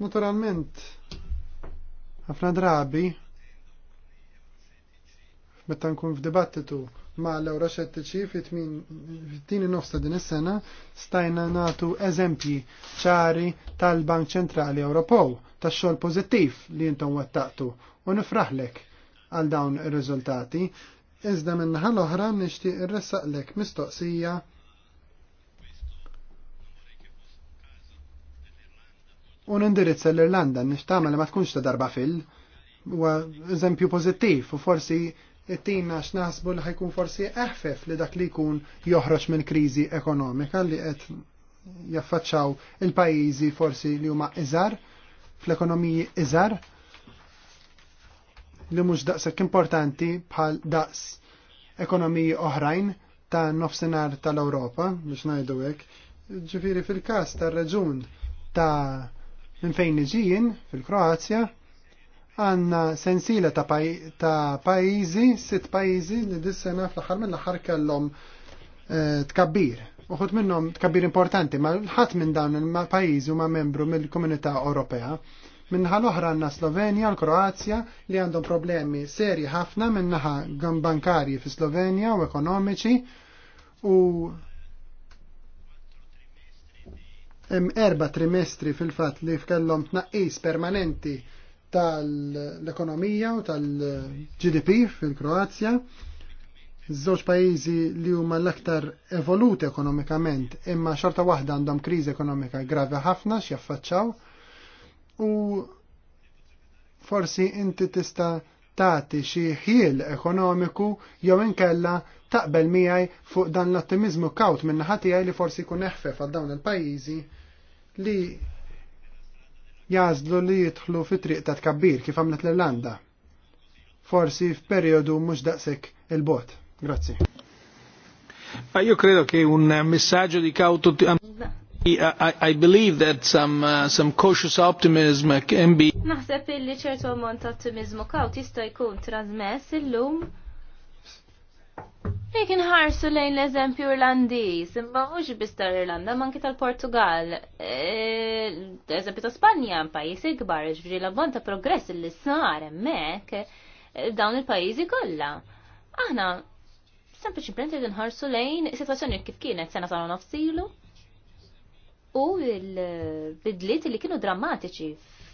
Naturalment, ħafna drabi, meta nkun f'dibattitu ma' l xettiċi fit-tini nofs ta' din is-sena, stajna natu eżempji ċari tal-Bank Ċentrali Ewropew tax-xogħol pożittiv li intom wettaqtu u nifraħlek għal dawn ir-riżultati Iżda minnaħa l-oħra nixtieq irressaqlek mistoqsija u nindirizza l-Irlanda li ma tkunx ta' darba fil u eżempju pozittiv u forsi it-tina naħsbu li ħajkun forsi eħfef li dak li jkun joħroġ minn kriżi ekonomika li qed jaffaċċaw il-pajjiżi forsi li huma iżar fl-ekonomiji iżar li mhux daqshekk importanti bħal daqs ekonomiji oħrajn ta' nofsinhar tal-Ewropa biex ngħidu hekk. Ġifieri fil-każ tar-reġun ta' minn fejn iġijin fil-Kroazja għanna sensila ta', paj, ta pajizi, sitt pajizi li dis-sena fl-ħar mill-ħar kellhom eh, tkabbir. Uħut minnom tkabbir importanti, ma ħadd minn dawn il-pajizi huma membru mill-Komunità Ewropea. Minnaħa l-oħra għanna Slovenja, l-Kroazja li għandhom problemi seri ħafna minnaħa bankarji fi Slovenja u ekonomiċi u hemm erba' trimestri fil-fatt li f'kellhom tnaqqis permanenti tal-ekonomija u tal-GDP fil-Kroazja. Żewġ pajjiżi li huma l-aktar evoluti ekonomikament imma xorta waħda għandhom kriżi ekonomika gravi ħafna x'jaffaċċaw u forsi inti tista' tagħti xi ħiel ekonomiku jew inkella taqbel miħaj fuq dan l-ottimizmu kawt minn naħa tiegħi li forsi jkun eħfef għal dawn il-pajjiżi li jażlu li jidħlu fitriq triq ta' tkabbir kif għamlet l-Irlanda. Forsi f'perjodu mhux daqsek il-bot. Grazzi. Ma io credo che un messaggio di cauto I, believe that some, uh, some cautious optimism can be. Naħseb illi ċertu ammont ta' ottimizmu kaw tista' jkun trasmess illum. Jek inħarsu lejn l-eżempju Irlandiż, imma mhux biss tal-Irlanda, manki tal-Portugal. E, Eżempju ta' Spanja, pajjiż ikbar, ġifieri l-ammont ta' progress li sar hemmhekk e, dawn il-pajjiżi kollha. Aħna sempliċi qed nħarsu lejn is-sitwazzjoni kif kienet sena sa' nofsilu u l-bidliet li kienu drammatiċi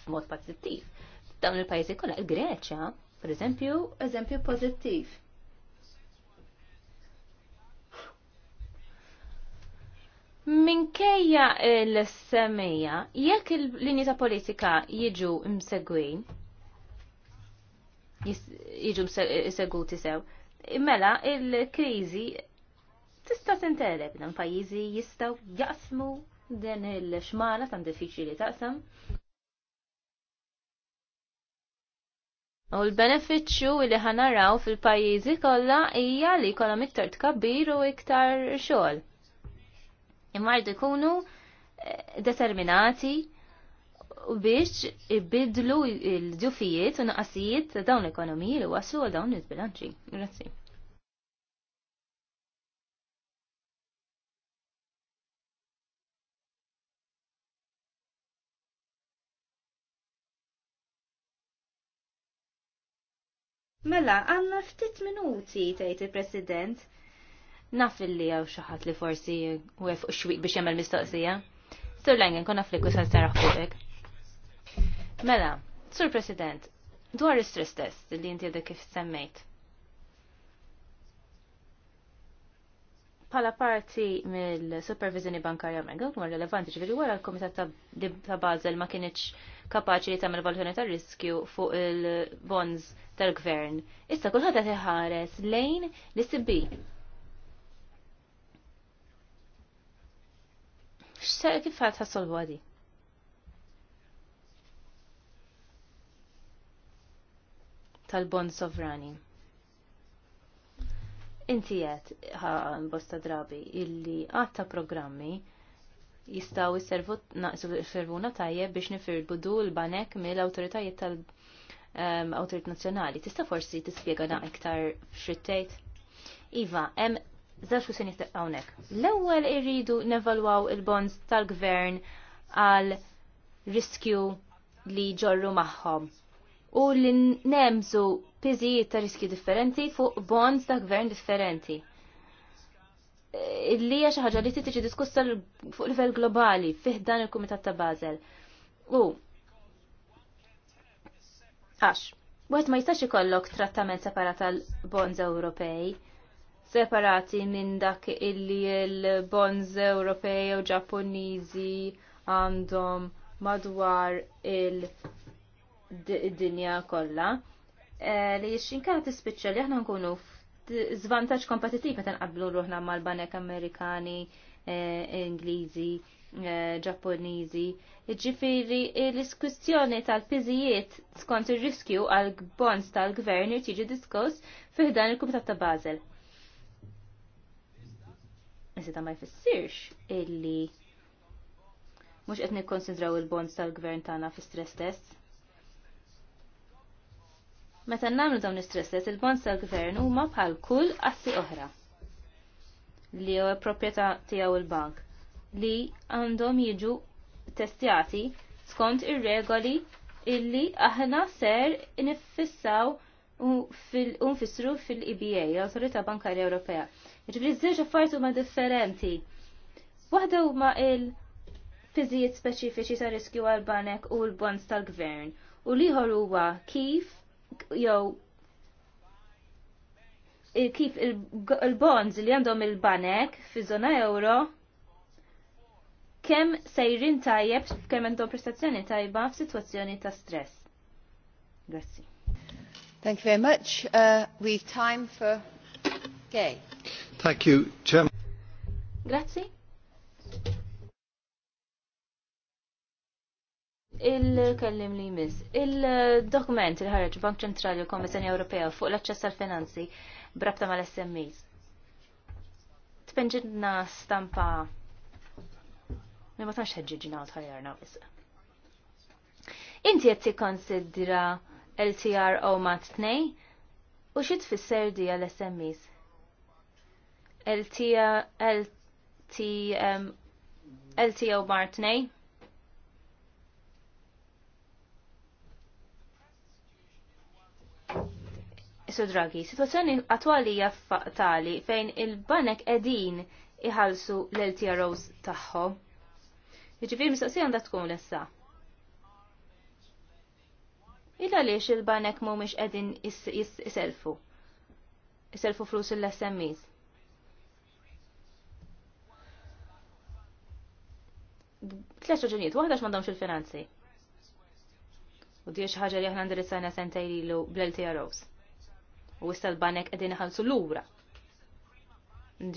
f'mod pozittiv. Dawn il-pajjiżi kollha il-Greċja, pereżempju, eżempju pożittiv. Minkejja l-semmija, jekk il-linji ta' politika jiġu msegwin, jiġu msegwuti sew, mela il-krizi tista' tinteleb dan pajjiżi jistgħu jaqsmu din il-xmara tan diffiċili taqsam. U l-beneficju li ħanaraw fil-pajjiżi kollha hija li jkollhom iktar tkabbir u iktar xogħol. Imma jrid ikunu eh, determinati biex ibidlu l-ġufijiet u naqasijiet ta' dawn l-ekonomiji li waslu għal dawn il-bilanċi. Grazzi. Mela, għanna ftit minuti, tgħid il-President. Naf li għaw xaħat li forsi u għef u xwik biex jemmel mistoqsija. Sur Langen, konna fliku sal fuqek. Mela, Sur President, dwar il-stress test li inti għadha kif semmejt. pala parti mill-supervizjoni bankarja mega kumar relevanti ġifiri wara l-komitat ta' Basel ma kienieċ kapaċi li tagħmel valutazzjoni ta' riskju fuq il-bonds tal-gvern. Issa kulħadd qed iħares lejn l-ICB. kif ħadd ħassolvu għadi? tal-bond sovrani. Inti għan bosta drabi illi għatta programmi jistaw jisservuna tajjeb biex nifirbudu l-banek mill-awtoritajiet tal-awtorit ehm, nazzjonali. Tista' forsi na iktar frittejt? Iva, hemm żewġ kwistjonijiet hawnhekk. L-ewwel irridu nevalwaw il-bonds tal-gvern għal riskju li ġorru magħhom u li nemżu piżijiet ta' riski differenti fuq bonds ta' gvern differenti. E, illi hija xi ħaġa li tiġi diskussa fuq livell globali fih dan il-Kumitat ta' Basel. U għax, wieħed ma jistax ikollok trattament separat tal bonds Ewropej separati minn dak illi l-bonds Ewropej u Ġappuniżi għandhom madwar il-dinja kollha. Eh, li t tispiċċa li aħna nkunu zvantaċ kompetittiv meta nqablu ruħna mal-banek Amerikani, eh, Ingliżi, eh, Ġappuniżi. Ġifiri, l iskussjoni tal-piżijiet skont ir-riskju għal bonds tal-gvern tiġi diskos fiħdan il-Kumitat ta' Basel. Iżda ma jfissirx illi mhux qed nikkonsidraw il-bonds tal-gvern tagħna fi stress test Meta nagħmlu dawn l stress test il-bonds tal-gvern huma bħal kull assi oħra li huwa proprjetà tiegħu il-bank li għandhom jiġu testjati skont ir-regoli illi aħna ser nifissaw nfissru fil-EBA, l-Autorità Bankarja Ewropea. Ġifri żewġ affarijiet huma differenti. Waħda huma il fiżijiet speċifiċi ta' riskju għal banek u l-bonds tal-gvern u liħor huwa kif jew kif il-bonds li għandhom il-banek fi zona euro kem sejrin tajjeb kem għandhom prestazzjoni tajba f situazzjoni ta' stress. Grazzi. Thank you very much. Uh, we have time for Gay. Thank you, Chairman. Grazie. il-kellim li jmiss. Il-dokument il ħareġ Bank Ċentrali u Komissjoni Ewropea fuq l-aċċess għal finanzi brabta mal-SMEs. Tpenġidna stampa ma tantx ħeġġiġina u tħajjarna wisq. Inti qed tikkonsidra LTR o mat tnej u xi tfisser di għal SMEs? LTO mart tnej? Isu Draghi, situazzjoni attuali hija tali fejn il-banek edin iħalsu l-LTROs tagħhom. Jiġifieri mistoqsija għandha tkun l-essa. Illa liex il-banek mhumiex qegħdin jiselfu. Iselfu flus l-SMEs. Tlet raġunijiet, waħda x'mandhomx il-finanzi. U di xi ħaġa li aħna ndirizzajna sentej lilu bl-LTROs u issa l-banek qegħdin l-ura.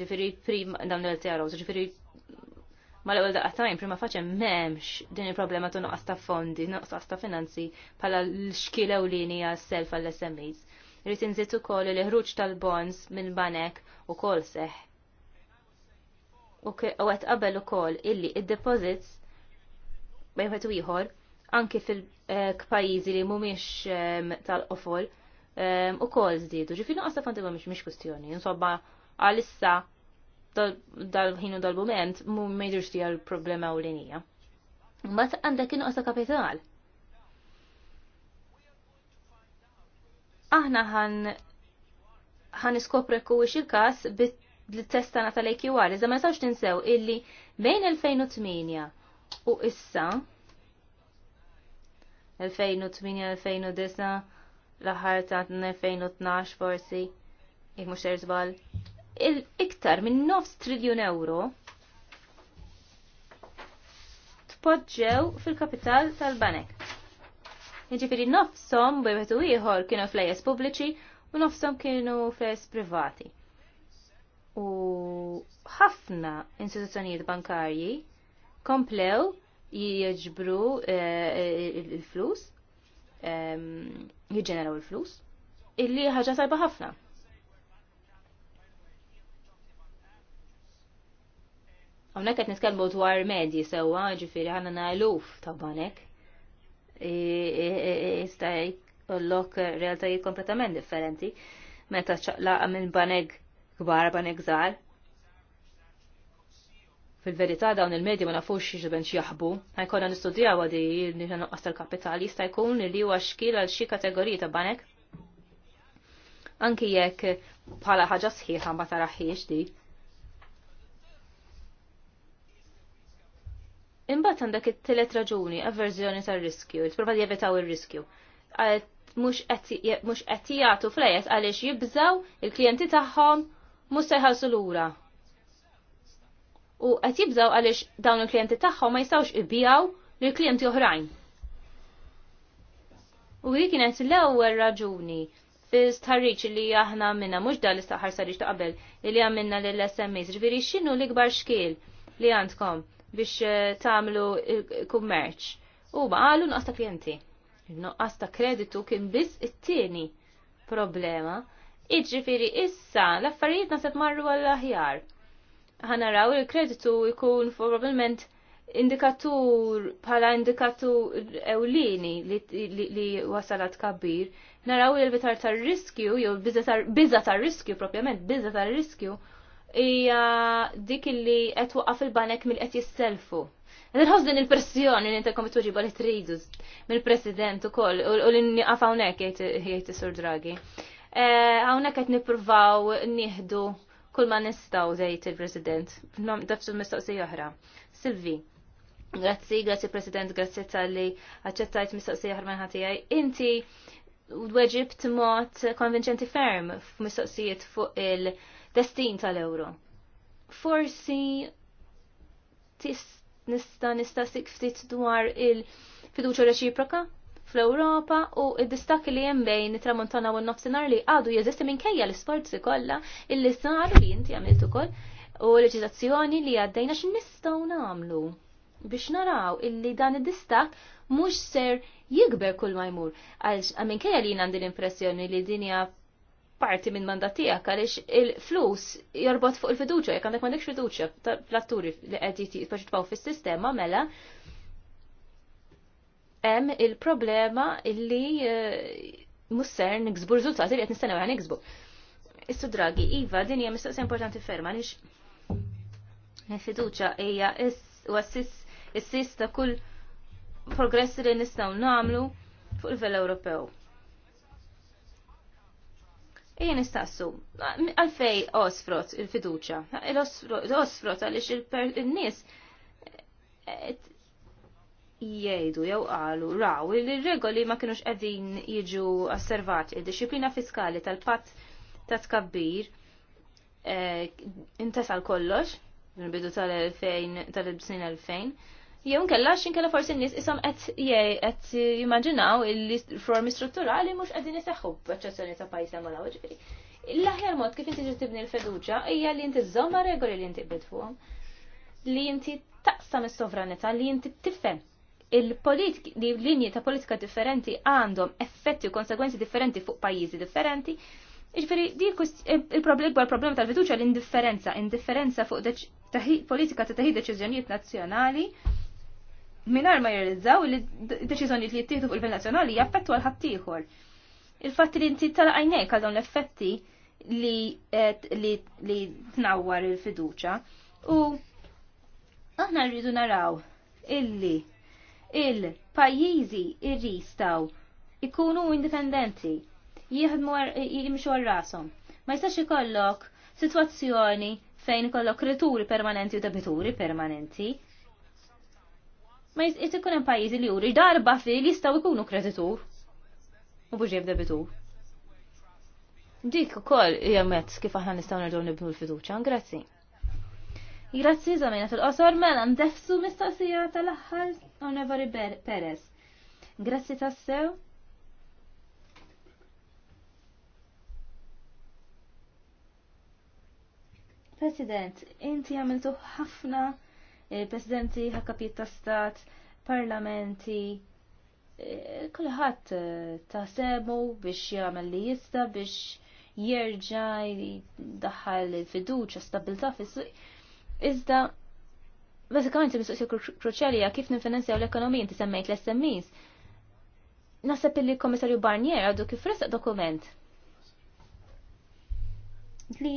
Ġifieri prim dawn l ġifiri ma mal ewwel daqqa prima faċem m'hemmx din il-problema ta' nuqqas ta' fondi, nuqqas ta' finanzi bħala l-xkiel ewlieni għas-self għall-SMEs. Irid inżid ukoll l ħruġ tal-bonds minn banek ukoll seħ. U qed qabel ukoll illi id-deposits bejn ieħor anki fil-pajjiżi eh, li mhumiex eh, tal-qofol Ehm, u kol zdidu. Ġifinu għasta fantiba għamix miex kustjoni. Insomma, għalissa dal-ħinu dal-moment mu mejdux di għal-problema u l-inija. Mbata għandek kienu għasta kapital. Aħna ħan ħan iskopre kuwix il-kas bit-testa nata tal aqr Iżda ma nistawx ninsew illi bejn 2008 u issa 2008-2009 l ħar ta' 2012 forsi, jek mux terżbal, iktar minn 9 triljun euro tpoġġew fil-kapital tal-banek. Jiġifieri nofsom bejwet u ieħor kienu flejes pubbliċi u nofsom kienu flejes privati. U ħafna instituzzjonijiet bankarji komplew jieġbru eh, il-flus jiġġeneraw il-flus, illi ħaġa sajba ħafna. Għamnek għet nitkellmu dwar medji sewa, ġifiri ħanna naluf ta' banek. Istaj l-lok realtajiet kompletament differenti. Meta ċaqlaqa minn banek kbar, banek zar, fil-verità dawn il-medja ma nafux xi xiġben jaħbu Ħajkonna nistudjaw għadi nirna noqqas tal-kapitali, jista' jkun li huwa xkil għal xi kategoriji ta' banek. Anki jekk bħala ħaġa sħiħa ma taraħħiex di. Imbagħad għandek it-tielet raġuni, avverżjoni tar-riskju, jipprova jevitaw ir-riskju. Mhux qed jagħtu flejes għaliex jibżaw il-klijenti tagħhom mhux se jħallsu lura u qed jibżgħu għaliex dawn il-klijenti tagħhom ma jistgħux ibijaw lil klijenti oħrajn. U hi kienet l-ewwel raġuni fis-tarriċ li aħna minna mhux dan l-istaħħar sarriġ ta' qabel li għamilna lill sms ġifieri x'inhu l-ikbar xkiel li għandkom biex eh, tagħmlu kummerċ. U qalu nuqqas ta' klijenti. Nuqqas ta' kreditu kien biss it-tieni problema. Iġifieri issa l-affarijiet naset marru għall-aħjar ħanaraw il-kreditu jkun probabbilment indikatur bħala indikatur ewlieni li wasalat kabbir. Naraw il-bitar tar-riskju, jew biża tar-riskju propjament, biża tar-riskju, hija dik li qed waqaf il-banek mill qed jisselfu. Nħos din il-pressjoni li intakom tuġiba it tridu mill-president ukoll u li nqaf hawnhekk jgħajt sur Draghi. Eh, hawnhekk qed nippruvaw nieħdu kull ma nistaw zejt il-President. Dafsu mistoqsija oħra. Silvi, grazzi, grazzi President, grazzi tal-li għacċettajt mistoqsija oħra minnħatijaj. Inti t-mot konvinċenti ferm f'mistoqsijiet fuq il-destin tal-euro. Forsi tis nista nista ftit dwar il-fiduċa reċiproka? fl-Ewropa u id-distakki li hemm bejn it-tramuntana u n-nofsinhar li għadu minn minkejja l-isforzi kollha illi saru li jinti għamiltu ukoll u leġizazzjoni li għaddejna x'nistgħu nagħmlu biex naraw illi dan id-distak mhux ser jikber kull ma jmur. Għalx kajja li jien għandi l-impressjoni li dinja parti minn mandatija għalix il-flus jorbot fuq il-fiduċa, jek għandek mandek fiduċa fl-atturi li t jitpaċitpaw fil-sistema mela, hemm il-problema illi eh, musser niksbu riżultati li qed nistennew għan niksbu. Issu dragi, Iva, din hija mistoqsija importanti ferma għaliex fiduċa hija is-sis ta' kull progress li nistgħu nagħmlu fuq il-livell Ewropew. Ejja nistaqsu, għalfej osfrot il-fiduċa, l-osfrot għalix il nis jgħidu jew qalu raw li regoli ma kienux qegħdin jiġu asservat id-disciplina fiskali tal-patt ta' tkabbir eh, intesal kollox bidu tal-2000 tal 2000 jew nkella xinkella forsi n-nies isom qed jimmaġinaw il formi strutturali mhux qegħdin iseħħu b'eċċezzjoni ta' pajjiż hemm l L-aħjar mod kif inti tibni l feduċa hija li inti żomma regoli li inti qbid li inti taqsam is-sovranità li inti tifhem il-linji ta' politika differenti għandhom effetti u konsekwenzi differenti fuq pajjiżi differenti, Iġveri, di il-problema problema tal-fiduċa l-indifferenza, indifferenza fuq politika ta' taħid deċiżjonijiet nazzjonali, minar ma jirrizzaw li deċiżjonijiet li jittieħdu fuq il-vel nazzjonali jaffettu għal ħaddieħor. il fatti li inti tala għajnejk għal l-effetti li eh, tnawwar il-fiduċa u aħna rridu naraw illi il-pajjiżi irristaw ikunu indipendenti, jihdmu jimxu rasom. Ma jistax ikollok situazzjoni fejn ikollok krituri permanenti u debituri permanenti. Ma jistax ikun hemm pajjiżi li juri darba li jistgħu jkunu kreditur u biex debitur. Dik ukoll hija mezz kif aħna nistgħu nerġgħu nibnu l-fiduċja. Grazzi. Grazzi zamina fil-qosor mela ndefsu mistoqsija tal-aħħar Onorevoli Perez. Grazzi tassew. President, inti għamiltu ħafna eh, presidenti ħakapiet ta' stat, parlamenti, eh, kullħat eh, ta' semu biex jagħmel li jista biex jerġa' daħħal fiduċa stabilta fis-suq Iżda basikament se mistoqsija kruċali, kif nifinanzjaw l ekonomi inti semmejt l-SMEs. Naħseb illi komissarju Barnier għadu kif resaq dokument li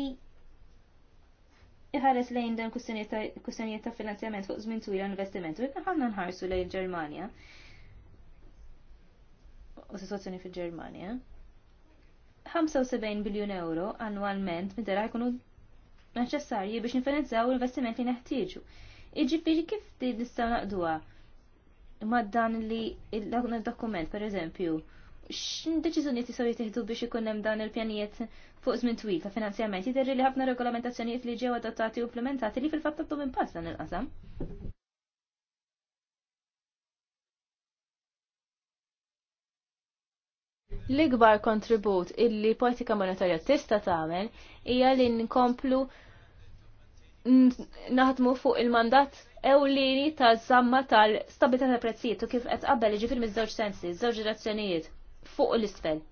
iħares lejn dan kustanijiet ta' finanzjament fuq żmien twila investimentu, jekk ħanna nħarsu lejn Ġermanja u situazzjoni fil-Ġermanja. 75 biljun euro annwalment minn dera jkunu neċessarji biex nifinanzjaw l-investimenti neħtieġu. Iġifiri kif nistgħu naqduha ma' dan li dokument pereżempju, x'deċiżjonijiet jistgħu jittieħdu biex ikun hemm dawn il-pjanijiet fuq żmien twil ta' finanzjament jidher li ħafna regolamentazzjonijiet li ġew adottati u implementati li fil-fatt tabdu minn pass dan il-qasam. l-ikbar kontribut illi politika monetarja tista' tagħmel hija li nkomplu naħdmu fuq il-mandat ewlieni ta' zamma tal-stabilità ta' prezzijiet u kif qed qabel ġifir miż-żewġ sensi, żewġ razzjonijiet fuq l-isfel.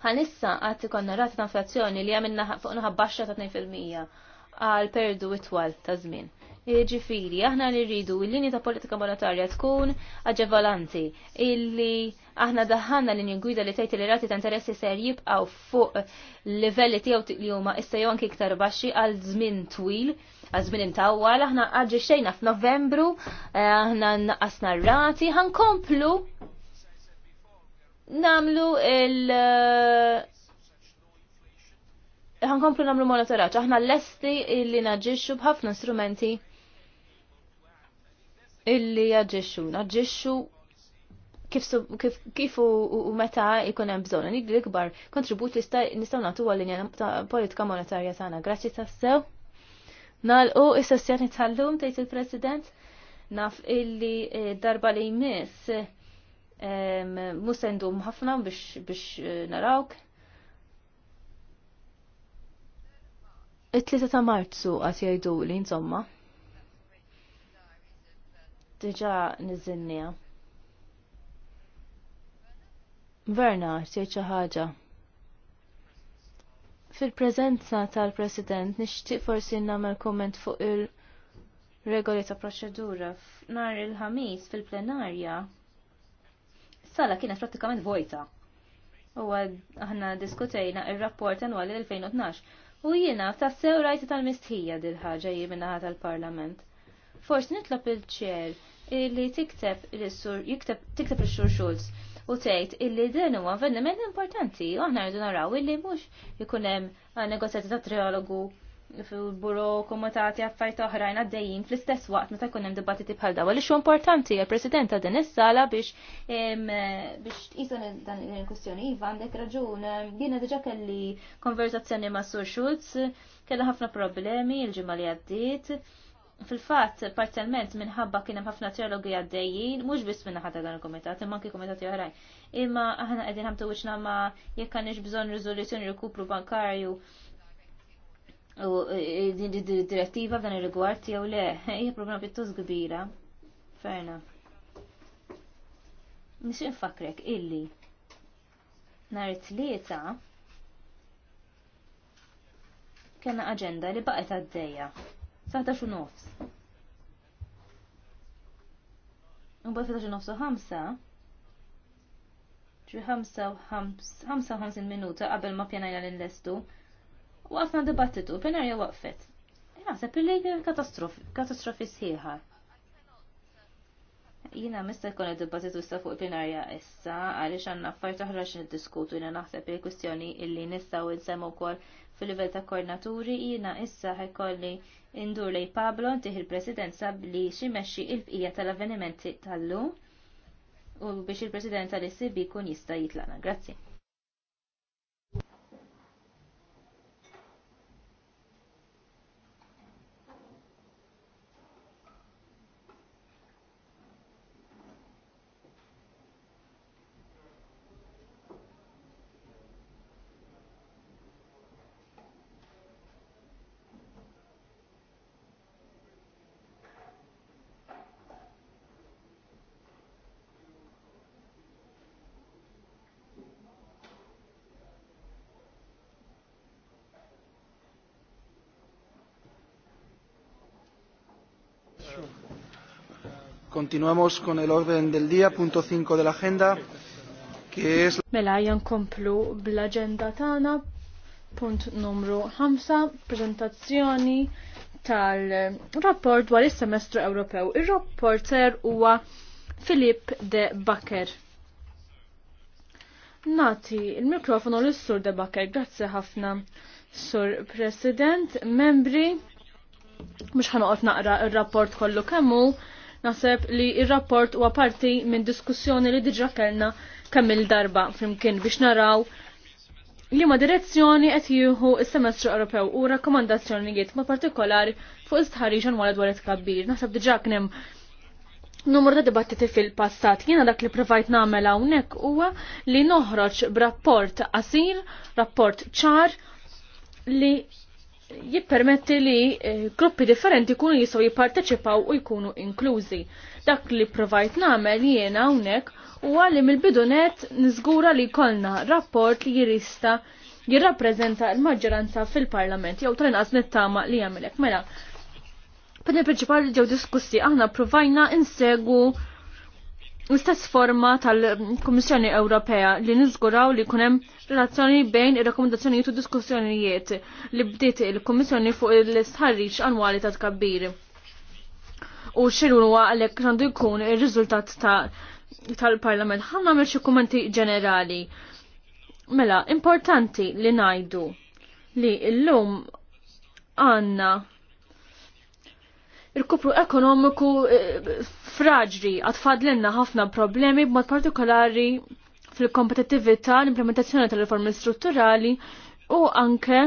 Bħalissa għad ikonna rata ta' inflazzjoni li għamilna fuq naħa baxxa ta' 2% għal perdu itwal ta' żmien. Ġifiri, aħna li rridu il-linja ta' politika monetarja tkun aġevalanti, illi aħna daħħanna l gwida li tajt li rati ta' interessi ser jibqaw fuq livelli tiegħu li huma issa anki iktar baxxi għal żmien twil, għal żmien imtawwal, aħna għaġi xejna f'Novembru, eh, aħna naqasna rati, ħankomplu namlu il- eh, ħankomplu namlu monitoraċ, aħna l-esti illi naġiċu b'ħafna strumenti illi jaġixxu, naġixxu kif, u, meta ikun hemm bżonn. Nik l-ikbar kontribut li nistgħu nagħtu għal-linja ta' politika monetarja tagħna. Grazzi tassew. Nalqu is-sessjoni tal-lum tgħid il-President naf illi e, darba li jmiss e, musendum ħafna biex e, narawk. It-3 ta' Marzu għat jgħidu li insomma diġa nizinnija. Verna, xi ħaġa. Fil-prezenza tal-President nixtieq forsi nagħmel komment fuq il-regoli ta' proċedura f'nar il-ħamis fil-plenarja. Sala kienet prattikament vojta. U aħna diskutejna ir-rapport annwali l-2012 u jiena tassew rajti tal-mistħija dil-ħaġa jien minnaħa tal-Parlament. Forsi nitlob il-ċer illi tikteb il-sur, jikteb, tikteb il-sur xulz u tgħid illi din huwa avveniment importanti u aħna rridu naraw illi mhux ikun hemm negozjati ta' triologu fil-buro komutati affarijiet oħrajn għaddejjin fl-istess waqt meta jkun hemm dibattiti bħal dawn li xu importanti għall-President ta' din is-sala biex biex tqisu dan il kustjoni iva għandek raġun jiena diġà kelli konverzazzjoni ma' Sur Schulz kellha ħafna problemi il-ġimgħa li għaddiet fil-fatt parzialment minħabba kien hemm ħafna teologi għaddejjin, mhux biss minna dan il komitat imma ki komitat joħraj. Imma aħna qegħdin ħamtu wiċċna ma jekk għandix bżonn riżoluzzjoni rikupru bankarju u e, e, din direttiva f'dan ir-rigward jew le, hija problema pjuttost kbira. Ferna. Nix infakrek illi nhar it-tlieta kena aġenda li baqgħet għaddejja Saħta xu nofs. Mbagħad nofs u ħamsa. Ġi ħamsa ħamsa ħamsin minuta qabel ma pjanajna l-inlestu. Waqfna dibattitu, pjanarja waqfet. Naħseb li katastrofi sħiħa jina mista jkun id-dibattitu issa fuq plenarja issa għaliex għandna affarijiet oħra xi niddiskutu jiena naħseb il-kwistjoni illi nistgħu nsemmu wkoll fil-livell ta' koordinaturi jiena issa ħajkolli indur lej Pablo ntih il-Presidenza li xi mexxi il-bqija tal-avvenimenti tal-lum u biex il-President tal-ICB jkun jista' jitlaqna. Grazzi. Continuamos con el orden del día, punto 5 de la agenda, que es... Mela jankomplu bl-agenda tana, punt numru 5, prezentazzjoni tal-rapport dwar is-semestru Ewropew. Ir-rapporter huwa Filip de Bakker. Nati il-mikrofonu l-Sur de Bakker, grazzi ħafna. Sur President, membri, mux ħanoqot naqra il-rapport kollu kemmu, Naħseb li il rapport huwa parti minn diskussjoni li diġa kellna kemm il-darba flimkien biex naraw li ma direzzjoni qed jieħu s-semestru Ewropew u rakkomandazzjonijiet ma partikolari fuq istħarriġ wara dwar it-kabbir. Naħseb diġa kien hemm numru ta' dibattiti fil-passat. Jiena dak li provajt nagħmel hawnhekk huwa li noħroġ b'rapport qasir, rapport ċar li jippermetti li eh, gruppi differenti kunu jisaw jipparteċipaw u jkunu inklużi. Dak li provajt namel jiena unek u għalli mill-bidunet nizgura li kolna rapport li jirista jirrapprezenta l-maġġoranza fil-parlament jew tal-inqas nittama li jagħmelek mela. Pini prinċipali ġew diskussi aħna provajna insegu l-istess forma tal-Kummissjoni Ewropea li niżguraw li kunem relazzjoni bejn ir-rakkomandazzjonijiet u diskussjonijiet li bdiet il-Kummissjoni fuq il istħarriċ annwali ta' tkabbir. U xirun huwa għalhekk għandu jkun ir-riżultat tal-Parlament. Ħanna nagħmel xi kummenti ġenerali. Mela, importanti li ngħidu li llum għandna il-kupru ekonomiku eh, fraġri għatfadlenna ħafna problemi b'mod partikolari fil kompetitività l-implementazzjoni tal-riformi strutturali u anke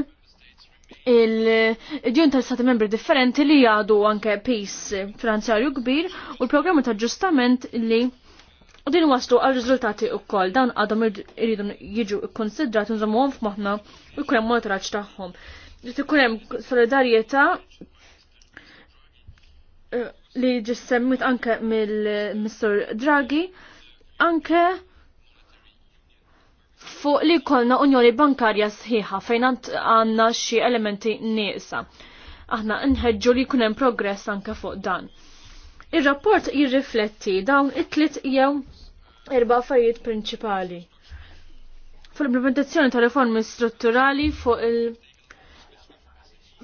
il-ġun tal-stati membri differenti li jgħadu anke pis finanzjarju kbir u l-programmi ta' ġustament li u din waslu għal riżultati u koll dan għadhom irridu jiġu konsidrati nżommuhom f'moħħna u jkun hemm monitoraġġ tagħhom. Ġiet ikun hemm Eh, li ġissemmit anke mill-Mr. Draghi, anke fuq li kolna unjoni bankarja sħiħa fejn għanna xi elementi nieqsa. Aħna nħedġu li kunem progress anke fuq dan. Ir-rapport jirrifletti dawn it-tliet jew erba' affarijiet prinċipali. Fl-implementazzjoni ta' reformi strutturali fuq il-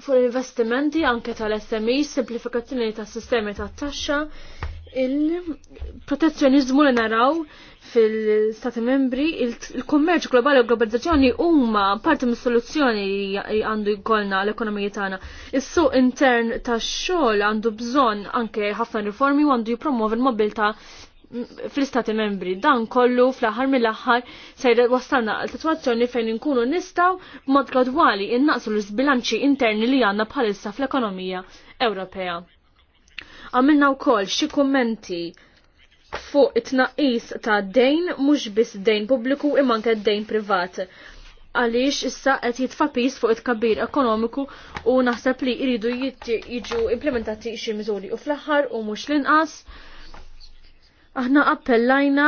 fuq l-investimenti anke tal-SMI, simplifikazzjoni tas sistemi tat taxxa, il-protezzjonizmu li naraw fil-Stati membri, il-kummerċ globali u globalizzazzjoni huma parti mis soluzzjoni li għandu jkollna l-ekonomija tagħna. Is-suq intern tax-xogħol għandu bżonn anke ħafna riformi u għandu jippromuov il-mobilità fl-istati membri. Dan kollu fl-aħħar mill-aħħar se wassalna għal situazzjoni fejn inkunu nistaw b'mod gradwali innaqsu l-sbilanċi interni li għandna bħalissa fl-ekonomija Ewropea. Għamilna wkoll xi kummenti fuq it-tnaqqis ta' dejn mhux biss dejn pubbliku imma anke dejn privat għaliex issa qed jitfapis fuq it-kabbir ekonomiku u naħseb li jridu jiġu implementati xi miżuri u fl-aħħar u mhux l-inqas Aħna appellajna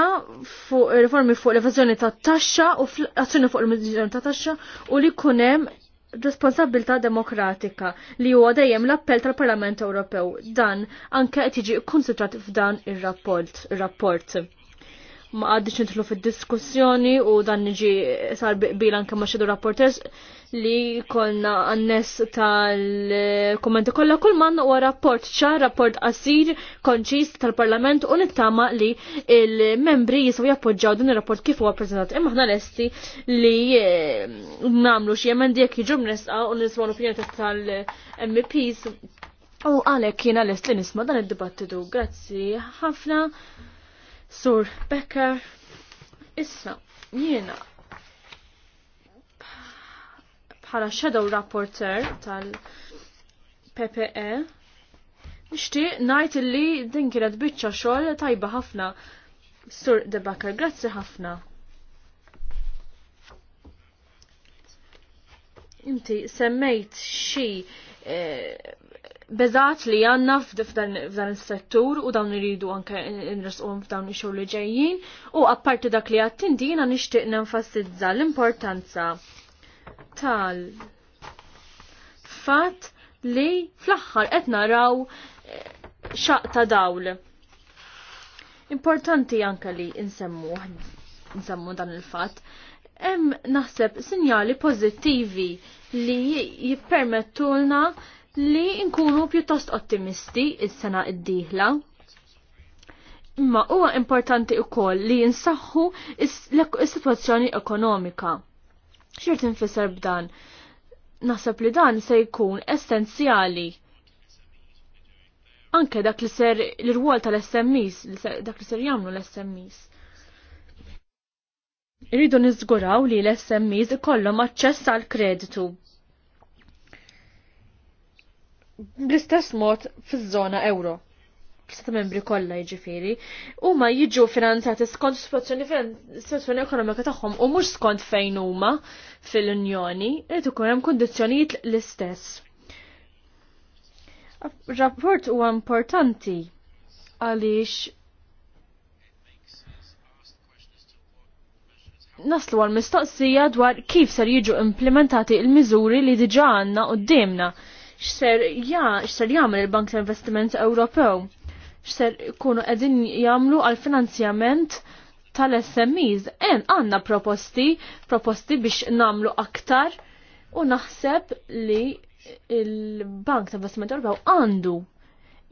fuq riformi fuq l evazjoni ta' taxxa u azzjoni fuq l-evażjoni ta' taxxa u li kunem responsabilità demokratika li huwa dejjem l-appell tal-Parlament Ewropew. Dan anke qed jiġi kkunsidrat f'dan ir-rapport ma għaddix nitlu fil-diskussjoni u dan niġi sar bilan kemma xedu rapporters li kolna għannes tal-kommenti kollha kull manna huwa rapport ċar, rapport qasir, konċis tal-Parlament u nittama li il-membri jistgħu jappoġġaw din ir-rapport kif huwa preżentat. Imma aħna lesti li eh, nagħmlu xi mendi jekk jiġu nesqa u nisma' l-opinjoni tal-MPs U għalek jina lest li nisma dan id-dibattitu. Grazzi ħafna. Sur Becker, issa jiena bħala shadow rapporter tal-PPE nishti najt li din kienet biċċa xogħol tajba ħafna. Sur De Becker, grazzi ħafna. Inti semmejt xi eh, beżat li għanna f'dan il-settur u dawn iridu anke nresqom f'dawn ix-xogħol li ġejjin u apparti dak li għattinti nixtieq nenfasizza l-importanza tal fatt li fl-aħħar qed naraw eh, xaq ta' dawl. Importanti anke li nsemmu nsemmu dan il-fatt hemm naħseb sinjali pożittivi li jippermettulna li nkunu pjuttost ottimisti il sena id-dieħla. Imma huwa importanti wkoll li jinsaħħu is-sitwazzjoni ekonomika. Xirt infisser b'dan? Naħseb li dan se jkun essenzjali anke dak li ser l-rwol tal-SMEs, dak li ser jagħmlu l-SMEs. Irridu niżguraw li l-SMEs ikollhom aċċess għal kreditu bl-istess mod fiż-żona euro. Stati membri kollha jiġifieri, huma jiġu finanzati skont situazzjoni ekonomika tagħhom u mhux skont fejn huma fil-Unjoni, qed ikun hemm kundizzjonijiet l-istess. Rapport huwa importanti għaliex naslu għal mistoqsija dwar kif ser jiġu implementati il-miżuri li diġa għanna u d x'ser jagħmel il-Bank Investiment Ewropew? X'ser kunu qegħdin jagħmlu għal finanzjament tal-SMEs? En għandna proposti, proposti biex namlu aktar u naħseb li il-Bank Investiment Ewropew għandu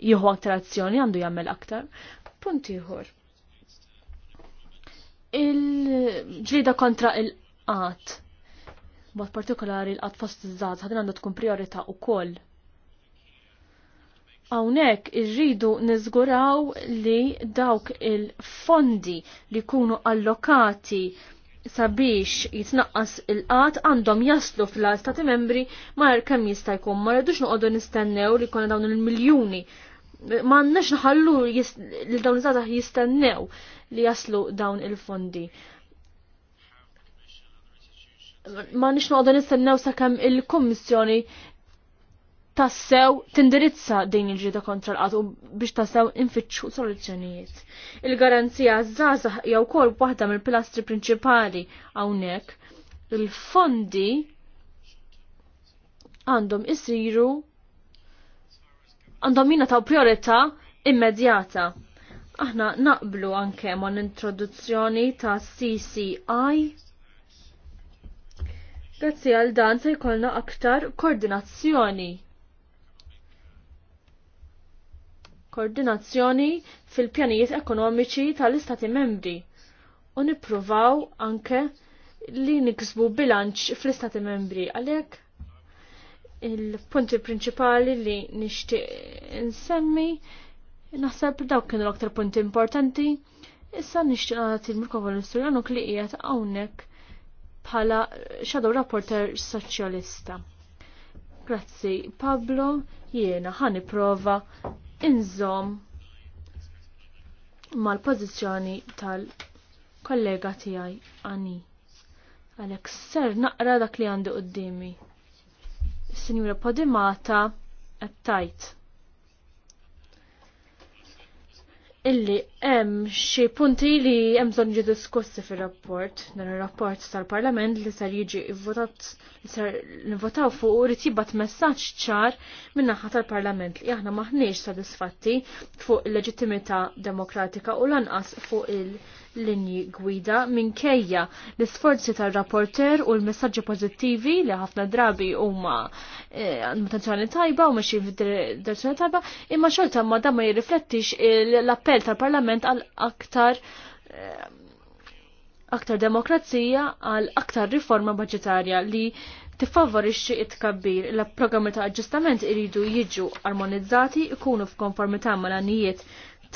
jieħu aktar azzjoni, għandu jagħmel aktar. Punt ieħor. Il-ġlida kontra il-qat mod partikolari l-qatfost iż-żgħażagħ ħadin għandu tkun priorità wkoll. Hawnhekk irridu niżguraw li dawk il-fondi li jkunu allokati sabiex jitnaqqas il-qat għandhom jaslu fl-Stati membri mar kemm jista' jkun ma rridux noqogħdu nistennew li jkun dawn il-miljuni M'għandniex naħallu li dawn iż jistennew li jaslu dawn il-fondi ma nix noqdu nistennew sakemm il-Kummissjoni tassew tindirizza din il-ġida kontra l u biex tassew infittxu soluzzjonijiet. Il-garanzija zaza jew kol waħda mill-pilastri prinċipali hawnhekk. Il-fondi għandhom isiru għandhom jina taw priorità immedjata. Aħna naqblu anke ma' l-introduzzjoni ta' CCI Grazzi għal dan se jkollna aktar koordinazzjoni. Koordinazzjoni fil-pjanijiet ekonomiċi tal-Istati membri u nippruvaw anke li niksbu bilanċ fl-Istati membri għalhekk il-punti prinċipali li nixtieq insemmi naħseb dawk kienu l-aktar punti importanti issa nixtieq nagħti l-mikrofon l-istorjanuk li qiegħed hawnhekk bħala Shadow Rapporter Soċjalista. Grazzi Pablo, jiena ħani prova inżom mal-pozizjoni tal-kollega tijaj għani. Għalek ser naqra dak li għandi għoddimi. Signora Podimata, għattajt. illi hemm xi punti li hemm bżonn ġi diskussi fir-rapport dan ir-rapport tal-Parlament li sar jiġi votat li sar nivvotaw fuq irid jibgħat messaġġ ċar min-naħa tal-Parlament li aħna maħniex sodisfatti fuq il-leġittimità demokratika u lanqas fuq il- linji gwida minkejja l-isforzi tal-rapporter u l-messagġi pozittivi li ħafna drabi huma eh, intenzjoni tajba u mexi fid tajba, imma xorta ma dan ma jirriflettix l-appell tal-Parlament għal aktar eh, aktar demokrazija għal aktar riforma budgetarja li tifavorixxi it-tkabbir l programmi ta' aġġustament iridu jiġu armonizzati ikunu f'konformità mal-anijiet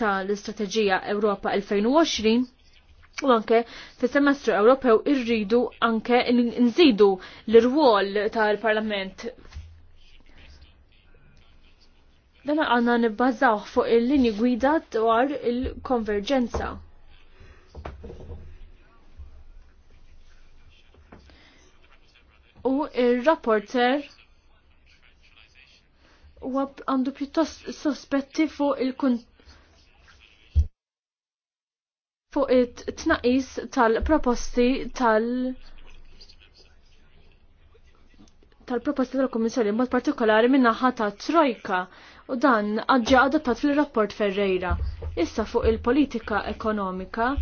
tal-Istrateġija Ewropa 2020 U anke fis-semestru Ewropew irridu anke nżidu l-irwol tal-Parlament Dan għanna nibbażaw fuq il-linji gwida dwar il-konverġenza. U il-rapporter huwa għandu pjuttost sospetti fuq il-kunt fuq it-tnaqis tal-proposti tal- tal-proposti tal-Kommissjoni mod partikolari minnaħa ta' Trojka u dan għadġa adottat fil-rapport Ferreira. Issa fuq il-politika ekonomika,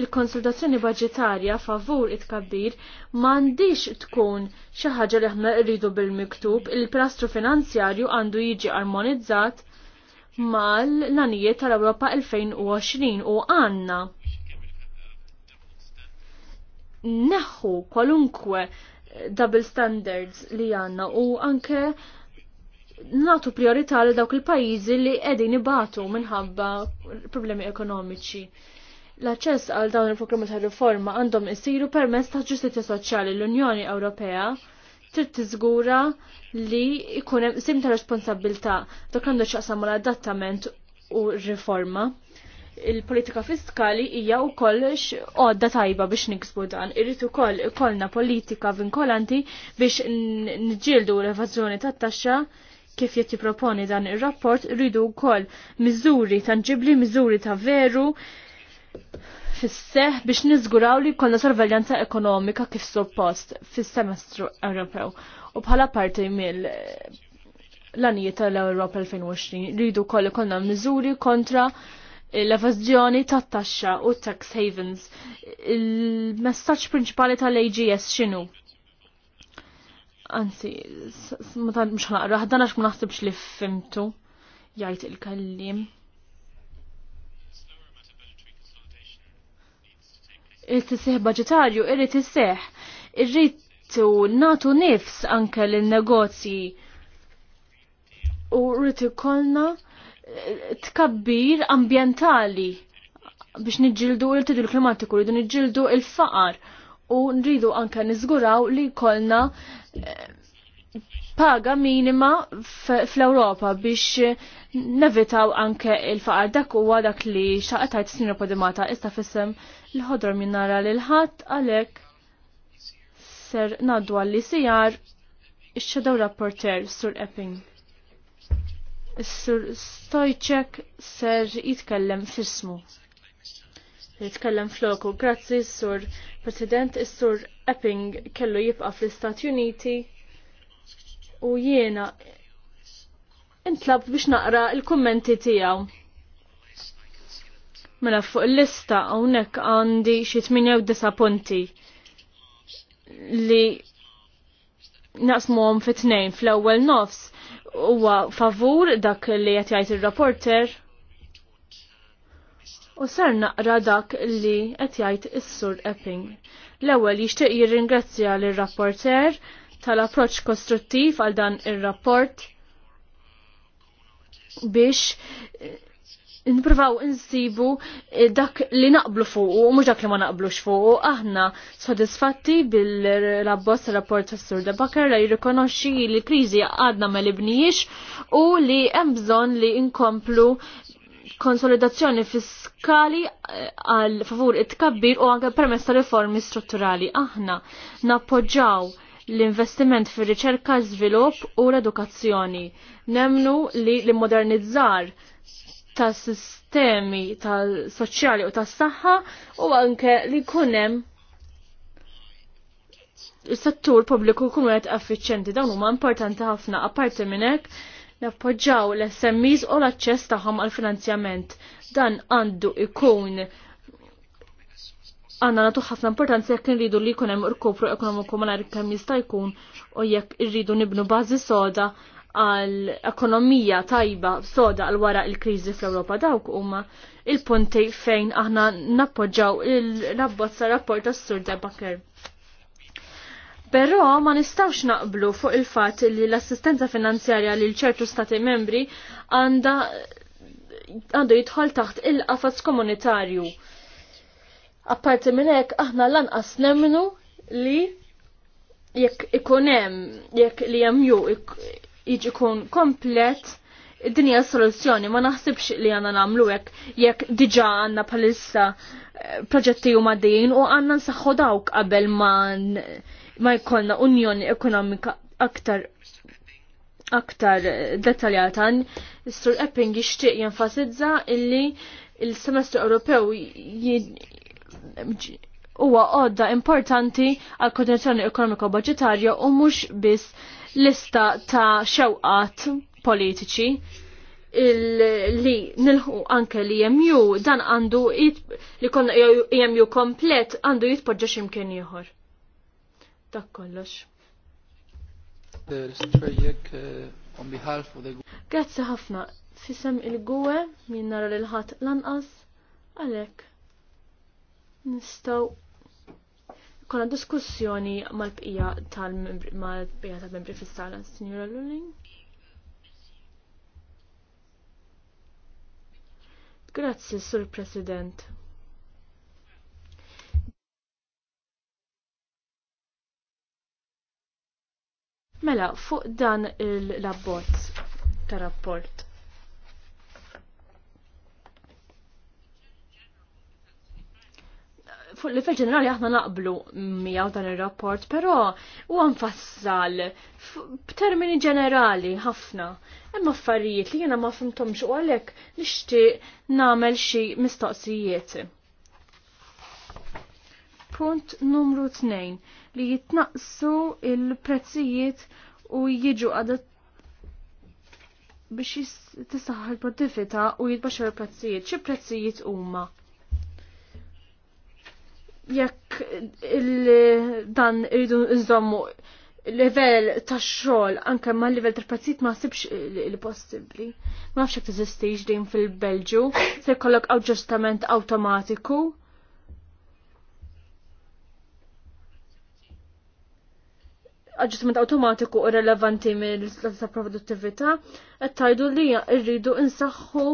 il-konsultazzjoni budgetarja favur it-kabbir mandiċ tkun xaħġa li ħna rridu bil-miktub, il-plastru finanzjarju għandu jiġi armonizzat mal-lanijiet tal-Europa 2020 u għanna naħħu kwalunkwe double standards li għanna u anke natu priorità li dawk il-pajizi li edin ibatu minħabba problemi ekonomiċi. L-aċċess għal dawn il-programmi ta' riforma għandhom isiru permezz ta' ġustizja soċjali l-Unjoni Ewropea trid tiżgura li jkun hemm sim ta' responsabilità dak għandu x'aqsam mal-adattament u riforma il-politika fiskali hija wkoll għodda tajba biex niksbu dan. Irrid ukoll ikollna politika vinkolanti biex nġildu l-evażjoni tat-taxxa kif jett jiproponi dan ir-rapport rridu wkoll miżuri tanġibli, miżuri ta' veru fis-seħ biex niżguraw li jkollna sorveljanza ekonomika kif suppost fis-semestru Ewropew. U bħala parti mill l-anijiet tal ewropa 2020 rridu koll ikollna miżuri kontra l-evażjoni tat-taxxa u tax havens. Il-messaġġ prinċipali tal-AGS x'inhu? Anzi, ma mhux ħanaqra, ħadan għax ma naħsibx li fimtu jgħid il-kallim. il-tisih budgetarju irrit tisih irritu natu nifs anke l-negozji u rrit ikolna tkabbir ambientali biex niġġildu il-tidil klimatiku, rridu niġġildu il-faqar u nridu anka nizguraw li kolna eh, paga minima fl-Europa biex nevitaw anke il-faqar dak huwa dak li xaqtajt snin podimata ista fissem l-ħodor minn nara l-ħadd għalek ser naddu li sijar ix-shadow rapporter Sur Epping. Is-Sur ser jitkellem fismu. Jitkellem floku. Grazzi, Sur President. Is-Sur Epping kellu jibqa fl-Istati Uniti u jiena intlab biex naqra il-kommenti tijaw. Mela fuq il-lista hawnhekk għandi xi 8 punti li naqsmuhom fit tnejn fl-ewwel nofs huwa favur dak li qed jgħid ir-rapporter u sar naqra dak li qed jgħid is-Sur Epping. L-ewwel jixtieq jirringrazzja lir-rapporter tal-approċċ kostruttiv għal dan ir-rapport biex nipruvaw insibu eh, dak li naqblu fuq u mhux dak li ma naqblux fuq. Aħna sodisfatti bil-abbozz rapport tas Surda Bakar li jirrikonoxxi li l-kriżi għadna ma libnijiex u li hemm bżonn li nkomplu konsolidazzjoni fiskali eh, għal favur it-kabbir u anke permess ta' riformi strutturali. Aħna nappoġġaw l-investiment fir riċerka żvilupp u l-edukazzjoni. Nemnu li l-modernizzar ta' sistemi ta' soċjali u ta' saħħa u anke li kunem settur pubbliku kun qed effiċjenti dawn huma importanti ħafna apparti minn hekk nappoġġaw l-SMEs u l-aċċess tagħhom għal finanzjament. Dan għandu ikun għanna natu ħafna importanza jekk nridu li jkun hemm irkopru ekonomiku malar kemm jista' jkun u jekk irridu nibnu bażi soda għal ekonomija tajba soda għal wara il-kriżi fl-Ewropa dawk huma il-punti fejn aħna nappoġġaw il-rabbozza rapport tas-Sur Debaker. Però ma nistawx naqblu fuq il-fatt li l-assistenza finanzjarja lil ċertu stati membri għanda għandu jidħol taħt il-qafas komunitarju. Apparti minn hekk aħna lanqas nemmnu li jekk ikun hemm jekk li hemm jiġi kun komplet dinja hija soluzzjoni ma naħsibx li għanna nagħmlu hekk jekk diġà għandna bħalissa eh, proġetti huma din u għandna nsaxħu dawk qabel ma ma jkollna unjoni ekonomika aktar aktar eh, dettaljata. Sur Epping jixtieq jenfasizza illi il-semestru Ewropew huwa għodda importanti għal kondizjoni ekonomika u budġetarja u mhux biss lista ta' xewqat politiċi li nilħu anke li jemju dan għandu li konna jemju komplet għandu jitpoġġa ximkien ieħor. Dak kollox. Grazzi ħafna. Fisem il-gwe minn nara l-ħat lanqas għalek. Nistaw konna diskussjoni mal-bqija tal-membri mal tal-membri fis-sala, Signora Lulling? Grazzi, Sur President. Mela, fuq dan il-labbozz ta' rapport. fuq l-ifel ġenerali aħna naqblu miegħu dan ir-rapport, però huwa mfassal b'termini ġenerali ħafna. imma affarijiet li jiena ma fimtomx u għalek nishti nagħmel xi mistoqsijiet. Punt numru 2 li jitnaqsu il-prezzijiet u jiġu għadat biex tisaħħal il u jitbaxxu il-prezzijiet. Xi prezzijiet huma? jekk dan irridu nżommu level ta' xogħol anke ma' level ta' pazzit ma' sibx il possibli Ma' nafx jekk tiżistix din fil-Belġu, se jkollok aġġustament awtomatiku. aġġustament awtomatiku u relevanti mill-istati ta' produttività, qed tgħidu li rridu insaħħu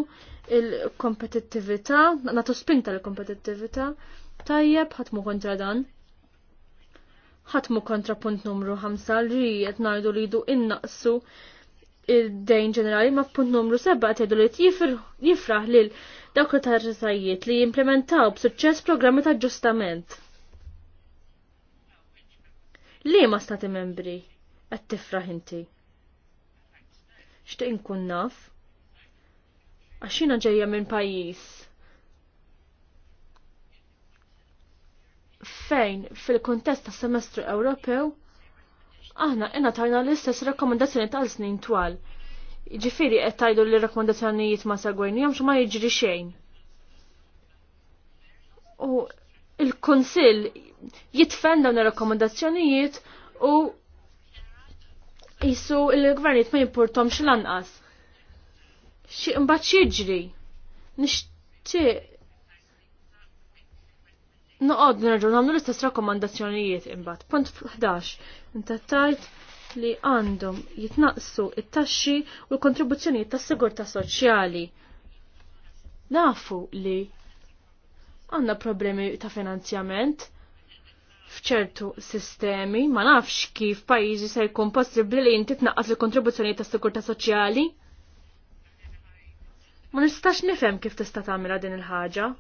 il-kompetittività, nagħtu spinta l-kompetittività. il kompetittività nagħtu spinta l kompetittività Tajjeb, ħatmu kontra dan. ħatmu kontra punt numru 5 li qed ngħidu li jdu innaqsu il-dejn ġenerali ma' punt numru 7 jgħidu li jifraħ lil dawk it-tarżajiet li jimplementaw b'suċċess programmi ta' ġustament. Li ma stati membri qed tifraħ inti? Xtieq inkun naf? Għax jiena ġejja minn pajjiż fejn fil-kontest ta' semestru Ewropew aħna inna tajna l-istess rakkomandazzjoni tal snin twal. Ġifiri qed tajdu li rekomendazzjonijiet ma segwenjhomx ma jiġri xejn. U il konsil jitfen dawn ir-rakkomandazzjonijiet u jisu il-gvernijiet ma xil lanqas. Xi imbagħad jiġri. Nixtieq Noqod nerġu nagħmlu l-istess rakkomandazzjonijiet imbagħad. Punt 11. Inta tajt li għandhom jitnaqsu it-taxxi u l-kontribuzzjonijiet tas-sigurtà soċjali. Nafu li għandna problemi ta' finanzjament fċertu sistemi, ma nafx kif pajjiżi se jkun possibbli li jinti tnaqqas il-kontribuzzjonijiet tas-sigurtà soċjali. Ma nistax nifhem kif tista' tagħmilha din il-ħaġa.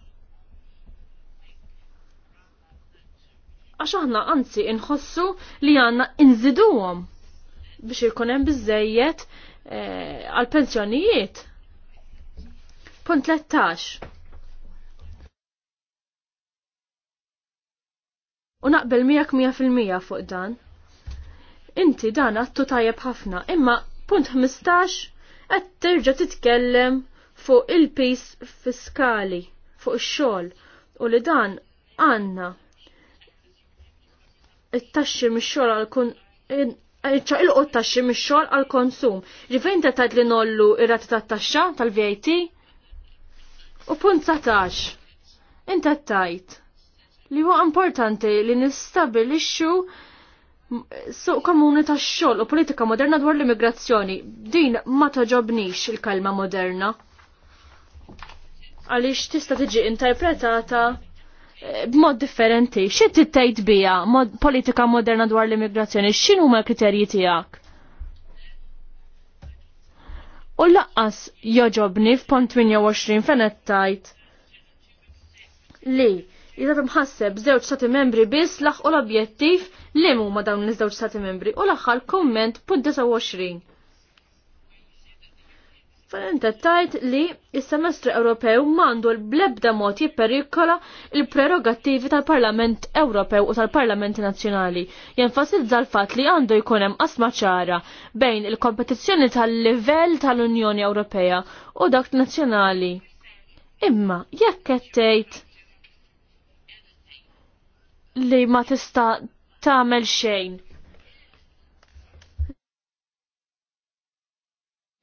Għax aħna anzi inħossu li għanna inżiduhom biex ikun hemm biżejjed eh, għal pensjonijiet. Punt 13. U naqbel miegħek mija fil-mija fuq dan. Inti dan għattu tajjeb ħafna, imma punt 15 qed terġa' titkellem fuq il-pis fiskali fuq ix-xogħol u li dan għandna it-taxxi mix-xogħol għal kun ċaqilqu t-taxxi mix-xogħol għal konsum. Ġifejn ta' tgħid li nollu ir-rati tat-taxxa tal-VAT? U punt satax. Inta tajt li huwa importanti li nistabilixxu suq komuni tax-xogħol u politika moderna dwar l-immigrazzjoni. Din ma toġobnix il-kelma moderna. Għaliex tista' tiġi interpretata b'mod differenti. Xi tittejt bija mod politika moderna dwar l-immigrazzjoni, xin huma l-kriterji tiegħek? U laqqas joġobni f'pont 28 qed tajt li jizab mħasseb żewġ stati membri biss laħqu l-objettiv li huma dawn iż-żewġ stati membri u l-aħħar komment punt 29. Inta tajt li il-semestru Ewropew mandu l-blebda mod jipperikola il-prerogattivi tal-Parlament Ewropew u tal-Parlamenti Nazzjonali. Jenfasizza l-fat li għandu jkunem asma ċara bejn il-kompetizzjoni tal-livell tal-Unjoni Ewropea u dak nazzjonali. Imma, jekk tgħid li ma tista' tagħmel xejn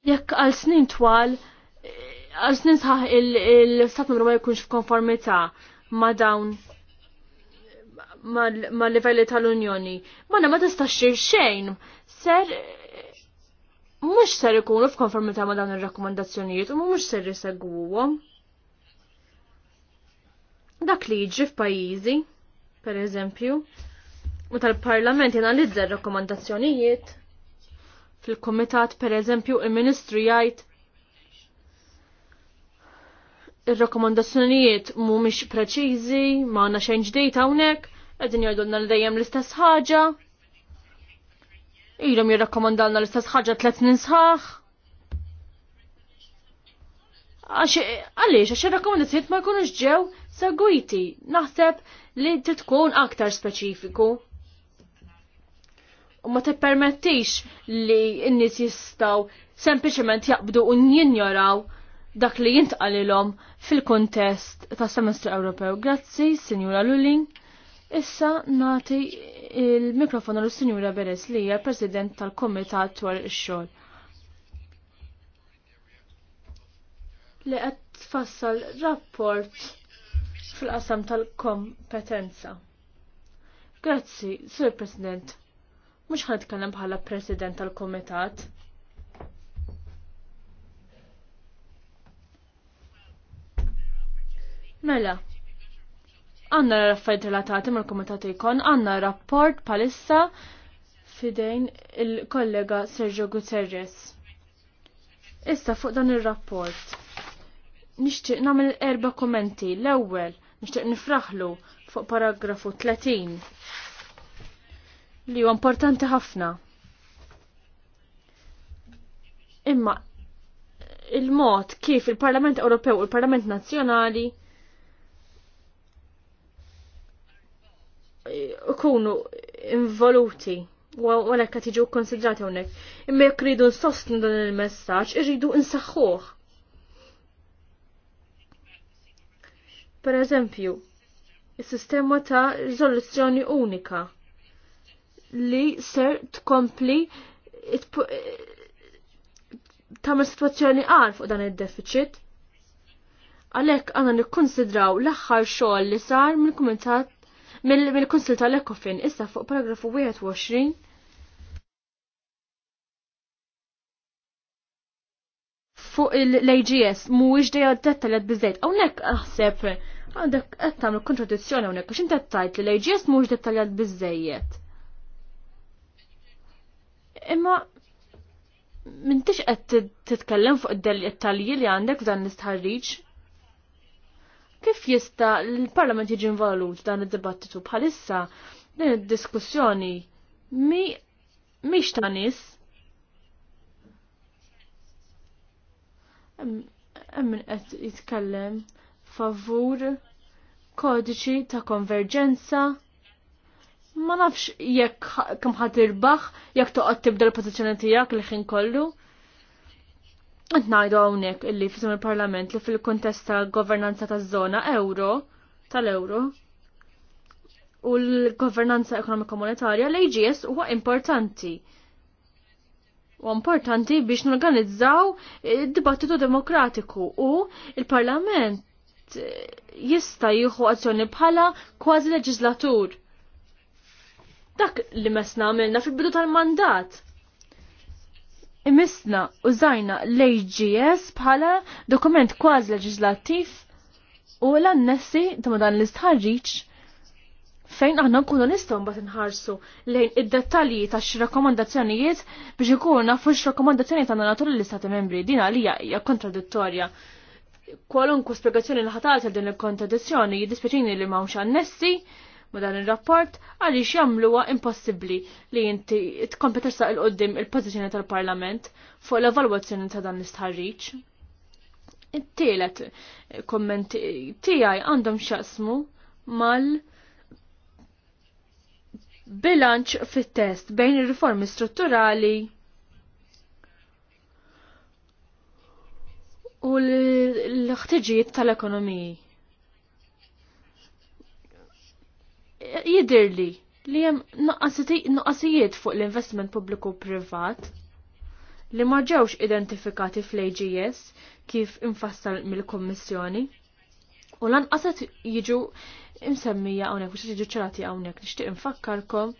Jekk għal snin twal, għal snin sħaħ il-stat numru ma jkunx f'konformità ma dawn ma livelli tal-Unjoni. ma ma tistax xejn. Ser mhux ser ikunu f'konformità ma dawn ir-rakkomandazzjonijiet u mhux ser jisegwuhom. Dak li jiġri f'pajjiżi, per eżempju, u tal-Parlament jenalizza r-rakkomandazzjonijiet fil-komitat per eżempju il-ministru jgħid il-rekomandazzjonijiet mhumiex preċiżi, ma għandna xejn ġdejt hawnhekk, qegħdin jgħidulna li dejjem l-istess ħaġa. Ilhom jirrakkomandalna l-istess ħaġa tliet snin sħaħ. Għaliex, għax ir-rakkomandazzjonijiet ma jkunux ġew segwiti. Naħseb li trid tkun aktar speċifiku u ma tippermettix li n-nies jistgħu sempliċement jaqbdu u jinjoraw dak li jintqalilhom fil-kontest tas semestru Ewropew. Grazzi, Signora Lulin. Issa nati il mikrofon għal sinjura Beres li hija President tal-Komitat dwar ix-xogħol. Li qed tfassal rapport fil-qasam tal-kompetenza. Grazzi, Sur President. Mhux ħadd kellem bħala president tal-kumitat. Mela, għanna raffajt relatati mal komitat ikon, għanna rapport palissa fidejn il-kollega Sergio Guterres. Issa fuq dan il-rapport. Nixtieq nagħmel erba' kommenti. L-ewwel nixtieq nifraħlu fuq paragrafu 30 li huwa importanti ħafna. Imma il-mod kif il-Parlament Ewropew u il-Parlament Nazzjonali ikunu involuti u għalek għat iġu konsidrati għonek. Imma jek rridu nsostnu dan il-messagġ, irridu nsaxħuħ. Per eżempju, il-sistema ta' rizoluzzjoni unika li ser tkompli tamer situazzjoni għal fuq dan il-deficit. Għalek għanna nikkonsidraw l-axħar xogħol li sar mill-kumitat mill kunsil tal-Ekofin issa fuq paragrafu 21 fuq l-AGS mhuwiex dejja dettaljat biżejt. Hawnhekk aħseb għandek qed tagħmel kontradizzjoni hawnhekk għax inti tajt li l-AGS mhuwiex dettaljat biżejjed. Imma m'intix qed titkellem fuq id-dettalji li għandek f'dan l-istħarriġ. Kif jista' l-Parlament jiġi involut dan id-dibattitu bħalissa din id-diskussjoni mi mhix ta' nies Emmin qed jitkellem favur kodiċi ta' konverġenza ma nafx jekk kemm ħad irbaħ, jekk toqgħod tibda l-pożizzjoni tiegħek li ħin kollu. Qed ngħidu hawnhekk illi fisem il-Parlament li fil-kuntest ta' governanza taż-żona euro tal-euro u l-governanza ekonomika monetarja l-AGS huwa importanti. U importanti biex norganizzaw id-dibattitu eh, demokratiku u il-Parlament eh, jista jieħu azzjoni bħala kważi leġislatur Dak li mesna għamilna fil-bidu tal-mandat. Imisna użajna l-AGS bħala dokument kważi leġislattiv u l-annessi ta' dan l istħarġiċ fejn aħna nkunu nistgħu mbagħad inħarsu lejn id-dettalji ta' xi rakkomandazzjonijiet biex ikunu nafu x'rakkomandazzjoni għandna nagħtu lill-istati membri din għalija hija kontradittorja. Kwalunku spjegazzjoni li ħatat din il-kontradizzjoni jiddispjaċini li m'hawnx annessi ma dan il-rapport għaliex jagħmluha impossibbli li inti tkompeta tersaq il qoddim il-pożizzjoni tal-Parlament fuq l-evalwazzjoni ta' dan l-istħarriġ. It-tielet komment tiegħi għandhom x'jaqsmu mal bilanċ fit-test bejn ir-riformi strutturali u l-ħtiġijiet tal-ekonomiji jidirli li jem nuqqasijiet fuq l-investment pubbliku privat li ma ġewx identifikati fl-AGS kif infassal mill-Kommissjoni u lanqaset jiġu imsemmija hawnhekk biex jiġu ċerati hawnhekk nixtieq infakkarkom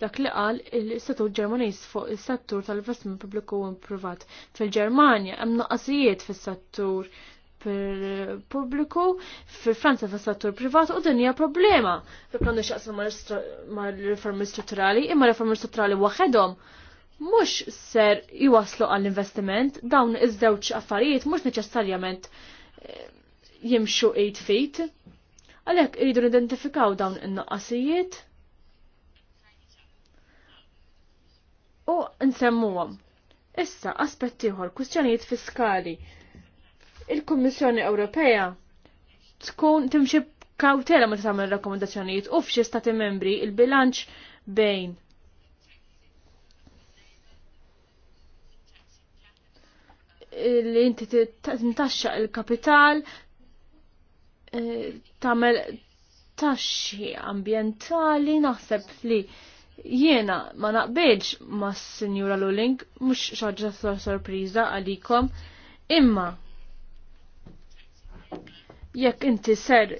dak li qal il settur Ġermaniż fuq is-settur tal-investment pubbliku u privat. Fil-Ġermanja hemm noqqasijiet fis-settur pubbliku, fil-Franza fis settur privat u din hija problema fil kandu xaqsam mal-riformi strutturali, imma riformi strutturali waħedhom mhux ser jwaslu għall-investiment, dawn iż-żewġ affarijiet mhux neċessarjament eh, jimxu 8 feet. Għalhekk iridu nidentifikaw dawn in-noqqasijiet u nsemmuhom. Issa, aspetti ieħor, kwistjonijiet fiskali il-Kummissjoni Ewropea tkun timxi kawtela ma tagħmel rakkomandazzjonijiet u f'xi stati membri il-bilanċ bejn li inti tintaxxa il-kapital eh, tagħmel taxxi ambjentali naħseb li jiena ma naqbilx mas-Sinjura Luling mhux xaġġa sorpriża għalikom imma jekk inti ser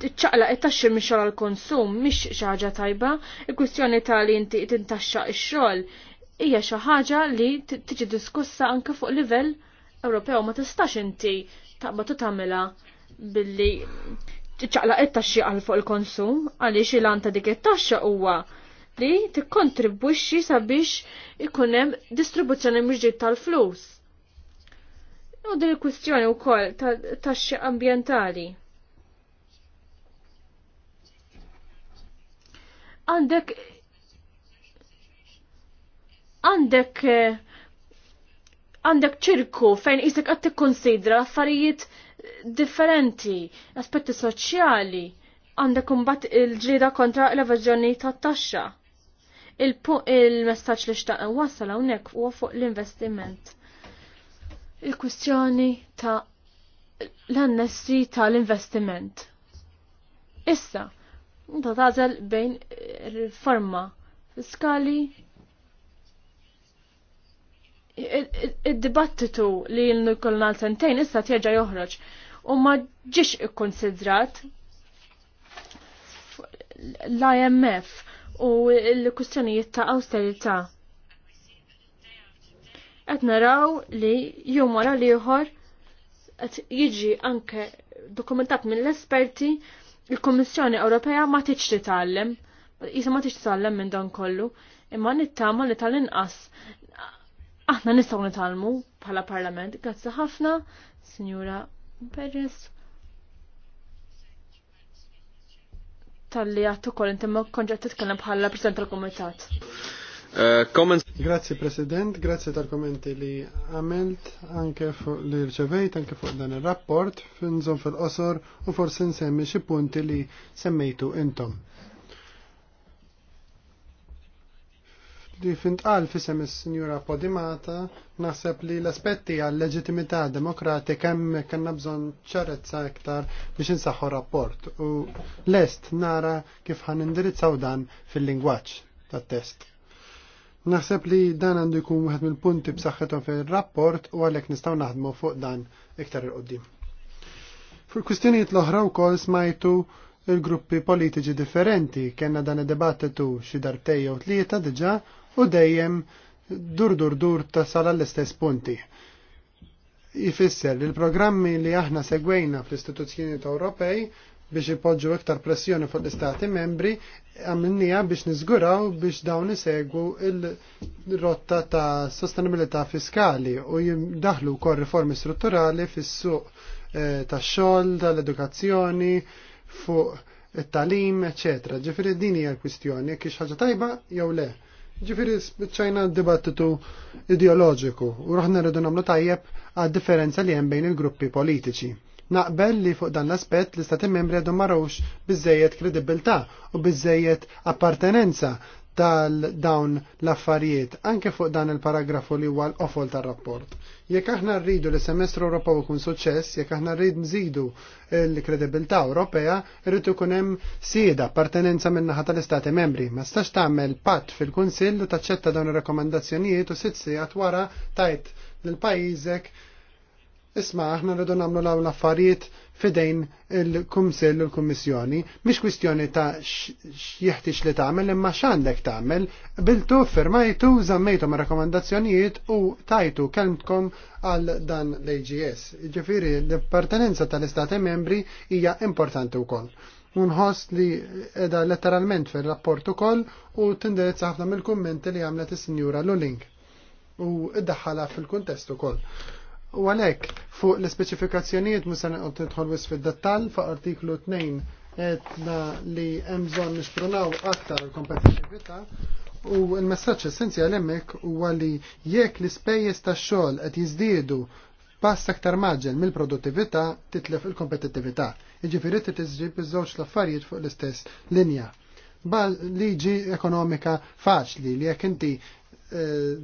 ċaqla it-taxxi mhix xogħol konsum mhix xi ħaġa tajba, il-kwistjoni ta' li inti tintaxxa x-xogħol hija xi ħaġa li tiġi diskussa anke fuq livell Ewropew ma tistax inti taqba tu tagħmilha billi ċaqla it-taxxi għal fuq il-konsum għaliex il ta' dik it-taxxa huwa li tikkontribwixxi sabiex ikun hemm distribuzzjoni mhux tal-flus U din il-kwistjoni wkoll taxxi ambjentali. Għandek għandek għandek ċirku fejn isek għattik tikkonsidra affarijiet differenti, aspetti soċjali, għandek kumbat il-ġrida kontra l evazjoni tat-taxxa. il messagġ li xtaqqa wassal hawnhekk huwa fuq l-investiment il-kwistjoni ta' l-annessi tal-investiment. Issa, inta tażel bejn riforma fiskali id-dibattitu li l-nukolna sentejn issa tjeġa joħroġ u ma ġiex ikkonsidrat l-IMF u l-kustjonijiet ta' austerita' qed naraw li jum wara liħor qed jiġi anke dokumentat mill-esperti il-Kommissjoni Ewropea ma tiġ titgħallem. Isa ma tiġ titgħallem minn dan kollu, imma nittama li tal-inqas aħna nistgħu nitalmu bħala Parlament. Grazzi ħafna, Sinjura Perez. Tal-li għattu kol inti ma konġa titkellem bħala President tal-Komitat. Uh, comments. Grazie President, grazie tal-kommenti li għamilt anke li rċevejt anke fuq dan il-rapport finżon fil-qosor u forsi nsemmi xi punti li semmejtu intom. Li fi semmi s sinjura Podimata naħseb li l-aspetti għal leġitimità demokratika hemm kanna bżonn ċarezza iktar biex insaħħu rapport u lest nara kif ħan indirizzaw dan fil-lingwaġġ tat-test. Naħseb li dan għandu jkun wieħed mill-punti b'saħħithom fir rapport u għalhekk nistgħu naħdmu fuq dan iktar il-qoddim. Fuq kwistjonijiet l-oħra wkoll smajtu il-gruppi politiċi differenti kellna dan id-dibattitu xi darbtejja u tlieta diġà u dejjem dur dur dur sala l-istess punti Ifisser li l-programmi li aħna segwejna fl-istituzzjonijiet Ewropej biex ipoġġu iktar pressjoni fuq l-istati membri għamilnija biex nizguraw biex dawn isegwu il-rotta ta' sostenibilità fiskali u jimdaħlu kol riformi strutturali fis-suq eh, ta' xogħol, tal-edukazzjoni, fuq it-talim, ecc. Ġifieri din hija l-kwistjoni kiex ħaġa tajba jew le. Ġifiri, ċajna dibattitu ideoloġiku u roħna rridu namlu tajjeb għad differenza li hemm bejn il-gruppi politiċi. Naqbel li fuq dan l-aspett l-istati membri għadhom marrux biżejjed kredibilta u biżejjed appartenenza tal-dawn l-affarijiet, anke fuq dan il-paragrafu li huwa l-qofol tar-rapport. Jekk aħna rridu li semestru Ewropew ikun suċċess, jekk aħna rridu nżidu l-kredibilità Ewropea, rridu ikun hemm sieda appartenenza min-naħa tal-Istati Membri. Ma stax tagħmel patt fil-Kunsill u taċċetta dawn ir-rakkomandazzjonijiet u sitt sigħat wara tajt l pajjiżek Isma, aħna rridu nagħmlu l l-affarijiet fidejn il kumsell u l-Kummissjoni, mhix kwistjoni ta' x'jeħtieġ li tagħmel imma x'għandek tagħmel, biltu firmajtu żammejtu ma' rakkomandazzjonijiet u tajtu kelmtkom għal dan l-AGS. Ġifieri l-appartenenza tal-Istati membri hija importanti wkoll. Unħoss li edha letteralment fil-rapport ukoll u tindirizza ħafna mill-kummenti li għamlet is-Sinjura Luling u iddaħħala fil-kuntest ukoll U għalek, fuq l specifikazzjoniet musa nqot nidħol fil fid-dettall fa' artiklu 2 etna li hemm bżonn aktar il-kompetitività u l-messaġġ essenzjal hemmhekk huwa li jekk l-ispejjeż tax-xogħol qed jiżdiedu pass aktar maġġel mill-produttività titlef il kompetitività Jiġifieri trid tiżġib iż-żewġ l-affarijiet fuq l-istess linja. Ba liġi ekonomika faċli li jekk inti eh,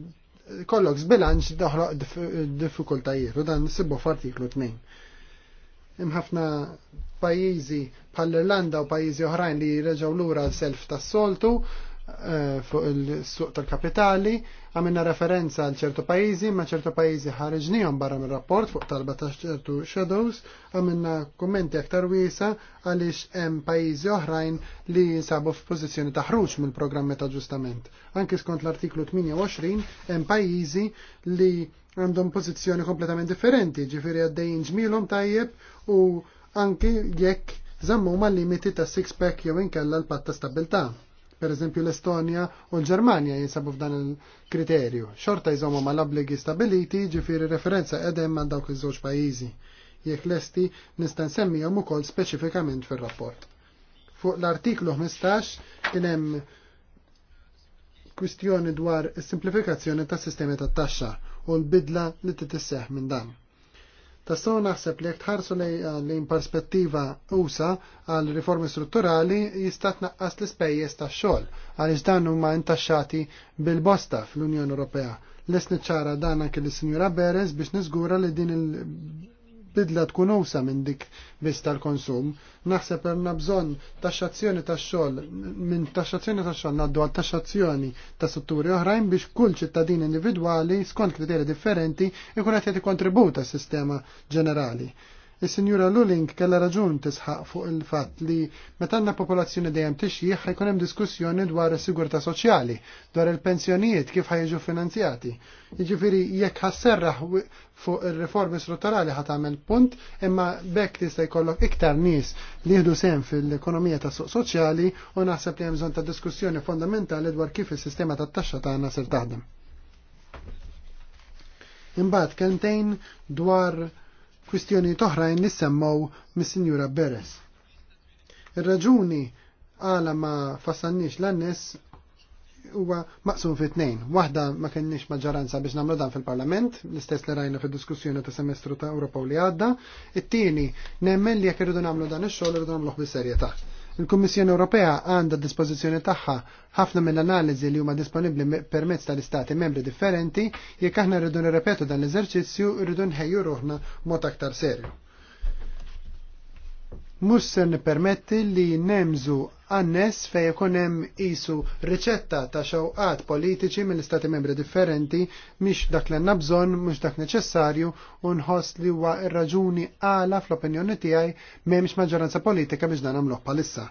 kollok zbilanċ daħloq diffikultajiet u dan nsibu f'artiklu 2. Imħafna pajjiżi bħall-Irlanda u pajjiżi oħrajn li reġgħu lura self tas-soltu Eh, fuq il-suq tal-kapitali, għamilna referenza għal ċertu pajizi, ma ċertu pajizi ħarġnijom barra mir rapport fuq talba ta' ċertu shadows, għamilna kommenti aktar wisa għalix hemm pajizi oħrajn li jinsabu f'pożizzjoni ta' ħruġ mill-programmi ta' ġustament. Anki skont l-artiklu 28 hemm pajizi li għandhom pożizzjoni kompletament differenti, ġifieri għaddejjin ġmilhom tajjeb u anki jekk zammu ma' limiti ta' six-pack jew inkella l-patta stabilta' Per eżempju l-Estonja u l-Ġermanja jinsabu f'dan il-kriterju. Xorta jżommu ma l-obligi stabiliti ġifiri referenza edem ma dawk iż-żewġ pajjiżi. Jekk lesti nista' nsemmihom ukoll speċifikament fir-rapport. Fuq l-artiklu 15 kien hemm kwistjoni dwar is-simplifikazzjoni tas-sistemi tat-taxxa u l-bidla li titisseħ minn dan Tassaw naħseb li tħarsu lejn perspettiva usa għal riformi strutturali jista' tnaqqas l-ispejjeż tax-xogħol għaliex dan huma intaxxati bil-bosta fl-Unjoni Ewropea. Les ċara dan anke l sinjura Beres biex niżgura li din il bidla tkun usa minn dik biss tal-konsum, naħseb għandna bżonn taxxazzjoni tax-xogħol minn taxxazzjoni tax-xogħol ngħaddu għal taxxazzjoni ta' setturi oħrajn biex kull ċittadin individwali skont kriterji differenti ikun qed jagħti kontribut għas-sistema ġenerali. Is-Sinjura Luling kellha raġun tisħaq fuq il-fatt li meta għandna popolazzjoni dejjem tixjih ħajkun hemm diskussjoni dwar is-sigurtà soċjali, dwar il-pensjonijiet kif ħajġu finanzjati. Jiġifieri jekk ħasserraħ fuq ir-riformi strutturali ħat tagħmel punt, imma bekk tista' jkollok iktar nies li jieħdu sehem fil-ekonomija tas suq soċjali u naħseb li hemm bżonn ta' diskussjoni fondamentali dwar kif is-sistema tat-taxxa tagħna ser taħdem. Imbagħad kentejn dwar kwistjoni toħrajn li mis-Sinjura Beres. Ir-raġuni għala ma fassannix l-annis huwa maqsum fi tnejn. Waħda ma kenniex maġġoranza biex nagħmlu dan fil-Parlament, l-istess li rajna fid-diskussjoni ta' semestru ta' Ewropa u li għadda. It-tieni nemmen li jekk irridu nagħmlu dan ix-xogħol irridu nagħmluh bis-serjetà. Il-Kummissjoni Ewropea għandha dispożizzjoni tagħha ħafna mill-analiżi li huma disponibbli permezz tal-istati membri differenti jekk aħna rridu nirrepetu dan l-eżerċizzju rridu nħejju ruħna mod aktar serju. Mhux se nippermetti li nemżu annes fej ikun hemm isu riċetta ta' xewqat politiċi mill-istati membri differenti mhix dak l għandna bżonn mhux dak neċessarju u nħoss li huwa ir-raġuni għala fl-opinjoni tiegħi m'hemmx maġġoranza politika biex dan għamluħ bħalissa.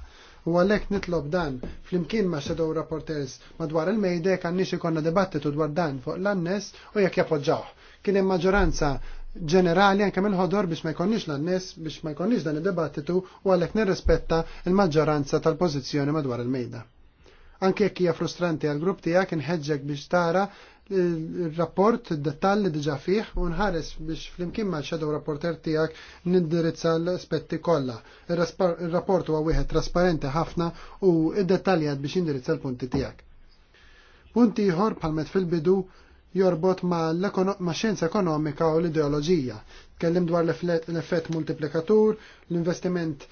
U għalek nitlob dan fl-imkien ma' Shadow Rapporters madwar il-mejdek nix ikonna dibattitu dwar dan fuq l-annes u jekk jappoġġaw. Kien hemm maġġoranza ġenerali anke mill-ħodor biex ma jkollniex l nies biex ma jkollniex dan id-dibattitu u għalhekk nirrispetta l maġġoranza tal-pożizzjoni madwar il-mejda. Anke jekk hija frustranti għal grupp tiegħek inħeġġek biex tara il-rapport id-dettalli diġa fih u nħares biex flimkien mal shadow rapporter tijak nindirizza l-aspetti kollha. Il-rapport huwa wieħed trasparenti ħafna u id għad biex indirizza l-punti tijak. Punti ieħor palmet fil-bidu jorbot ma' xienza ekonomika u l-ideoloġija. Tkellim dwar l-effett multiplikatur, l-investiment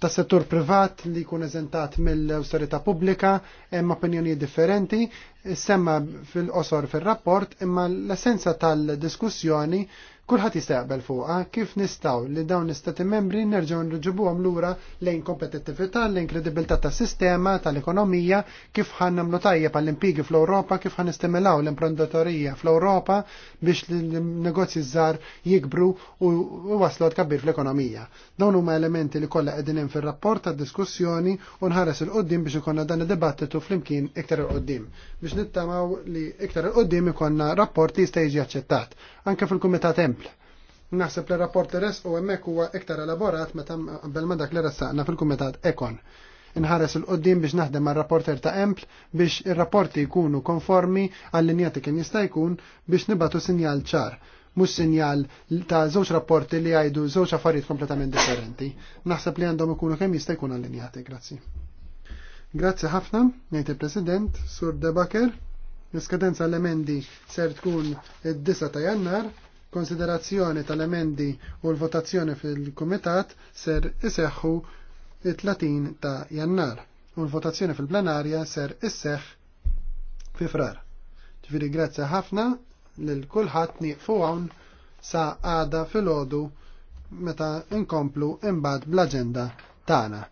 ta' settur privat li jkun eżentat mill-austerità pubblika, hemm opinjoni differenti, semma fil-qosor fil-rapport, imma l-essenza tal-diskussjoni kulħadd jistaqbel fuqha kif nistaw li dawn l-istati membri nerġgħu nirġibuhom lura lejn kompetittivita, lejn kredibilta tas-sistema, tal-ekonomija, kif ħan nagħmlu tajjeb għall-impigi fl-Ewropa, kif ħan istimilaw l-imprenditorija fl-Ewropa biex l-negozji zzar jikbru u waslu kabbir fl-ekonomija. Dawn huma elementi li kollha qegħdin hemm fir-rapport tad-diskussjoni u nħares il-qudiem biex ikonna dan id-dibattitu flimkien iktar il qoddim Biex nittamaw li iktar il qoddim ikonna rapport li jista' jiġi Anke fil-Kumitat Naħseb li rapport res u hemmhekk huwa iktar elaborat meta qabel ma dak li ressaqna fil-kumitat Ekon. Inħares il-qoddim biex naħdem ma' rapporter ta' Empl biex ir-rapporti jkunu konformi għall-linjati kien jista' jkun biex nibatu sinjal ċar mux sinjal ta' żewġ rapporti li għajdu żewġ affarijiet kompletament differenti. Naħseb li għandhom ikunu kemm jista' jkun allinjati, grazzi. Grazzi ħafna, ngħid il-President, Sur Debaker. L-skadenza l-emendi ser tkun id disa ta' Jannar konsiderazzjoni tal-emendi u l-votazzjoni fil-Kumitat ser iseħħu it-30 ta' jannar u l-votazzjoni fil-plenarja ser isseħ fi frar. Ġifiri grazzi ħafna lil kulħadd nieqfu hawn sa għada fil-ħodu meta inkomplu imbad bl-aġenda tagħna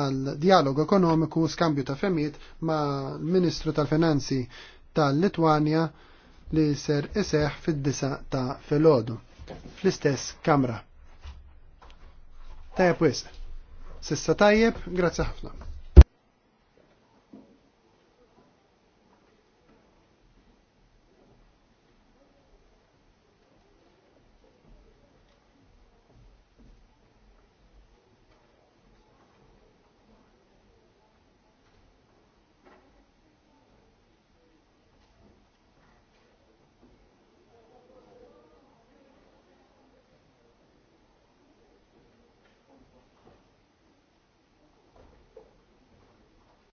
għal dialogu ekonomiku skambju ta' femiet ma' ministru tal-Finanzi tal-Litwanja li ser iseħ fid-disa ta' filgħodu fl-istess kamra. Tajjeb wisq. Sissa tajjeb, grazzi ħafna.